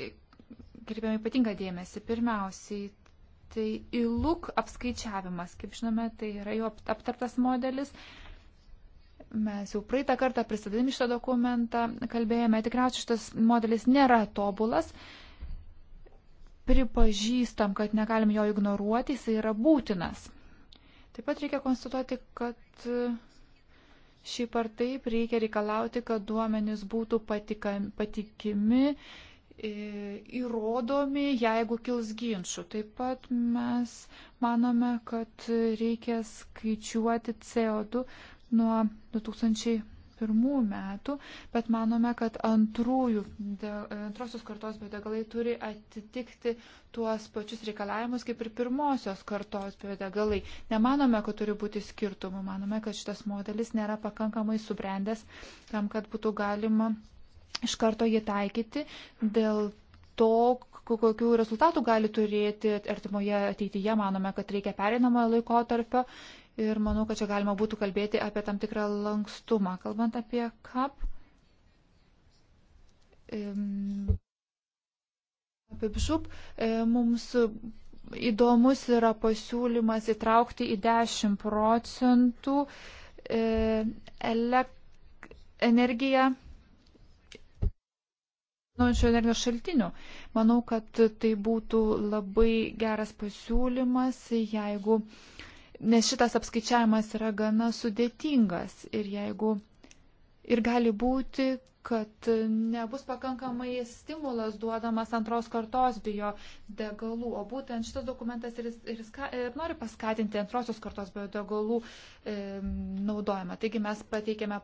Speaker 3: gerbėme ypatingą dėmesį. Pirmiausiai, tai įlūk apskaičiavimas, kaip žinome, tai yra jau aptartas modelis. Mes jau praeitą kartą pristatydami šitą dokumentą kalbėjome, tikriausiai šitas modelis nėra tobulas. Pripažįstam, kad negalim jo ignoruoti, jis yra būtinas. Taip pat reikia konstatuoti, kad e, šiaip ar taip reikia reikalauti, kad duomenys būtų patikami, patikimi įrodomi, jeigu kils ginčių. Taip pat mes manome, kad reikia skaičiuoti CO2 nuo 2001 metų, bet manome, kad antrųjų, de, antrosios kartos biodegalai turi atitikti tuos pačius reikalavimus kaip ir pirmosios kartos biodegalai. Nemanome, kad turi būti skirtumų, manome, kad šitas modelis nėra pakankamai subrendęs tam, kad būtų galima iš karto jį taikyti dėl to, kokiu rezultatu gali turėti artimoje ateityje. Manome, kad reikia pereinamojo laikotarpio ir manau, kad čia galima būtų kalbėti apie tam tikrą lankstumą. Kalbant apie kap, apie bžup, e, mums įdomus yra pasiūlymas įtraukti į 10 procentų e, energiją atsinaujinančių energijos šaltinių. Manau, kad tai būtų labai geras pasiūlymas, jeigu, nes šitas apskaičiavimas yra gana sudėtingas ir jeigu ir gali būti, kad nebus pakankamai stimulas duodamas antros kartos bio degalų, o būtent šitas dokumentas ir, ir, ska, ir nori paskatinti antrosios kartos bio degalų e, naudojimą. Taigi mes pateikėme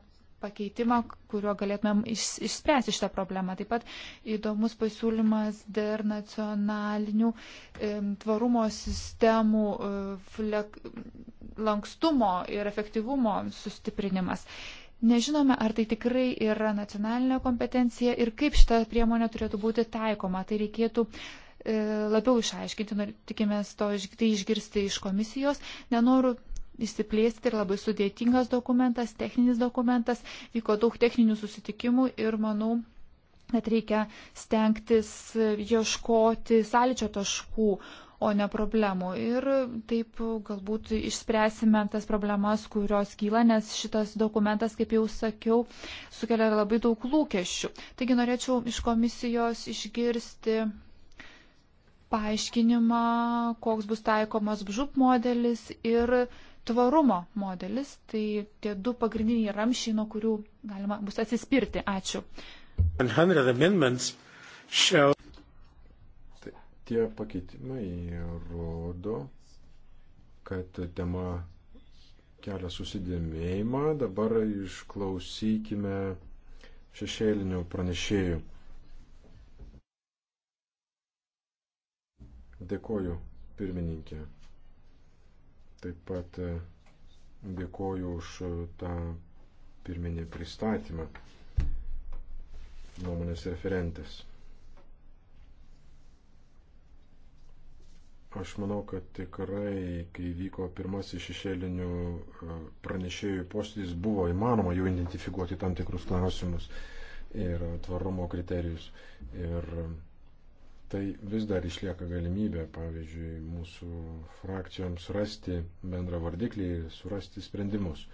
Speaker 3: pakeitimą, kuriuo galėtumėm iš, išspręsti šitą problemą. Taip pat įdomus pasiūlymas dėl nacionalinių e, tvarumo sistemų e, flek, lankstumo ir efektyvumo sustiprinimas. Nežinome, ar tai tikrai yra nacionalinė kompetencija ir kaip šita priemonė turėtų būti taikoma. Tai reikėtų e, labiau išaiškinti, tikimės to tai išgirsti iš komisijos. Nenoriu įsiplėsti ir labai sudėtingas dokumentas, techninis dokumentas, vyko daug techninių susitikimų ir manau, kad reikia stengtis ieškoti sąlyčio taškų, o ne problemų. Ir taip galbūt išspręsime tas problemas, kurios kyla, nes šitas dokumentas, kaip jau sakiau, sukelia labai daug lūkesčių. Taigi norėčiau iš komisijos išgirsti paaiškinimą, koks bus taikomas bžup modelis ir tvarumo modelis. Tai tie du pagrindiniai ramšiai, nuo kurių galima bus atsispirti. Ačiū.
Speaker 2: Shall... Tai, tie pakeitimai rodo, kad tema kelia susidėmėjimą. Dabar išklausykime šešėlinių pranešėjų. Dėkoju, pirmininkė. Taip pat e, dėkoju už tą pirminį pristatymą nuomonės referentės. Aš manau, kad tikrai, kai vyko pirmasis šešėlinių e, pranešėjų posėdis, buvo įmanoma jau identifikuoti tam tikrus klausimus ir tvarumo kriterijus. Ir tai vis dar išlieka galimybė, pavyzdžiui, mūsų frakcijoms rasti bendrą vardiklį ir surasti sprendimus.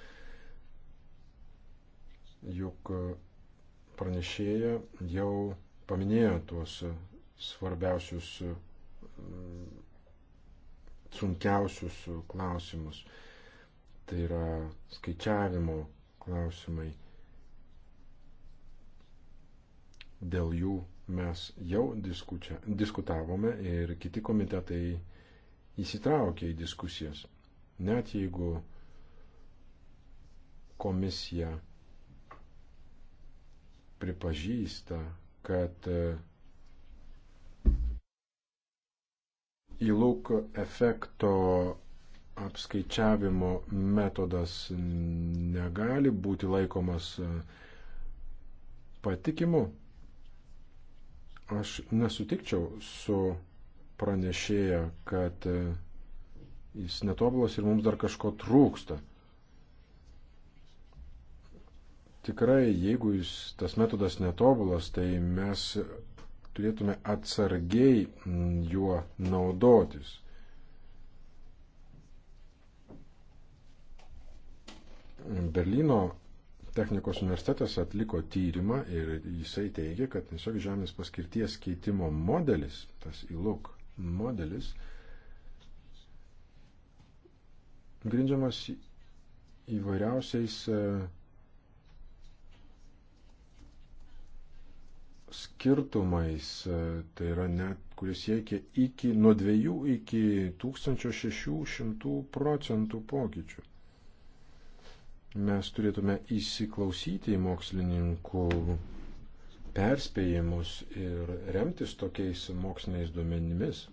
Speaker 2: Juk pranešėja jau paminėjo tuos svarbiausius, mm, sunkiausius klausimus. Tai yra skaičiavimo klausimai. Dėl jų Mes jau diskutavome ir kiti komitetai įsitraukė į diskusijas. Net jeigu komisija pripažįsta, kad e, įlūk efekto apskaičiavimo metodas negali būti laikomas e, patikimu, Aš nesutikčiau su pranešėja, kad e, jis netobulas ir mums dar kažko trūksta. Tikrai, jeigu jis, tas metodas netobulas, tai mes turėtume atsargiai mm, juo naudotis. Berlyno technikos universitetas atliko tyrimą ir jisai teigia, kad tiesiog žemės paskirties keitimo modelis, tas įluk modelis, grindžiamas įvairiausiais e, skirtumais, e, tai yra net, kuris siekia iki nuo 2 iki 1600 procentų pokyčių mes turėtume įsiklausyti į mokslininkų perspėjimus ir remtis tokiais moksliniais duomenimis,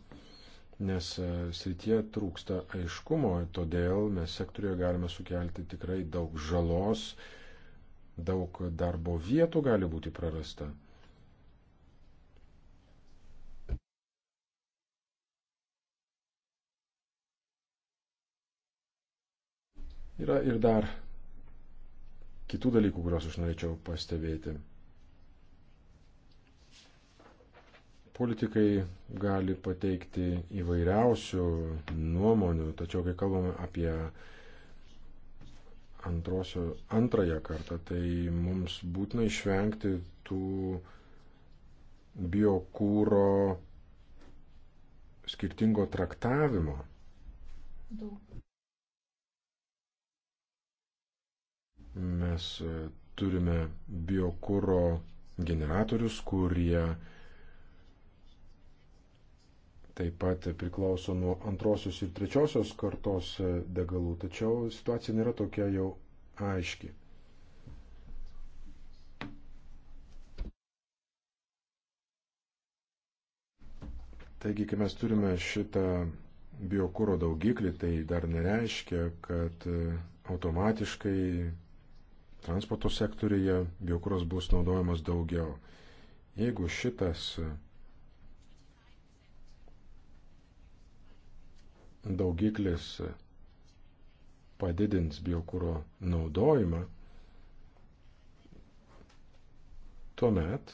Speaker 2: nes e, srityje trūksta aiškumo, todėl mes sektoriuje galime sukelti tikrai daug žalos, daug darbo vietų gali būti prarasta. Yra ir dar kitų dalykų, kuriuos aš norėčiau pastebėti. Politikai gali pateikti įvairiausių nuomonių, tačiau kai kalbame apie antrosio, antrąją kartą, tai mums būtina išvengti tų biokūro skirtingo traktavimo. Daug. Mes e, turime biokūro generatorius, kurie taip pat priklauso nuo antrosios ir trečiosios kartos e, degalų, tačiau situacija nėra tokia jau aiški. Taigi, kai mes turime šitą biokūro daugiklį, tai dar nereiškia, kad e, automatiškai transporto sektorija biokuras bus naudojamas daugiau. Jeigu šitas daugiklis padidins biokūro naudojimą, tuomet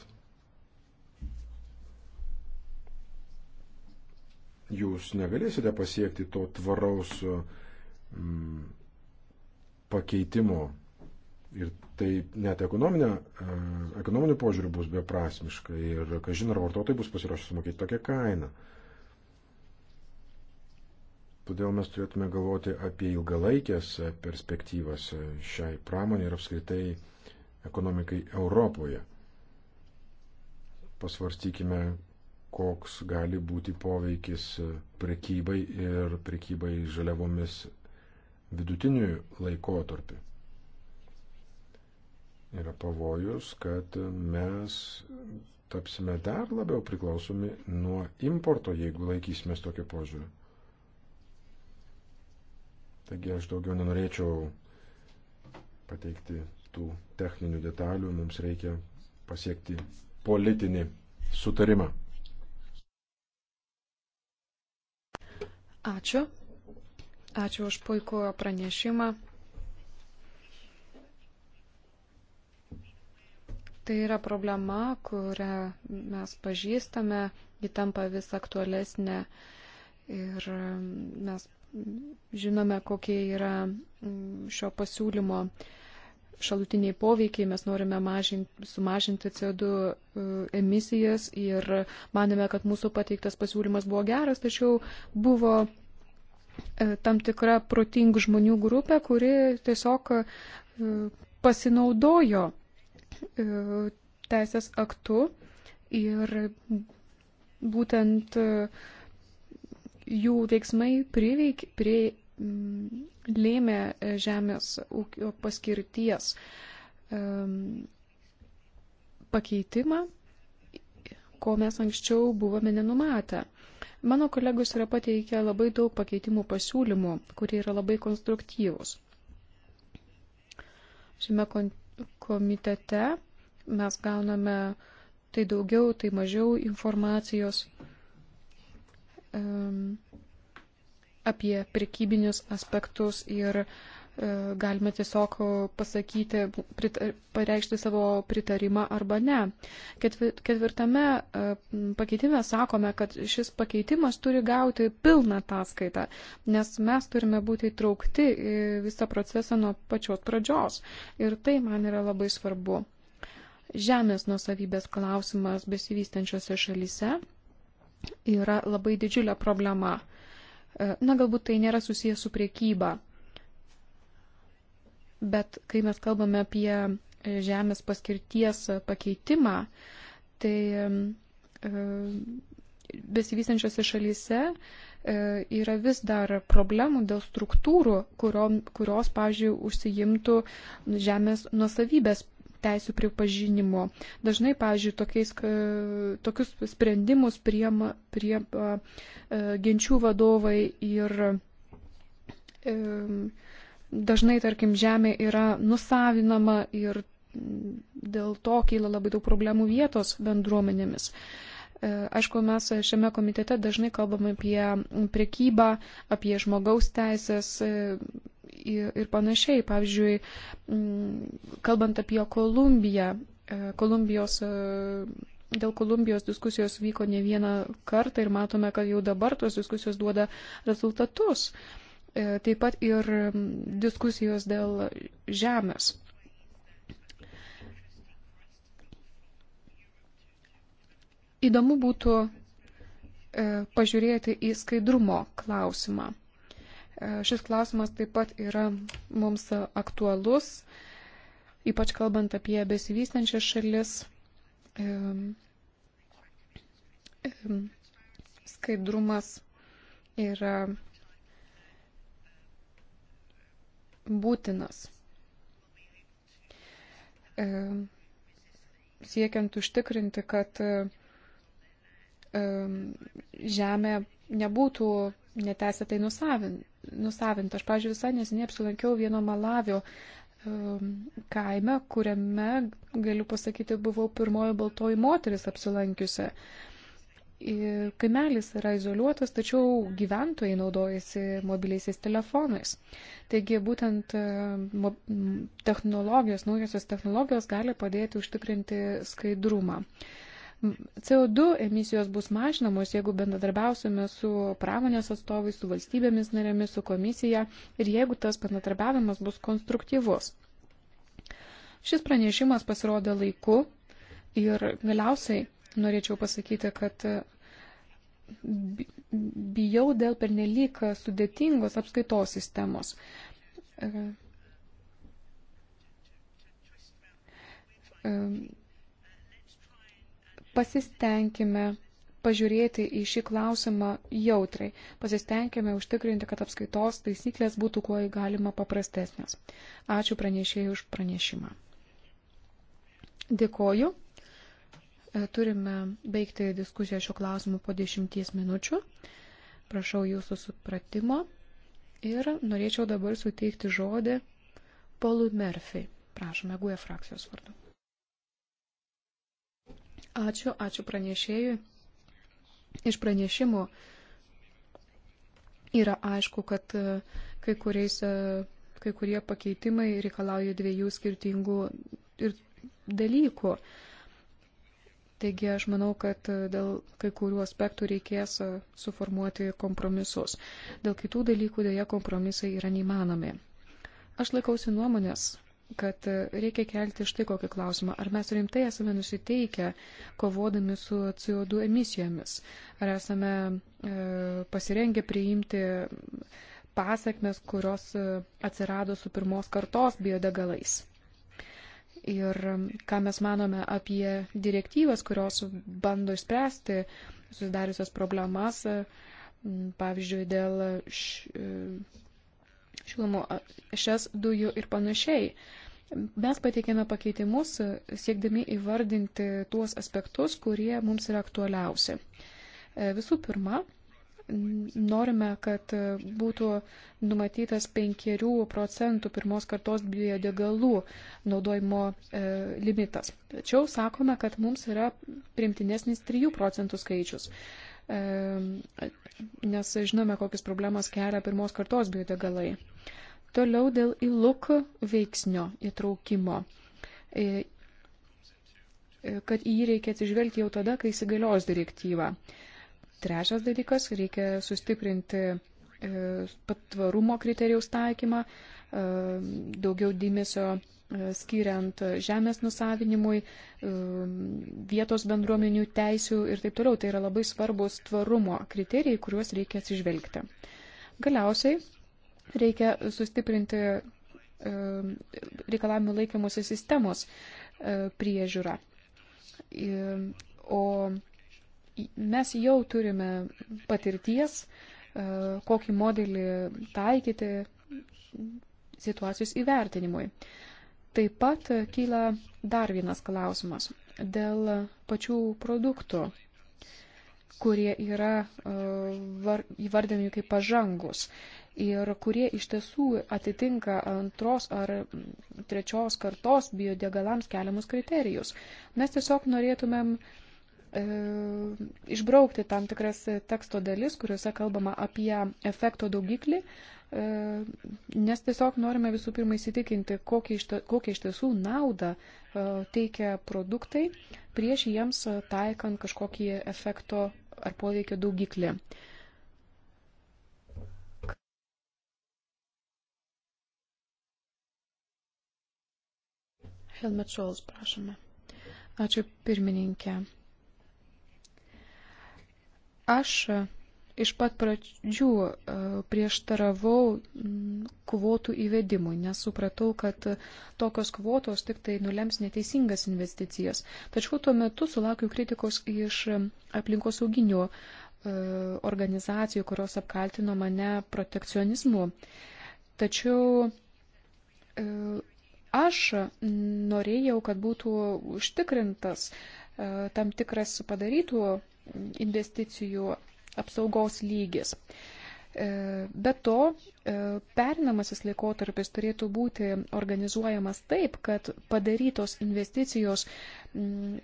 Speaker 2: jūs negalėsite pasiekti to tvaraus mm, pakeitimo Ir tai net ekonominio, e, ekonominių požiūrių bus beprasmiška ir, kažin, ar vartotojai bus pasiruošę sumokėti tokią kainą. Todėl mes turėtume galvoti apie ilgalaikės perspektyvas šiai pramonė ir apskritai ekonomikai Europoje. Pasvarstykime, koks gali būti poveikis prekybai ir prekybai žaliavomis vidutiniu laikotarpiu yra pavojus, kad mes tapsime dar labiau priklausomi nuo importo, jeigu laikysimės tokio požiūrio. Taigi aš daugiau nenorėčiau pateikti tų techninių detalių, mums reikia pasiekti politinį sutarimą.
Speaker 1: Ačiū. Ačiū už puikų pranešimą. Tai yra problema, kurią mes pažįstame, ji tampa vis aktualesnė ir mm, mes žinome, kokie yra mm, šio pasiūlymo šalutiniai poveikiai. Mes norime mažinti, sumažinti CO2 e, emisijas ir manėme, kad mūsų pateiktas pasiūlymas buvo geras, tačiau buvo e, tam tikra protingų žmonių grupė, kuri tiesiog e, pasinaudojo E, teisės aktu ir būtent e, jų veiksmai priveik, prie, lėmė žemės ūkio paskirties e, pakeitimą, ko mes anksčiau buvome nenumatę. Mano kolegos yra pateikę labai daug pakeitimų pasiūlymų, kurie yra labai konstruktyvūs. Šiame kontekste komitete mes gauname tai daugiau, tai mažiau informacijos um, apie prekybinius aspektus ir uh, E, galime tiesiog pasakyti, pritar, pareikšti savo pritarimą arba ne. Ketvirtame e, pakeitime sakome, kad šis pakeitimas turi gauti pilną ataskaitą, nes mes turime būti įtraukti į visą procesą nuo pačios pradžios. Ir tai man yra labai svarbu. Žemės nusavybės klausimas besivystančiose šalyse yra labai didžiulė problema. E, na, galbūt tai nėra susijęs su priekyba, Bet kai mes kalbame apie e, žemės paskirties pakeitimą, tai e, besivystančiose šalyse e, yra vis dar problemų dėl struktūrų, kurios, kurios pavyzdžiui, užsijimtų žemės nusavybės teisų pripažinimo. Dažnai, pavyzdžiui, tokiais, tokius sprendimus priema prie, ginčių vadovai ir dažnai, tarkim, žemė yra nusavinama ir dėl to kyla labai daug problemų vietos bendruomenėmis. E, aišku, mes šiame komitete dažnai kalbame apie prekybą, apie žmogaus teisės e, ir panašiai. Pavyzdžiui, kalbant apie Kolumbiją, e, Kolumbijos dėl Kolumbijos diskusijos vyko ne vieną kartą ir matome, kad jau dabar tos diskusijos duoda rezultatus. Uh, E, taip pat ir diskusijos dėl žemės. Įdomu būtų e, pažiūrėti į skaidrumo klausimą. E, šis klausimas taip pat yra mums aktualus, ypač kalbant apie besivystančias šalis. Skaidrumas yra būtinas. E, siekiant užtikrinti, kad e, e, žemė nebūtų netesėtai nusavinta. Aš, pažiūrėjau, visai nesiniai apsilankiau vieno Malavio kaime, kuriame, galiu pasakyti, buvau pirmoji baltoji moteris apsilankiusi kaimelis yra izoliuotas, tačiau gyventojai naudojasi mobiliaisiais telefonais. Taigi būtent e, technologijos, naujosios technologijos gali padėti užtikrinti skaidrumą. CO2 emisijos bus mažinamos, jeigu bendradarbiausime su pramonės atstovais, su valstybėmis narėmis, su komisija ir jeigu tas bendradarbiavimas bus konstruktyvus. Šis pranešimas pasirodė laiku ir galiausiai norėčiau pasakyti, kad e, bijau dėl pernelyg sudėtingos apskaitos sistemos. E, e, Pasistengime pažiūrėti į šį klausimą jautrai. Pasistengime užtikrinti, kad apskaitos taisyklės būtų kuo įgalima paprastesnės. Ačiū pranešėjai už pranešimą. Dėkoju. E, turime baigti diskusiją šiuo klausimu po dešimties minučių. Prašau jūsų supratimo ir norėčiau dabar suteikti žodį Paului Murphy. Prašome, guoja e frakcijos vardu. Ačiū, ačiū pranešėjui. Iš pranešimų yra aišku, kad e, kai, kuriais, kai kurie pakeitimai reikalauja dviejų skirtingų ir dalykų. Uh, Taigi aš manau, kad e, dėl kai kurių aspektų reikės e, suformuoti kompromisus. Dėl kitų dalykų dėja kompromisai yra neįmanomi. Aš laikausi nuomonės, kad e, reikia kelti štai kokį klausimą. Ar mes rimtai esame nusiteikę kovodami su CO2 emisijomis? Ar esame e, pasirengę priimti pasakmes, kurios atsirado su pirmos kartos biodegalais? ir ką mes manome apie direktyvas, kurios bando išspręsti susidariusios problemas, pavyzdžiui, dėl e, šilumų šias dujų ir panašiai. Mes pateikėme pakeitimus, siekdami įvardinti tuos aspektus, kurie mums yra aktualiausi. E, visų pirma, norime, kad būtų numatytas 5 procentų pirmos kartos biodegalų naudojimo e, limitas. Tačiau sakome, kad mums yra primtinesnis 3 procentų skaičius, e, nes žinome, kokias problemas kelia pirmos kartos biodegalai. Toliau dėl įluk veiksnio įtraukimo. E, e, kad į jį reikia atsižvelgti jau tada, kai įsigalios direktyva. E, Trečias dalykas - reikia sustiprinti e, patvarumo kriterijaus taikymą, e, daugiau dėmesio e, skiriant žemės nusavinimui, vietos bendruomenių teisių ir taip toliau. Tai yra labai svarbus tvarumo kriterijai, kuriuos reikia atsižvelgti. Galiausiai reikia sustiprinti reikalavimų laikymusi sistemos priežiūrą. O mes jau turime patirties, e, kokį modelį taikyti situacijos įvertinimui. Taip pat kyla dar vienas klausimas dėl pačių produktų, kurie yra e, įvardinami kaip pažangus ir kurie iš tiesų atitinka antros ar trečios kartos biodegalams keliamus kriterijus. Mes tiesiog norėtumėm uh, E, išbraukti tam tikras teksto dalis, kuriuose kalbama apie efekto daugiklį, e, nes tiesiog norime visų pirma įsitikinti, kokią iš tiesų naudą e, teikia produktai prieš jiems taikant kažkokį efekto ar poveikio daugiklį. Helmut Scholz, prašome. Ačiū pirmininkė. Aš e, iš pat pradžių e, prieštaravau kvotų įvedimui, nes supratau, kad tokios kvotos tik tai nulems neteisingas investicijas. Tačiau tuo metu sulaukiu kritikos iš e, aplinkosauginių organizacijų, kurios apkaltino mane protekcionizmu. Tačiau aš norėjau, kad būtų užtikrintas uh, E, tam tikras padarytų investicijų apsaugos lygis. E, be to, e, perinamasis laikotarpis turėtų būti organizuojamas taip, kad padarytos investicijos mm,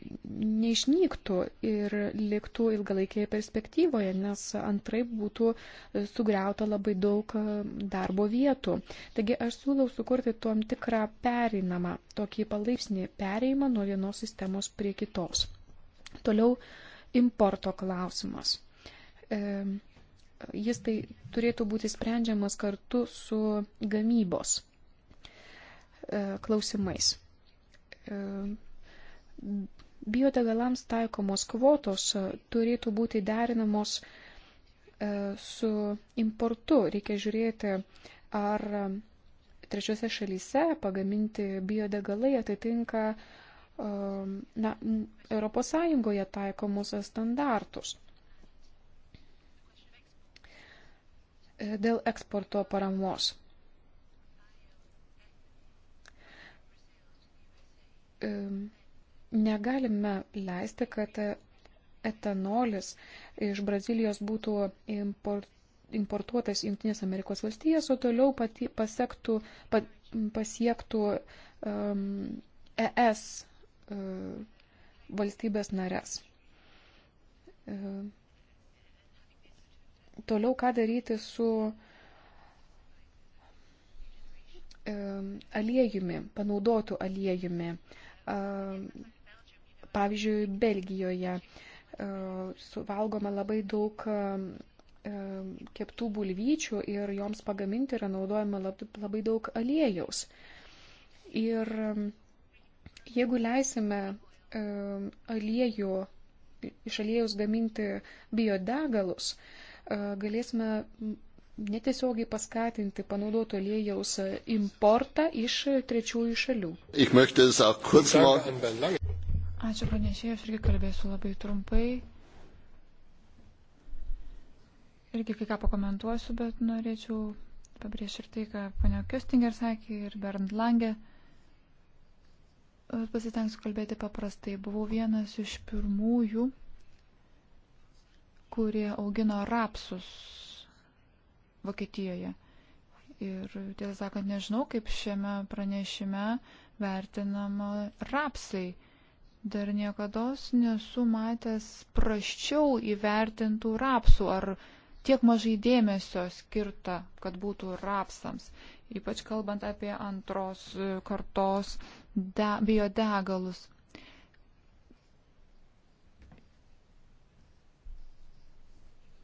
Speaker 1: neišnyktų ir liktų ilgalaikėje perspektyvoje, nes antrai būtų sugriauta labai daug e, darbo vietų. Taigi aš siūlau sukurti tom tikrą perinamą, tokį palaipsnį pereimą nuo vienos sistemos prie kitos. Toliau importo klausimas. E, jis tai turėtų būti sprendžiamas kartu su gamybos e, klausimais. E, biodegalams taikomos kvotos turėtų būti derinamos e, su importu. Reikia žiūrėti, ar trečiose šalyse pagaminti biodegalai atitinka na, ES taikomus standartus. E, dėl eksporto paramos. E, negalime leisti, kad e, etanolis iš Brazilijos būtų importuotas Junktinės Amerikos valstijas, o toliau pati, pasektų, pa, pasiektų um, ES uh, valstybės narės. Uh, Toliau ką daryti su aliejumi, panaudotų aliejumi. Pavyzdžiui, Belgijoje e, suvalgoma labai daug keptų bulvyčių ir joms pagaminti yra naudojama labai daug aliejaus. Ir jeigu leisime aliejų, iš aliejus gaminti biodegalus, E, galėsime netiesiogiai paskatinti panaudoto aliejaus importą iš trečiųjų šalių. Ačiū pranešėjai, aš irgi kalbėsiu labai trumpai.
Speaker 3: Irgi kai ką pakomentuosiu, bet norėčiau pabrėžti ir tai, ką ponia Köstinger sakė ir Bernd Lange. Pasitengsiu kalbėti paprastai. Buvau vienas iš pirmųjų kurie augino rapsus Vokietijoje. Ir tiesą sakant, nežinau, kaip šiame pranešime vertinama rapsai. Dar niekada nesu matęs praščiau įvertintų rapsų ar tiek mažai dėmesio skirta, kad būtų rapsams. Ypač kalbant apie antros kartos biodegalus.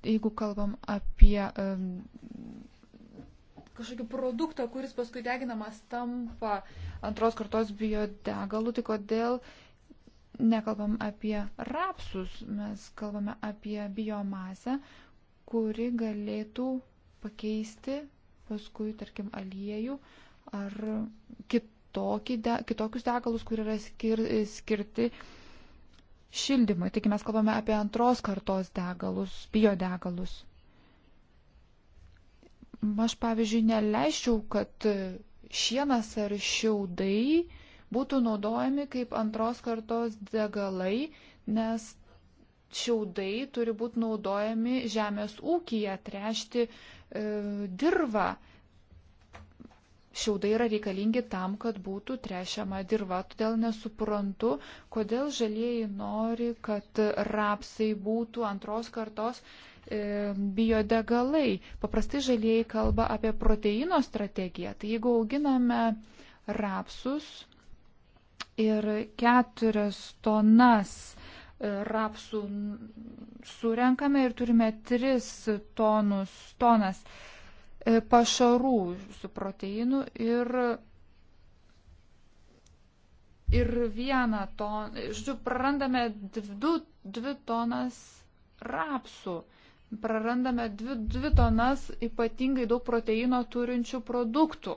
Speaker 3: jeigu kalbam apie um, kažkokį produktą, kuris paskui deginamas tampa antros kartos biodegalų, tai kodėl nekalbam apie rapsus, mes kalbame apie biomasę, kuri galėtų pakeisti paskui, tarkim, aliejų ar kitokį de, kitokius degalus, kurie yra skir, skirti uh, šildymui. Taigi mes kalbame apie antros kartos degalus, biodegalus. Aš, pavyzdžiui, neleisčiau, kad šienas ar šiaudai būtų naudojami kaip antros kartos degalai, nes šiaudai turi būti naudojami žemės ūkija, trešti e, dirvą. E, šiaudai yra reikalingi tam, kad būtų trešiama dirba. Todėl nesuprantu, kodėl žalieji nori, kad rapsai būtų antros kartos e, biodegalai. Paprastai žalieji kalba apie proteino strategiją. Tai jeigu auginame rapsus ir keturias tonas e, rapsų surenkame ir turime tris tonus, tonas E, pašarų su proteinu ir, ir vieną toną, žodžiu, prarandame dvi, dvi tonas rapsų, prarandame dvi, dvi tonas ypatingai daug proteino turinčių produktų.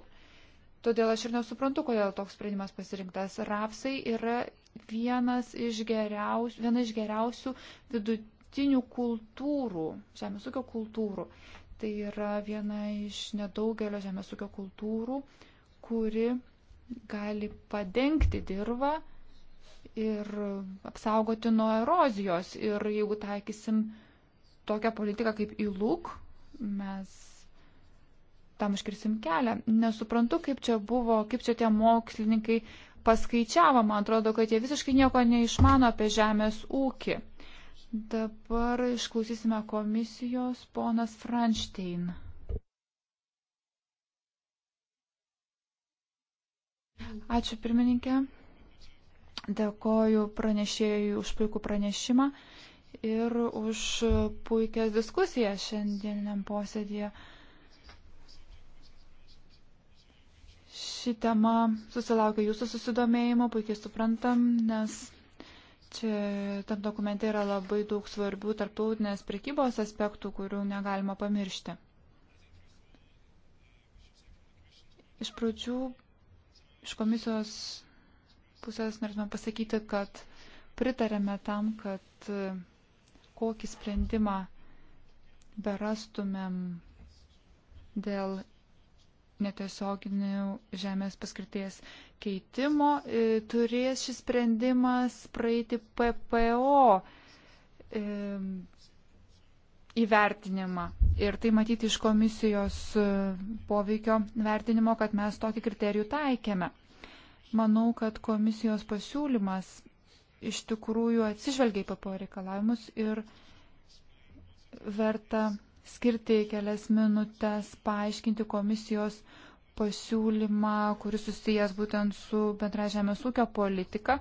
Speaker 3: Todėl aš ir nesuprantu, kodėl toks sprendimas pasirinktas. Rapsai yra vienas iš geriausių, viena iš geriausių vidutinių kultūrų, žemės ūkio kultūrų. Tai yra viena iš nedaugelio žemės ūkio kultūrų, kuri gali padengti dirvą ir apsaugoti nuo erozijos. Ir jeigu taikysim tokią politiką kaip įlūk, mes tam iškirsim kelią. Nesuprantu, kaip čia buvo, kaip čia tie mokslininkai paskaičiavo. Man atrodo, kad jie visiškai nieko neišmano apie žemės ūkį. Dabar išklausysime komisijos ponas Franštein. Ačiū pirmininkė. Dėkoju pranešėjui už puikų pranešimą ir už puikias diskusijas šiandieniam posėdėje. Ši tema susilaukia jūsų susidomėjimo, puikiai suprantam, nes Čia tam dokumente yra labai daug svarbių tarptautinės prekybos aspektų, kurių negalima pamiršti. Iš pradžių, iš komisijos pusės norėtume pasakyti, kad pritarėme tam, kad e, kokį sprendimą berastumėm dėl netiesioginių žemės paskirties keitimo e, turės šis sprendimas praeiti PPO e, įvertinimą. Ir tai matyti iš komisijos e, poveikio vertinimo, kad mes tokį kriterijų taikėme. Manau, kad komisijos pasiūlymas iš tikrųjų atsižvelgia į PPO reikalavimus ir verta skirti kelias minutės, paaiškinti komisijos pasiūlymą, kuris susijęs būtent su bendra žemės ūkio politika,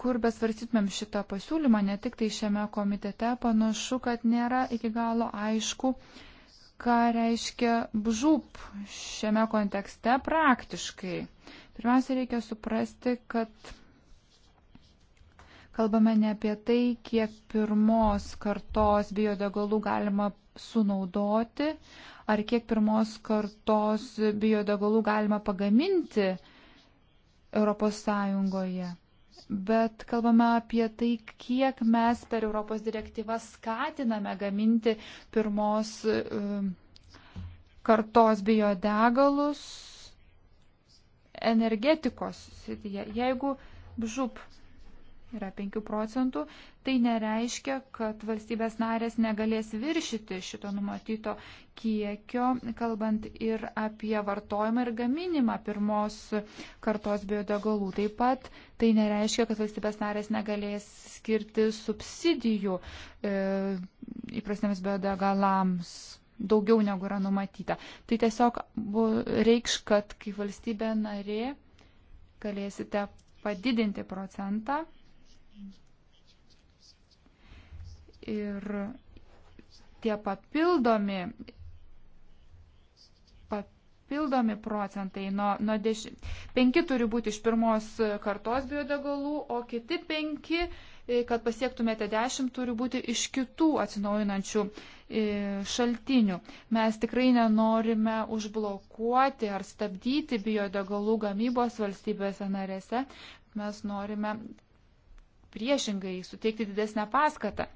Speaker 3: kur besvarstytumėm šitą pasiūlymą, ne tik tai šiame komitete, panašu, kad nėra iki galo aišku, ką reiškia bžūp šiame kontekste praktiškai. Pirmiausia, reikia suprasti, kad kalbame ne apie tai, kiek pirmos kartos biodegalų galima sunaudoti, ar kiek pirmos kartos biodegalų galima pagaminti ES. Bet kalbame apie tai, kiek mes per Europos direktyvą skatiname gaminti pirmos um, kartos biodegalus energetikos srityje. Jeigu žup yra 5 procentų, tai nereiškia, kad valstybės narės negalės viršyti šito numatyto kiekio, kalbant ir apie vartojimą ir gaminimą pirmos kartos biodegalų. Taip pat tai nereiškia, kad valstybės narės negalės skirti subsidijų e, įprastiniams biodegalams daugiau negu yra numatyta. Tai tiesiog reikš, kad kai valstybė narė galėsite padidinti procentą Ir tie papildomi, papildomi procentai, nuo, nuo deš... penki turi būti iš pirmos kartos biodegalų, o kiti penki, e, kad pasiektumėte dešimt, turi būti iš kitų atsinaujinančių e, šaltinių. Mes tikrai nenorime užblokuoti ar stabdyti biodegalų gamybos valstybėse narėse. Mes norime priešingai suteikti didesnę paskatą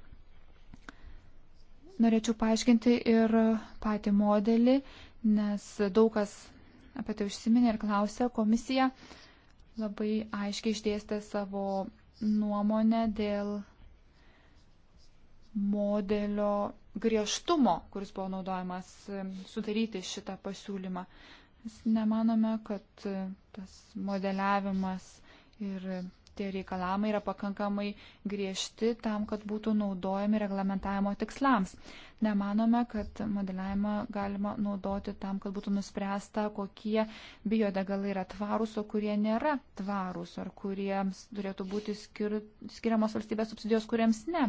Speaker 3: norėčiau paaiškinti ir patį modelį, nes daug kas apie tai užsiminė ir klausė. Komisija labai aiškiai išdėstė savo nuomonę dėl modelio griežtumo, kuris buvo naudojamas sudaryti šitą pasiūlymą. Mes nemanome, kad tas modeliavimas ir tie reikalavimai yra pakankamai griežti tam, kad būtų naudojami reglamentavimo tikslams. Nemanome, kad modeliavimą galima naudoti tam, kad būtų nuspręsta, kokie biodegalai yra tvarūs, o kurie nėra tvarūs, ar kuriems turėtų būti skir skiriamos valstybės subsidijos, kuriems ne.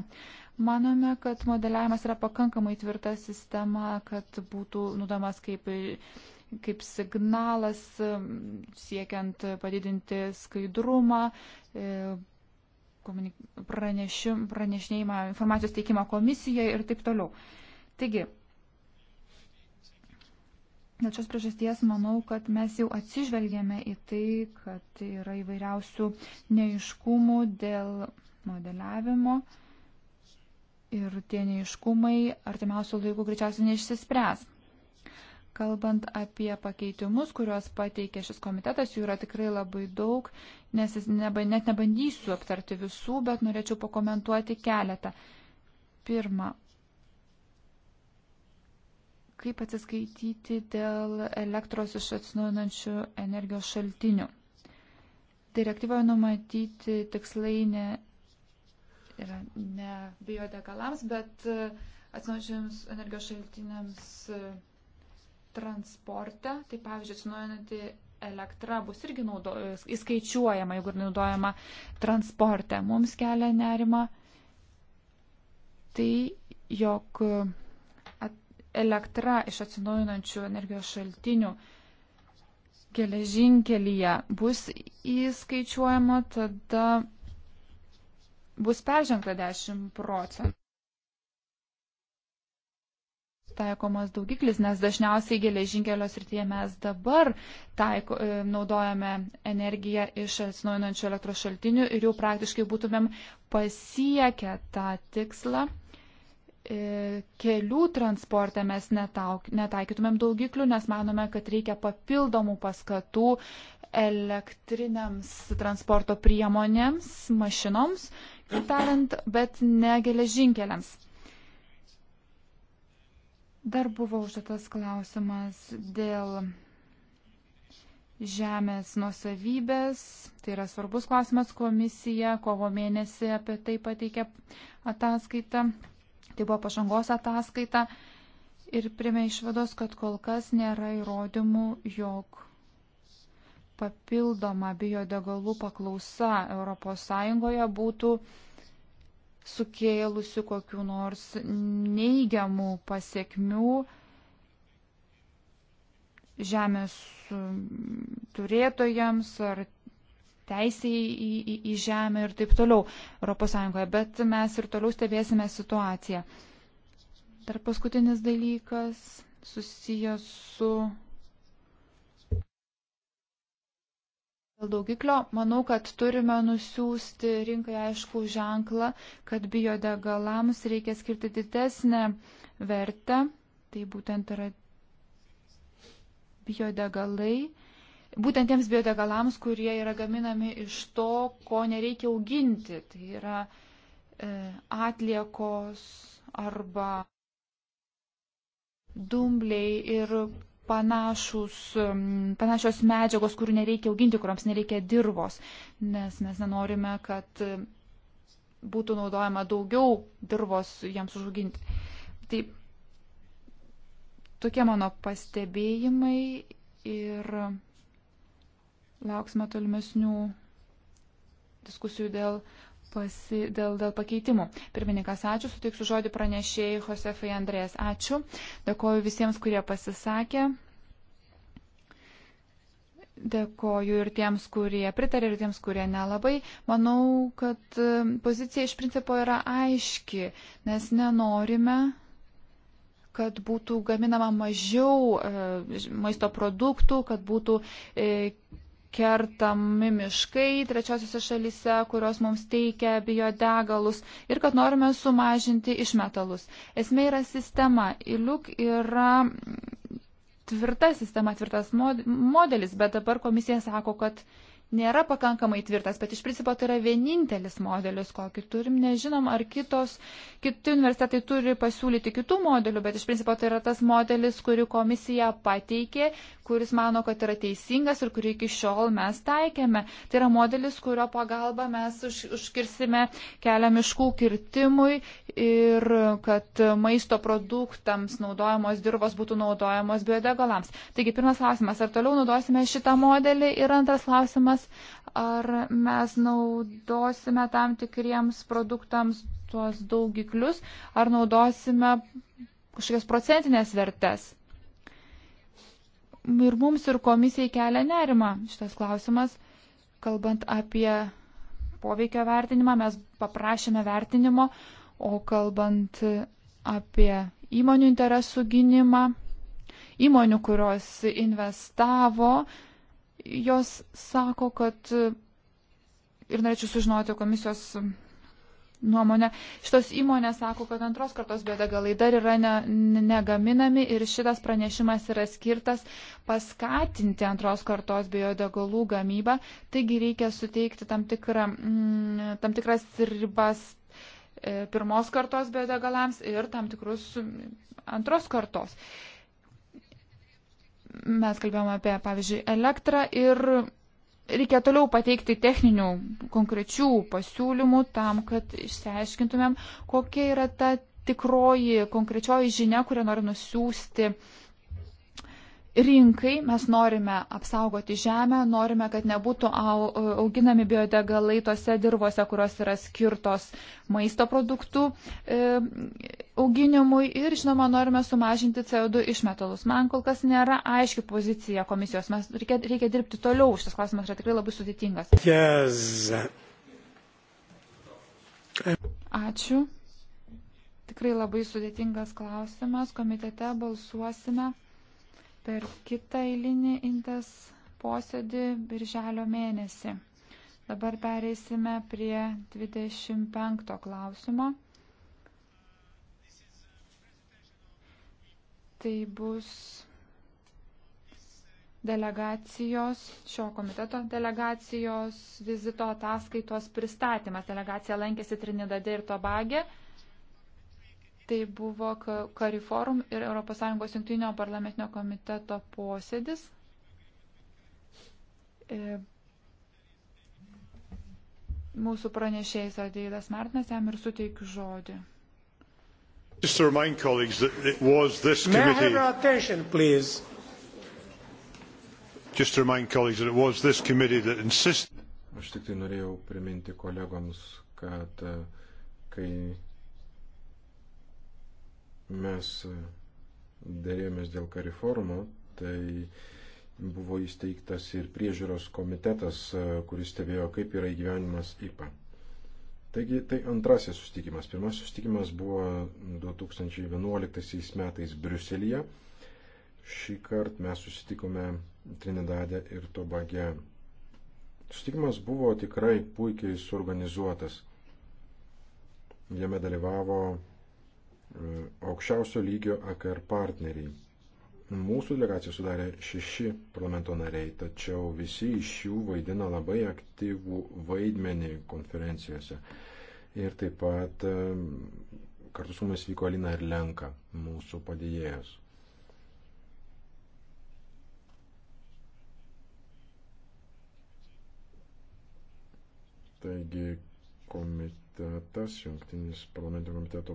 Speaker 3: Manome, kad modeliavimas yra pakankamai tvirta sistema, kad būtų nudomas kaip kaip signalas siekiant padidinti skaidrumą, e, pranešinėjimą, informacijos teikimą komisijoje ir taip toliau. Taigi, dėl šios priežasties manau, kad mes jau atsižvelgėme į tai, kad yra įvairiausių neiškumų dėl modeliavimo ir tie neiškumai artimiausių laikų greičiausiai neišsispręs. Kalbant apie pakeitimus, kuriuos pateikė šis komitetas, jų yra tikrai labai daug, nes neba, net nebandysiu aptarti visų, bet norėčiau pakomentuoti keletą. Pirma, kaip atsiskaityti dėl elektros iš atsinaujinančių energijos šaltinių. Direktyvoje numatyti tikslai ne, yra ne biodegalams, bet atsinaujinančiams energijos šaltiniams transporte, tai pavyzdžiui, atsinaujinanti elektra bus irgi naudo, įskaičiuojama, jeigu ir naudojama transporte. Mums kelia nerima tai, jog elektra iš atsinaujinančių energijos šaltinių geležinkelyje bus įskaičiuojama, tada bus peržengta 10 procentų taikomas daugiklis, nes dažniausiai geležinkelio srityje mes dabar taiko, e, naudojame energiją iš atsinaujinančių elektros šaltinių ir jau praktiškai būtumėm pasiekę tą tikslą. E, kelių transporte mes netauk, netaikytumėm daugiklių, nes manome, kad reikia papildomų paskatų elektriniams transporto priemonėms, mašinoms, tariant, bet ne geležinkeliams. Dar buvo užduotas klausimas dėl žemės nusavybės. Tai yra svarbus klausimas. Komisija kovo mėnesį apie tai pateikė ataskaitą. Tai buvo pažangos ataskaita. Ir primė išvados, kad kol kas nėra įrodymų, jog papildoma biodegalų paklausa ES būtų sukėlusių kokiu nors neigiamų pasiekmių žemės turėtojams ar teisėjai į, į, į žemę ir taip toliau ES, bet mes ir toliau stebėsime situaciją. Dar paskutinis dalykas susijęs su Dėl daugiklio manau, kad turime nusiųsti rinkai aišku ženklą, kad biodegalams reikia skirti didesnę vertę. Tai būtent yra biodegalai. Būtent tiems biodegalams, kurie yra gaminami iš to, ko nereikia auginti. Tai yra e, atliekos arba dumbliai ir panašus, panašios medžiagos, kurių nereikia auginti, kuriams nereikia dirvos, nes mes nenorime, kad būtų naudojama daugiau dirvos jiems užauginti. Tai tokie mano pastebėjimai ir lauksime tolimesnių diskusijų dėl pasi, dėl, dėl pakeitimų. Pirmininkas, ačiū, suteiksiu žodį pranešėjai Josefai Andrės. Ačiū. Dėkoju visiems, kurie pasisakė. Dėkoju ir tiems, kurie pritarė, ir tiems, kurie nelabai. Manau, kad e, pozicija iš principo yra aiški, nes nenorime kad būtų gaminama mažiau e, maisto produktų, kad būtų e, kertami miškai trečiosiuose šalyse, kurios mums teikia biodegalus ir kad norime sumažinti išmetalus. Esmė yra sistema. Iliuk yra tvirta sistema, tvirtas modelis, bet dabar komisija sako, kad nėra pakankamai tvirtas, bet iš principo tai yra vienintelis modelis, kokį turim. Nežinom, ar kitos, kiti universitetai turi pasiūlyti kitų modelių, bet iš principo tai yra tas modelis, kurį komisija pateikė, kuris mano, kad yra teisingas ir kurį iki šiol mes taikėme. Tai yra modelis, kurio pagalba mes už, užkirsime kelią miškų kirtimui ir kad maisto produktams naudojamos dirbos būtų naudojamos biodegalams. Taigi pirmas klausimas, ar toliau naudosime šitą modelį ir antras klausimas, galimybės, ar mes naudosime tam tikriems produktams tuos daugiklius, ar naudosime kažkokias procentinės vertes. Ir mums ir komisijai kelia nerima šitas klausimas, kalbant apie poveikio vertinimą, mes paprašėme vertinimo, o kalbant apie įmonių interesų gynimą, įmonių, kurios investavo, Jos sako, kad ir norėčiau sužinoti komisijos nuomonę. Šitos įmonės sako, kad antros kartos biodegalai dar yra ne, negaminami ir šitas pranešimas yra skirtas paskatinti antros kartos biodegalų gamybą. Taigi reikia suteikti tam, tikrą, mm, tam tikras ribas e, pirmos kartos biodegalams ir tam tikrus antros kartos. E, Mes kalbėjome apie, pavyzdžiui, elektrą ir reikia toliau pateikti techninių konkrečių pasiūlymų tam, kad išsiaiškintumėm, kokia yra ta tikroji konkrečioji žinia, kurią nori nusiųsti rinkai, mes norime apsaugoti žemę, norime, kad nebūtų auginami biodegalai tose dirvose, kurios yra skirtos maisto produktų e, auginimui ir, žinoma, norime sumažinti CO2 išmetalus. Man kol kas nėra aiški pozicija komisijos, mes reikia, reikia dirbti toliau, šis klausimas yra tikrai labai sudėtingas. Yes. Ačiū. Tikrai labai sudėtingas klausimas. Komitete balsuosime per kitą eilinį intas posėdį birželio mėnesį. Dabar pereisime prie 25 klausimo. Tai bus delegacijos, šio komiteto delegacijos vizito ataskaitos pristatymas. Delegacija lankėsi Trinidade ir Tobage tai buvo Kariforum ir ES jungtinio parlamentinio komiteto posėdis. E, mūsų pranešėjas Adeidas Martinas jam ir suteikiu žodį.
Speaker 2: Just to remind colleagues that it was this committee. May I have your attention, please? Just to remind colleagues that it was this committee that insisted. Aš tik tai norėjau priminti kolegoms, kad e, kai mes e, dėrėmės dėl kariformo, tai buvo įsteigtas ir priežiūros komitetas, e, kuris stebėjo, kaip yra įgyvenimas IPA. Taigi tai antrasis sustikimas. Pirmasis sustikimas buvo 2011 metais Briuselėje. Šį kartą mes susitikome Trinidadė ir Tobage. Sustikimas buvo tikrai puikiai suorganizuotas. Jame dalyvavo E, aukščiausio lygio AKR partneriai. Mūsų delegacija sudarė šeši parlamento nariai, tačiau visi iš jų vaidina labai aktyvų vaidmenį konferencijose. Ir taip pat e, kartu su mumis vyko Alina ir Lenka, mūsų padėjėjas. Taigi komitetas, jungtinis parlamento komiteto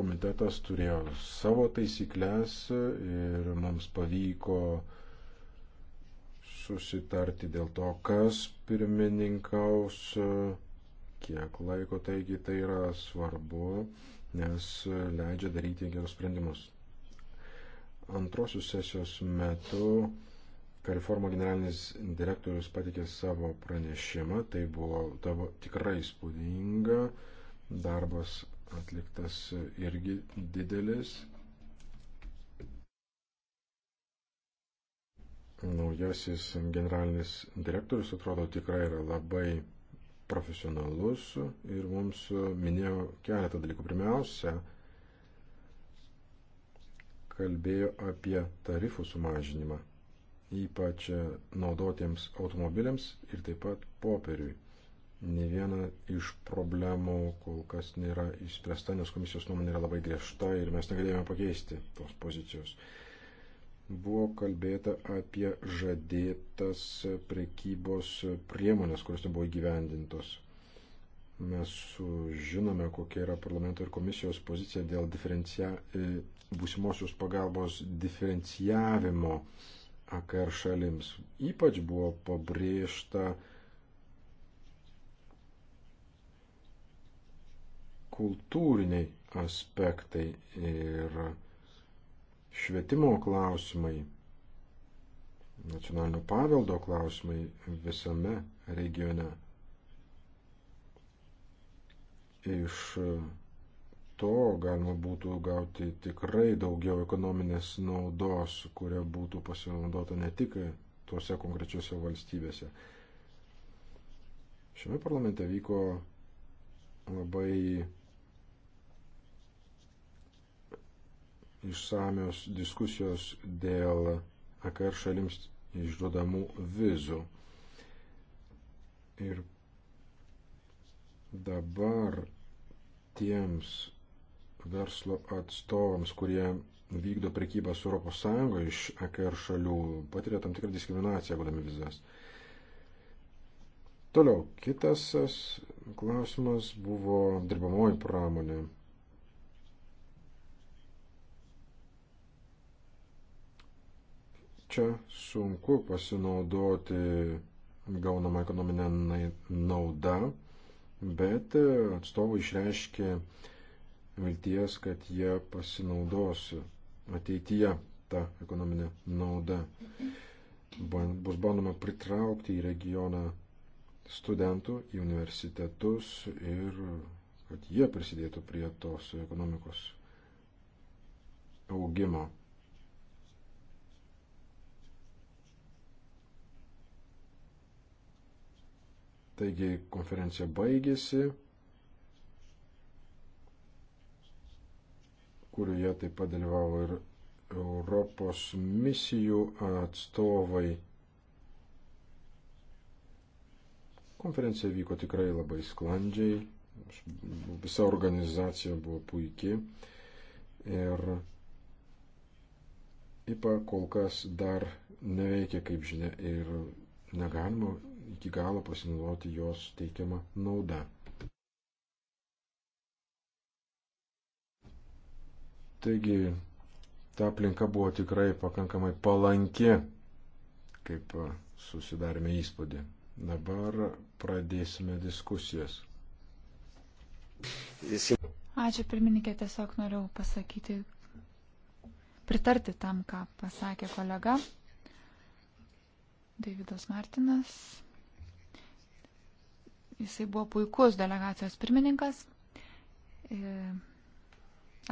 Speaker 2: komitetas turėjo savo taisyklės ir mums pavyko susitarti dėl to, kas pirmininkaus, kiek laiko, taigi tai yra svarbu, nes leidžia daryti gerus sprendimus. Antrosios sesijos metu Kariformo generalinis direktorius patikė savo pranešimą, tai buvo tavo tikrai spūdinga, darbas atliktas irgi didelis. Naujasis generalinis direktorius atrodo tikrai yra labai profesionalus ir mums minėjo keletą dalykų. Pirmiausia, kalbėjo apie tarifų sumažinimą, ypač naudotiems automobiliams ir taip pat popieriui. Ne viena iš problemų kol kas nėra išspręsta, nes komisijos nuomonė yra labai griežta ir mes negalėjome pakeisti tos pozicijos. Buvo kalbėta apie žadėtas prekybos priemonės, kurios nebuvo įgyvendintos. Mes žinome, kokia yra parlamento ir komisijos pozicija dėl diferencia... E, būsimosios pagalbos diferencijavimo AKR šalims. Ypač buvo pabrėžta, kultūriniai aspektai ir švietimo klausimai, nacionalinio paveldo klausimai visame regione. Iš to galima būtų gauti tikrai daugiau ekonominės naudos, kuria būtų pasinaudota ne tik tuose konkrečiuose valstybėse. Šiame parlamente vyko labai išsamios diskusijos dėl AKR šalims išduodamų vizų. Ir dabar tiems verslo atstovams, kurie vykdo prekybą su ES iš AKR šalių, patiria tam tikrą diskriminaciją, gaudami vizas. Toliau, kitas klausimas buvo dirbamoji pramonė. Čia sunku pasinaudoti gaunama ekonominė nauda, bet atstovai išreiškė vilties, kad jie pasinaudos ateityje tą ekonominę naudą. Bus bandoma pritraukti į regioną studentų, į universitetus ir kad jie prisidėtų prie tos ekonomikos augimo. Taigi konferencija baigėsi, kurioje taip pat dalyvavo ir Europos misijų atstovai. Konferencija vyko tikrai labai sklandžiai, visa organizacija buvo puikiai ir IPA kol kas dar neveikia, kaip žinia, ir negalima iki galo pasinaudoti jos teikiamą naudą. Taigi, ta aplinka buvo tikrai pakankamai palanki, kaip susidarėme įspūdį. Dabar pradėsime diskusijas.
Speaker 3: Ačiū pirmininkė, tiesiog norėjau pasakyti, pritarti tam, ką pasakė kolega Davidas Martinas. Jisai buvo puikus delegacijos pirmininkas. E,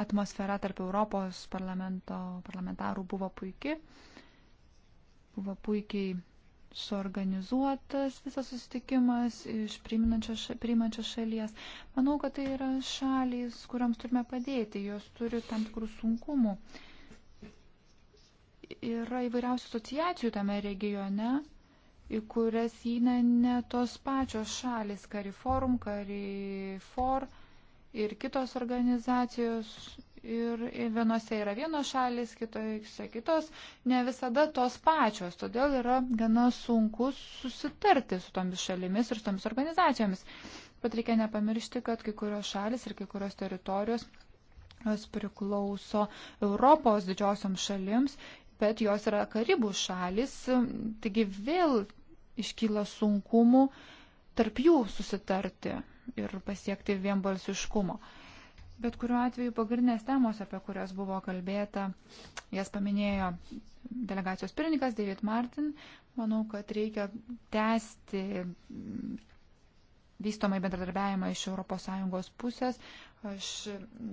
Speaker 3: atmosfera tarp Europos parlamentarų buvo puiki. Buvo puikiai suorganizuotas visas susitikimas iš priimančios šalies. Manau, kad tai yra šalys, kuriams turime padėti, jos turi tam tikrų sunkumų. Yra įvairiausių asociacijų tame regione į kurias įnenė tos pačios šalis, Kariforum, Karifor ir kitos organizacijos. Ir vienose yra vienos šalis, kitose kitos, ne visada tos pačios, todėl yra gana sunku susitarti su tomis šalimis ir su tomis organizacijomis. Bet reikia nepamiršti, kad kai kurios šalis ir kai kurios teritorijos jos priklauso Europos didžiosioms šalims bet jos yra Karibų šalis, taigi vėl iškyla sunkumų tarp jų susitarti ir pasiekti vienbalsiškumo. Bet kuriuo atveju pagrindinės temos, apie kurias buvo kalbėta, jas paminėjo delegacijos pirmininkas David Martin. Manau, kad reikia tęsti vystomai bendradarbiavimą iš ES pusės. Aš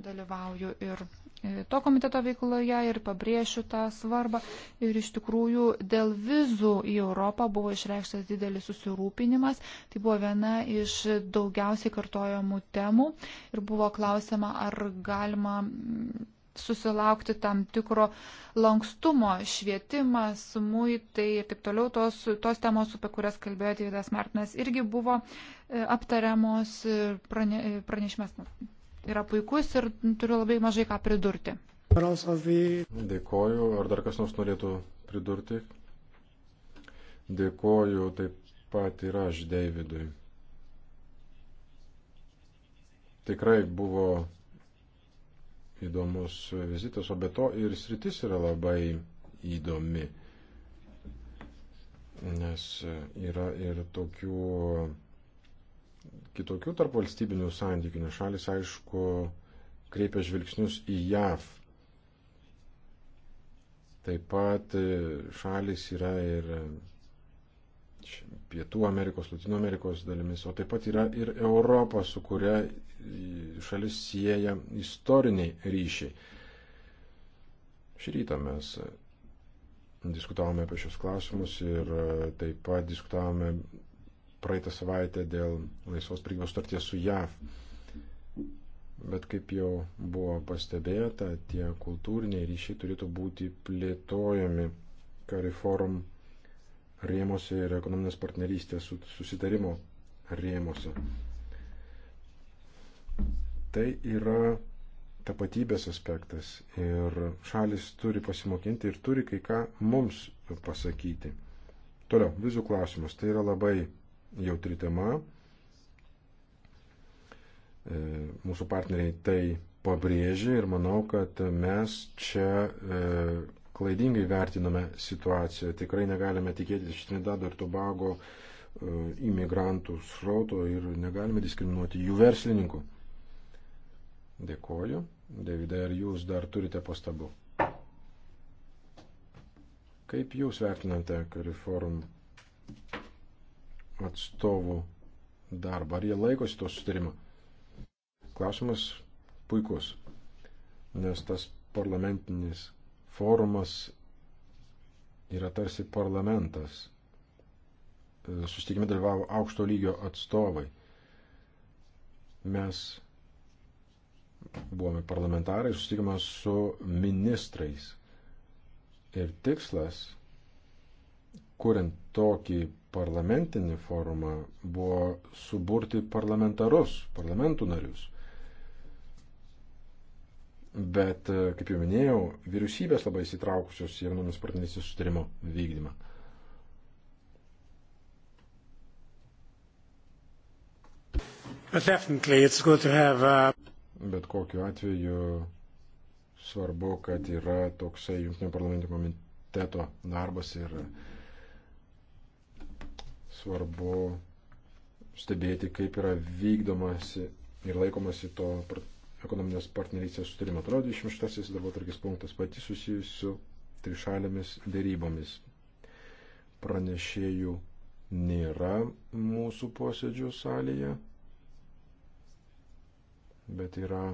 Speaker 3: dalyvauju ir e, to komiteto veikloje ir pabrėšiu tą svarbą. Ir iš tikrųjų dėl vizų į Europą buvo išreikštas didelis susirūpinimas. Tai buvo viena iš daugiausiai kartojamų temų. Ir buvo klausima, ar galima susilaukti tam tikro lankstumo, švietimas, muitai ir taip toliau. Tos, tos temos, apie kurias kalbėjo Tėvydas Martinas, irgi buvo e, aptariamos prane, e, pranešimas. Yra puikus ir turiu labai mažai ką pridurti.
Speaker 2: Dėkoju. Ar dar kas nors norėtų pridurti? Dėkoju taip pat ir aš Davidui. Tikrai buvo įdomus vizitas, o be to ir sritis yra labai įdomi, nes yra ir tokių kitokių tarp valstybinių santykių, nes šalis, aišku, kreipia žvilgsnius į JAV. Taip pat šalis yra ir Pietų Amerikos, Latino Amerikos dalimis, o taip pat yra ir Europa, su kuria šalis sieja istoriniai ryšiai. Šį rytą mes diskutavome apie šios klausimus ir taip pat diskutavome praeitą savaitę dėl laisvos prigybos starties su JAV. Bet kaip jau buvo pastebėta, tie kultūriniai ryšiai turėtų būti plėtojami Kariforum rėmose ir ekonominės partnerystės susitarimo rėmose. Tai yra tapatybės aspektas ir šalis turi pasimokinti ir turi kai ką mums pasakyti. Toliau, vizų klausimas. Tai yra labai jautri tema. E, mūsų partneriai tai pabrėžia ir manau, kad mes čia e, klaidingai vertiname situaciją. Tikrai negalime tikėtis iš Trinidado ir Tobago e, imigrantų srauto ir negalime diskriminuoti jų verslininkų. Dėkoju. Davidai, ar jūs dar turite pastabų? Kaip jūs vertinate Kariforum atstovų darbą? Ar jie laikosi to sustarimo? Klausimas puikus, nes tas parlamentinis forumas yra tarsi parlamentas. Susitikime dalyvavo aukšto lygio atstovai. Mes buvome parlamentarai, susitikime su ministrais. Ir tikslas, kuriant tokį parlamentinį forumą, buvo suburti parlamentarus, parlamentų narius. Bet, e, kaip jau minėjau, vyriausybės labai įsitraukusios į ekonominės partnerystės sustarimo vykdymą. Uh, bet kokiu atveju svarbu, kad yra toksai Junktinio parlamento komiteto darbas ir svarbu stebėti, kaip yra vykdomasi ir laikomasi to partnerystės ekonominės partnerystės sutarimo. Toliau 26 darbo tarkis punktas pati susijusi su trišalėmis dėrybomis. Pranešėjų nėra mūsų posėdžių salėje, bet yra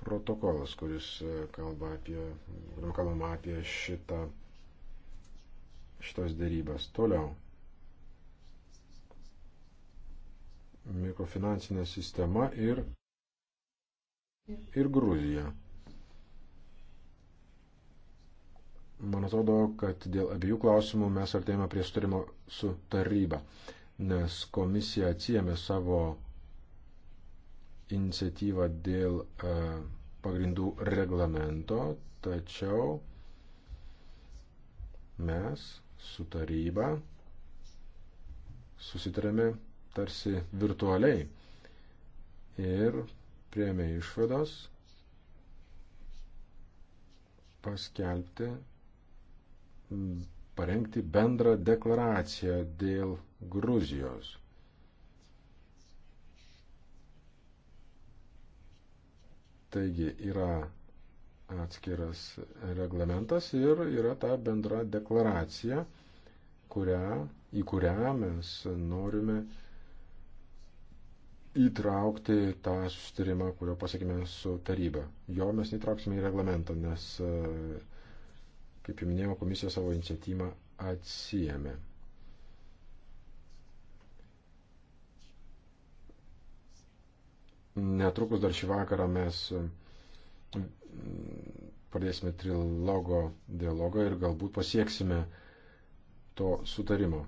Speaker 2: protokolas, kuris e, kalba apie, kalbama apie šitą, šitos dėrybas. Toliau mikrofinansinė sistema ir, ir Gruzija. Man atrodo, kad dėl abiejų klausimų mes artėjame prie sutarimo su taryba, nes komisija atsijėmė savo iniciatyvą dėl e, pagrindų reglamento, tačiau mes su taryba susitarėme tarsi virtualiai. Ir prieėmė išvados paskelbti, parengti bendrą deklaraciją dėl Gruzijos. Taigi yra atskiras reglamentas ir yra ta bendra deklaracija, kurią, į kurią mes norime įtraukti tą sustarimą, kurio pasiekime su taryba. Jo mes neįtrauksime į reglamentą, nes, e, kaip jau minėjau, komisija savo iniciatyvą atsijėmė. Netrukus dar šį vakarą mes e, pradėsime trilogo dialogą ir galbūt pasieksime to sutarimo.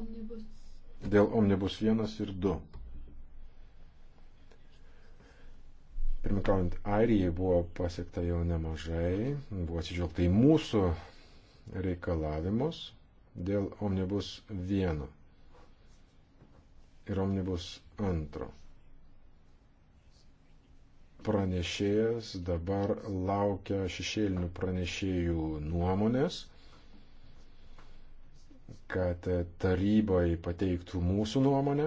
Speaker 2: omnibus. Dėl omnibus 1 ir 2. Pirmikaujant Airijai buvo pasiekta jau nemažai, buvo atsižvelgta į mūsų reikalavimus dėl omnibus 1 ir omnibus 2 pranešėjas dabar laukia šešėlinių pranešėjų nuomonės kad tarybai pateiktų mūsų nuomonę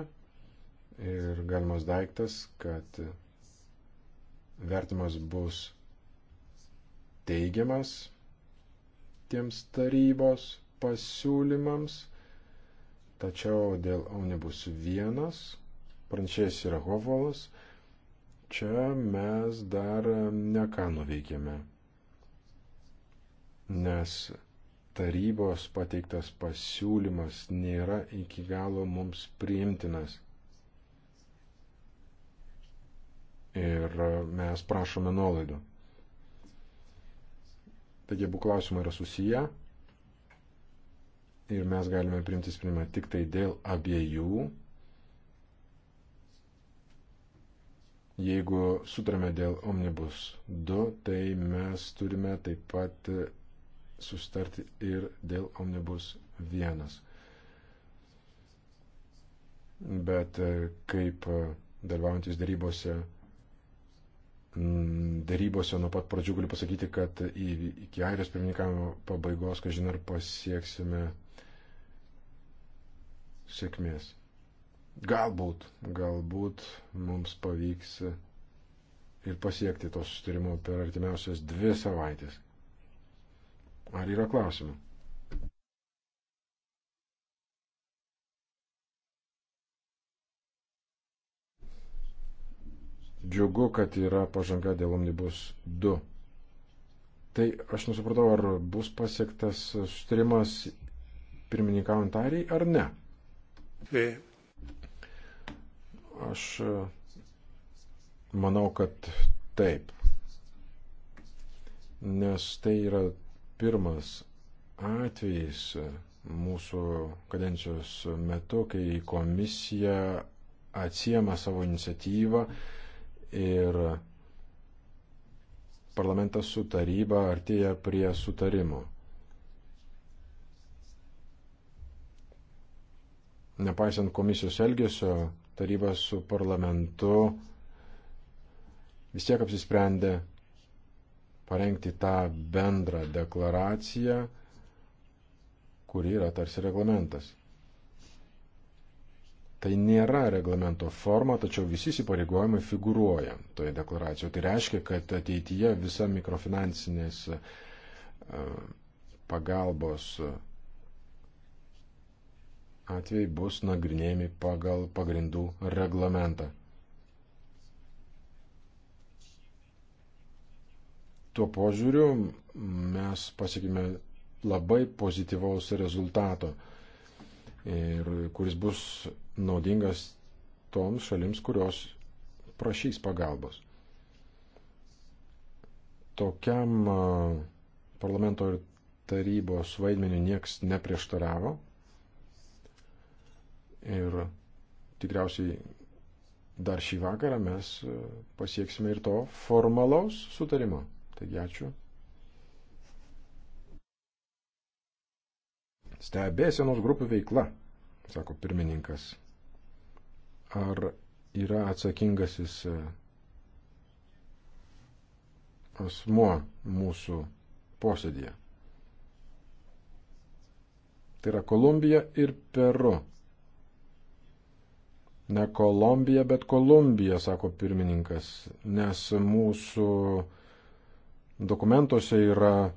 Speaker 2: ir galimas daiktas, kad vertimas bus teigiamas tiems tarybos pasiūlymams, tačiau dėl omnibus vienas, pranešėjas yra Hovolas, čia mes dar neką nuveikėme, nes tarybos pateiktas pasiūlymas nėra iki galo mums priimtinas. Ir mes prašome nuolaidų. Taigi abu klausimai yra susiję ir mes galime priimti sprendimą tik tai dėl abiejų. Jeigu sutarėme dėl Omnibus 2, tai mes turime taip pat sustarti ir dėl omnibus vienas. Bet e, kaip e, dalyvaujantis darybose, darybose nuo pat pradžių galiu pasakyti, kad iki airijos pirmininkavimo pabaigos, kažin ar pasieksime sėkmės. Galbūt, galbūt mums pavyks ir pasiekti to sustarimo per artimiausias dvi savaitės. Ar yra klausimų? Džiugu, kad yra pažanga dėl omnibus 2. Tai aš nesupratau, ar bus pasiektas sustarimas pirmininkaujant ariai ar ne. Vė. Aš e, manau, kad taip. Nes tai yra pirmas atvejis mūsų kadencijos metu, kai komisija atsiema savo iniciatyvą ir parlamentas su taryba artėja prie sutarimo. Nepaisant komisijos elgesio, taryba su parlamentu vis tiek apsisprendė parengti tą bendrą deklaraciją, kuri yra tarsi reglamentas. Tai nėra reglamento forma, tačiau visi įsipareigojimai figuruoja toje deklaracijoje. Tai reiškia, kad ateityje visa mikrofinansinės e, pagalbos atvejai bus nagrinėjami pagal pagrindų reglamentą. Tuo požiūriu mes pasiekime labai pozityvaus rezultato, ir kuris bus naudingas toms šalims, kurios prašys pagalbos. Tokiam parlamento ir tarybos vaidmenį nieks neprieštaravo ir tikriausiai dar šį vakarą mes pasieksime ir to formalaus sutarimo. Taigi ačiū. Stebėsienos grupių veikla, sako pirmininkas. Ar yra atsakingasis e, asmo mūsų posėdėje? Tai yra Kolumbija ir Peru. Ne Kolumbija, bet Kolumbija, sako pirmininkas, nes mūsų uh, dokumentuose yra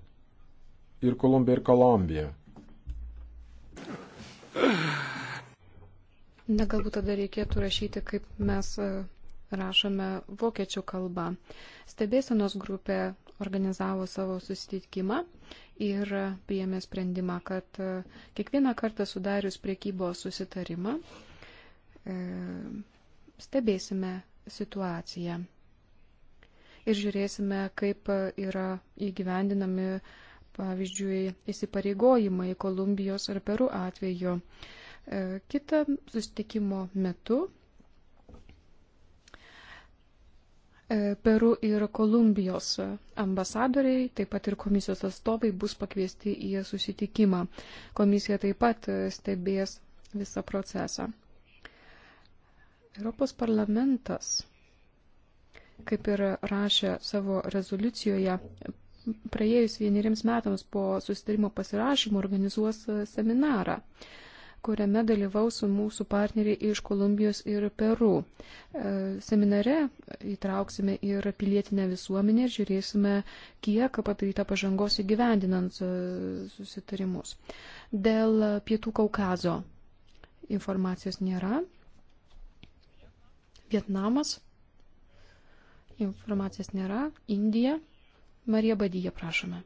Speaker 2: ir Kolumbija, ir Kolumbija.
Speaker 1: Na, galbūt tada reikėtų rašyti, kaip mes e, rašome vokiečių kalbą. Stebėsenos grupė organizavo savo susitikimą ir priėmė sprendimą, kad e, kiekvieną kartą sudarius priekybos susitarimą e, stebėsime situaciją ir žiūrėsime, kaip yra įgyvendinami, pavyzdžiui, įsipareigojimai Kolumbijos ar Peru atveju. E, kita sustikimo metu e, Peru ir Kolumbijos ambasadoriai, taip pat ir komisijos atstovai bus pakviesti į susitikimą. Komisija taip pat stebės visą procesą. Europos parlamentas kaip ir rašė savo rezoliucijoje, praėjus vienerims metams po susitarimo pasirašymo organizuos seminarą kuriame dalyvaus mūsų partneriai iš Kolumbijos ir Peru. E, seminare įtrauksime ir pilietinę visuomenę ir žiūrėsime, kiek padaryta pažangos įgyvendinant e, susitarimus. Dėl Pietų Kaukazo informacijos nėra. Vietnamas Informacijos nėra. Indija. Marija Badyje, prašome.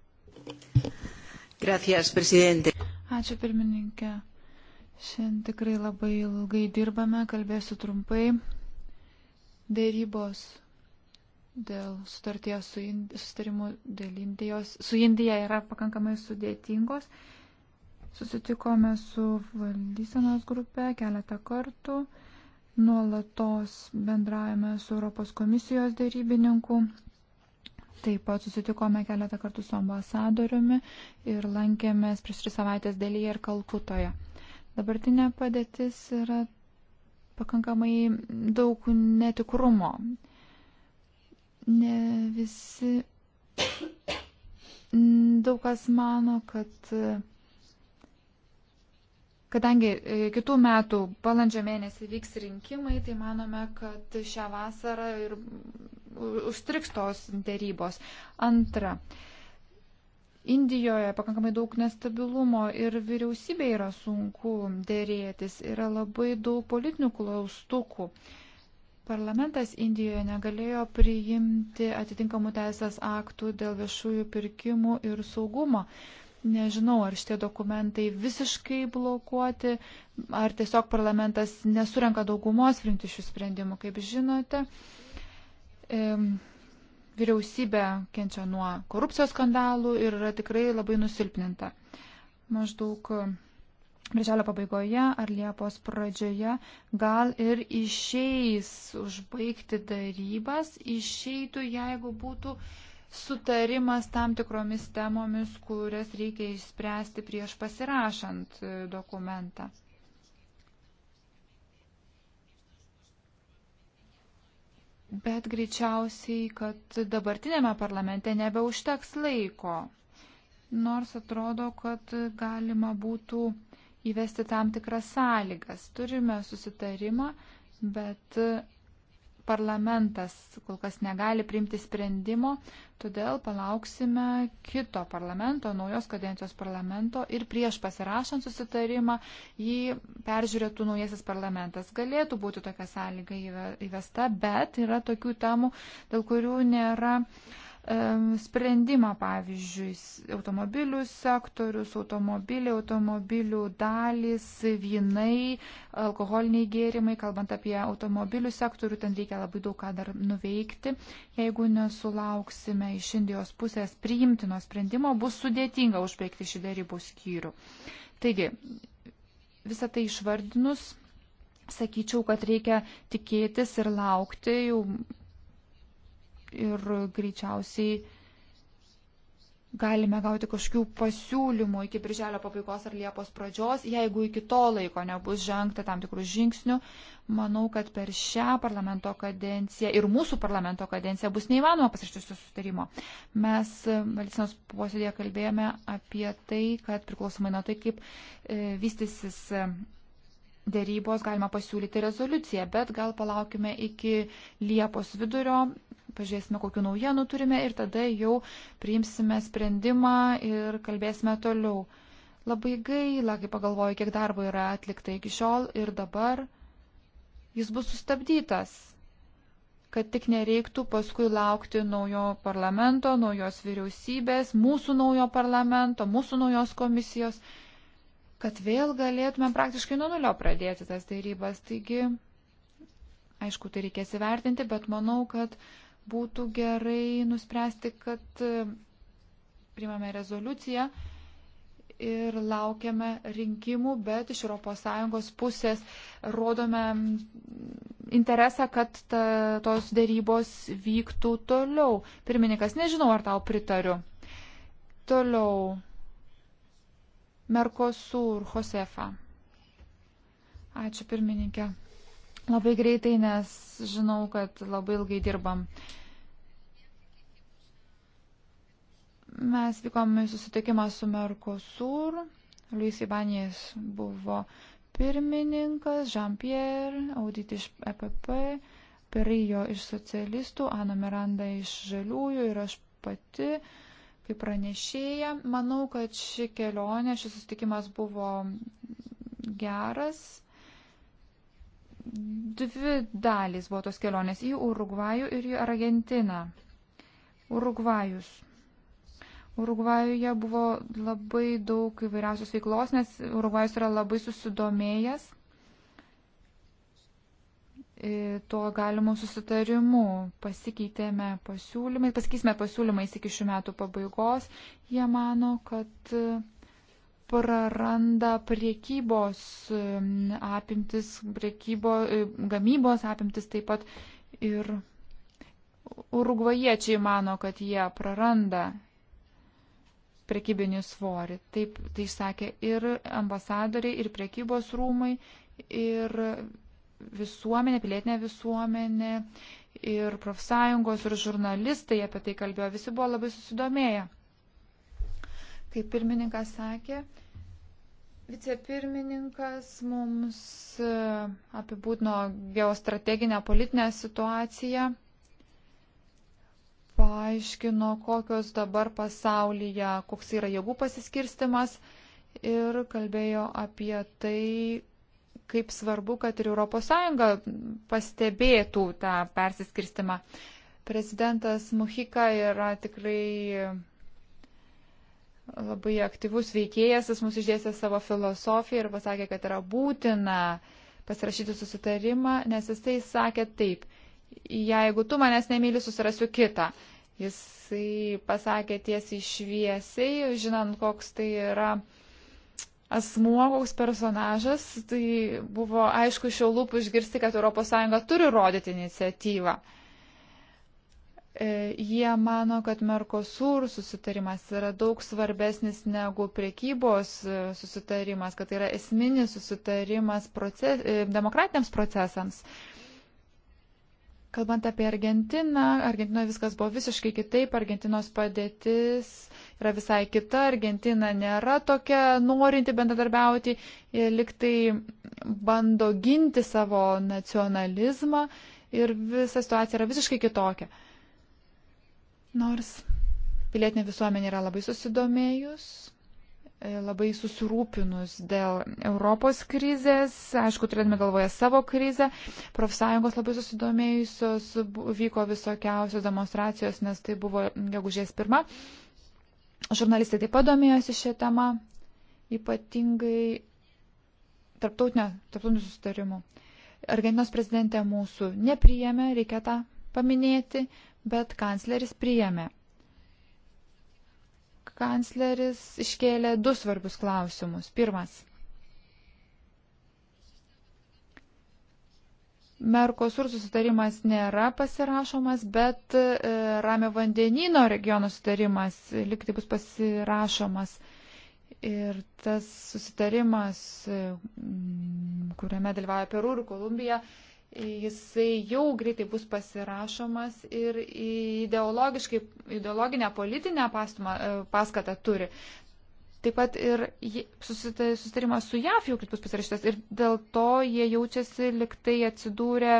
Speaker 3: Gracias, prezidentė.
Speaker 1: Ačiū, pirmininkė. Šiandien
Speaker 3: tikrai labai ilgai dirbame, kalbėsiu trumpai. Dėrybos dėl sutarties su ind... sustarimu dėl Indijos. Su Indija yra pakankamai sudėtingos. Susitikome su valdysenos grupe keletą kartų. Uh, nuolatos bendravime su Europos komisijos dėrybininku. Taip pat susitikome keletą kartų su ambasadoriumi ir lankėmės prieš tris savaitės dalyje ir Kalkutoje. Dabartinė padėtis yra pakankamai daug netikrumo. Ne visi daug kas mano, kad Kadangi e, kitų metų balandžio mėnesį vyks rinkimai, tai manome, kad šią vasarą ir užstriks tos dėrybos. Antra. Indijoje pakankamai daug nestabilumo ir vyriausybė yra sunku dėrėtis, yra labai daug politinių klaustukų. Parlamentas Indijoje negalėjo priimti atitinkamų teisės aktų dėl viešųjų pirkimų ir saugumo. Nežinau, ar šitie dokumentai visiškai blokuoti, ar tiesiog parlamentas nesurenka daugumos priimti šių sprendimų. Kaip žinote, vyriausybė kenčia nuo korupcijos skandalų ir yra tikrai labai nusilpninta. Maždaug Birželio pabaigoje ar Liepos pradžioje gal ir išeis užbaigti darybas, išeitų, jeigu būtų uh, sutarimas tam tikromis temomis, kurias reikia išspręsti prieš pasirašant e, dokumentą. Bet greičiausiai, kad dabartinėme parlamente nebeužteks laiko, nors atrodo, kad galima būtų įvesti tam tikras sąlygas. Turime susitarimą, bet parlamentas kol kas negali priimti sprendimo, todėl palauksime kito parlamento, naujos kadencijos parlamento ir prieš pasirašant susitarimą jį peržiūrėtų naujasis parlamentas. Galėtų būti tokia sąlyga įvesta, bet yra tokių temų, dėl kurių nėra uh, sprendimą, pavyzdžiui, automobilių sektorius, automobiliai, automobilių dalys, vynai, alkoholiniai gėrimai, kalbant apie automobilių sektorių, ten reikia labai daug ką dar nuveikti. Jeigu nesulauksime iš Indijos pusės priimtino sprendimo, bus sudėtinga užbaigti šį darybų skyrių. Taigi, visą tai išvardinus, sakyčiau, kad reikia tikėtis ir laukti jau ir greičiausiai galime gauti kažkokių pasiūlymų iki birželio pabaigos ar liepos pradžios, jeigu iki to laiko nebus žengta tam tikrų žingsnių. Manau, kad per šią parlamento kadenciją ir mūsų parlamento kadenciją bus neįmanoma pasirašyti susitarimo. Mes e, valdysenos posėdėje kalbėjome apie tai, kad priklausomai nuo tai, kaip e, vystysis. E, dėrybos galima pasiūlyti rezoliuciją, bet gal palaukime iki Liepos vidurio, pažiūrėsime, kokiu naujienų turime ir tada jau priimsime sprendimą ir kalbėsime toliau. Labai gaila, kai pagalvoju, kiek darbo yra atlikta iki šiol ir dabar. Jis bus sustabdytas, kad tik nereiktų paskui laukti naujo parlamento, naujos vyriausybės, mūsų naujo parlamento, mūsų naujos komisijos, kad vėl galėtume praktiškai nuo nulio pradėti tas dėrybas. Taigi, aišku, tai reikės įvertinti, bet manau, kad būtų gerai nuspręsti, kad e, primame rezoliuciją ir laukiame rinkimų, bet iš ES pusės rodome interesą, kad ta, tos dėrybos vyktų toliau. Pirmininkas, nežinau, ar tau pritariu. Toliau. Merkosur, Josefa. Ačiū pirmininkė. Labai greitai, nes žinau, kad labai ilgai dirbam. Uh, Mes vykome susitikimą su Mercosur, Luis Ibanės buvo pirmininkas, Jean-Pierre, Audit iš EPP, Perijo iš socialistų, Ana Miranda iš žaliųjų ir aš pati kaip pranešėja. Manau, kad ši kelionė, šis susitikimas buvo geras. Dvi dalys buvo tos kelionės į Urugvajų ir į Argentiną. Urugvajus Urugvajuje buvo labai daug įvairiausios veiklos, nes Urugvajus yra labai susidomėjęs e, tuo galimu susitarimu. Pasikeitėme pasiūlymais, pasikeisime pasiūlymais iki šių metų pabaigos. Jie mano, kad e, praranda priekybos e, apimtis, priekybo, gamybos apimtis taip pat ir urugvajiečiai mano, kad jie praranda prekybinį svorį. Taip tai sakė ir ambasadoriai, ir prekybos rūmai, ir visuomenė, pilietinė visuomenė, ir profsąjungos, ir žurnalistai apie tai kalbėjo. Visi buvo labai susidomėję. Kaip pirmininkas sakė, vicepirmininkas mums e, apibūdino geostrateginę politinę situaciją paaiškino, kokios dabar pasaulyje, koks yra jėgų pasiskirstimas ir kalbėjo apie tai, kaip svarbu, kad ir ES pastebėtų tą persiskirstimą. Prezidentas Muhika yra tikrai labai aktyvus veikėjas, jis mums išdėstė savo filosofiją ir pasakė, kad yra būtina pasirašyti susitarimą, nes jisai sakė taip, jeigu tu manęs nemyli, susirasiu kitą. Jisai pasakė tiesiai šviesiai, žinant, koks tai yra asmuo, koks personažas, tai buvo aišku iš jo lūpų išgirsti, kad ES turi rodyti iniciatyvą. E, jie mano, kad Mercosur susitarimas yra daug svarbesnis negu priekybos e, susitarimas, kad tai yra esminis susitarimas proces, e, demokratiniams procesams. procesams Kalbant apie Argentiną, Argentinoje viskas buvo visiškai kitaip, Argentinos padėtis yra visai kita, Argentina nėra tokia norinti bendradarbiauti, liktai bando ginti savo nacionalizmą ir visa situacija yra visiškai kitokia. Nors pilietinė visuomenė yra labai susidomėjus, E, labai susirūpinus dėl Europos krizės, aišku, turėdami galvoje savo krizę, profsąjungos labai susidomėjusios, vyko visokiausios demonstracijos, nes tai buvo gegužės pirma. Žurnalistai taip pat domėjosi šią temą, ypatingai tarptautinio, tarptautinių sustarimų. Argentinos prezidentė mūsų nepriėmė, reikia tą paminėti, bet kancleris priėmė kancleris iškėlė du svarbus klausimus. Pirmas. Merkosur susitarimas nėra pasirašomas, bet e, Ramio vandenino regiono susitarimas liktai bus pasirašomas. Ir tas susitarimas, e, kuriame dalyvauja Peru ir Kolumbija, jisai jau greitai bus pasirašomas ir ideologinę politinę pastumą, e, paskatą turi. Taip pat ir susitarimas su JAF jau kaip bus pasirašytas ir dėl to jie jaučiasi liktai atsidūrę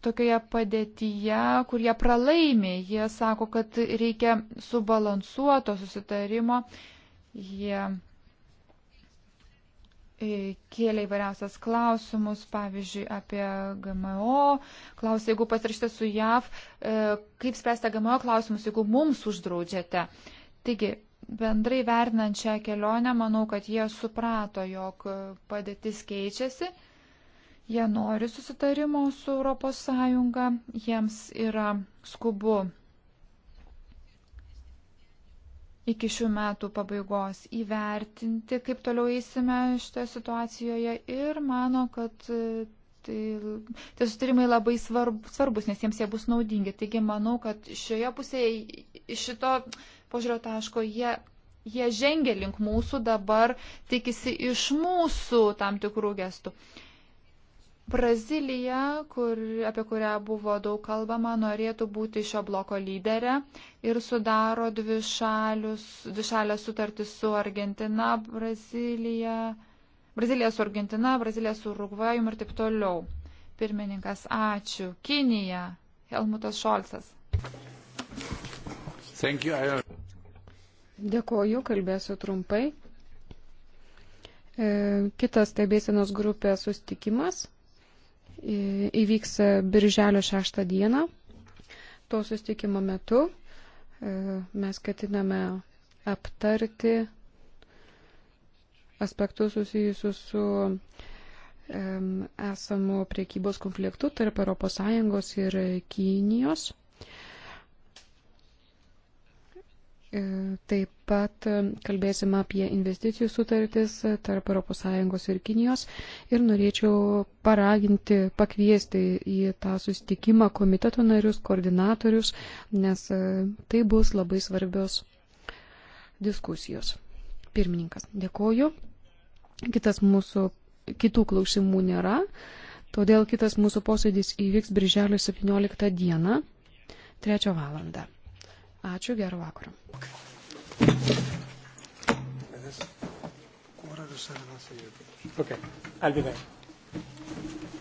Speaker 3: tokioje padėtyje, kur jie pralaimi. Jie sako, kad reikia subalansuoto susitarimo. Jie E, kėlė įvairiausias klausimus, pavyzdžiui, apie GMO, klausė, jeigu pasirašysite su JAV, e, kaip spręsite GMO klausimus, jeigu mums uždraudžiate. Taigi, bendrai vertinant šią kelionę, manau, kad jie suprato, jog padėtis keičiasi, jie nori susitarimo su ES, jiems yra skubu iki šių metų pabaigos įvertinti, kaip toliau eisime šitoje situacijoje ir mano, kad e, tai, tie sustarimai labai svarb, svarbus, nes jiems jie bus naudingi. Taigi manau, kad šioje pusėje, iš šito požiūrio taško, jie, jie žengia link mūsų, dabar tikisi iš mūsų tam tikrų gestų. Uh, Brazilija, kur, apie kurią buvo daug kalbama, norėtų būti šio bloko lyderė ir sudaro dvi, šalius, dvi šalės sutartis su Argentina, Brazilija, Brazilija su Argentina, Brazilija su Urugvajum ir taip toliau. Pirmininkas, ačiū. Kinija, Helmutas Šolcas.
Speaker 1: Dėkuoju, kalbėsiu trumpai. E, kitas stebėsienos grupės sustikimas įvyks birželio 6 dieną. To sustikimo metu e, mes ketiname aptarti aspektus susijusius su esamų priekybos konfliktų tarp ES ir Kinijos. E, taip pat e, kalbėsime apie investicijų sutartis e, tarp ES ir Kinijos ir norėčiau paraginti, pakviesti į tą susitikimą komiteto narius, koordinatorius, nes tai bus labai svarbios diskusijos. Pirmininkas, dėkoju. Kitas mūsų, kitų klausimų nėra, todėl kitas mūsų posėdis įvyks birželio 17 dieną, 3 valandą. Ačiū, gerų vakarų. Okay, I'll be there.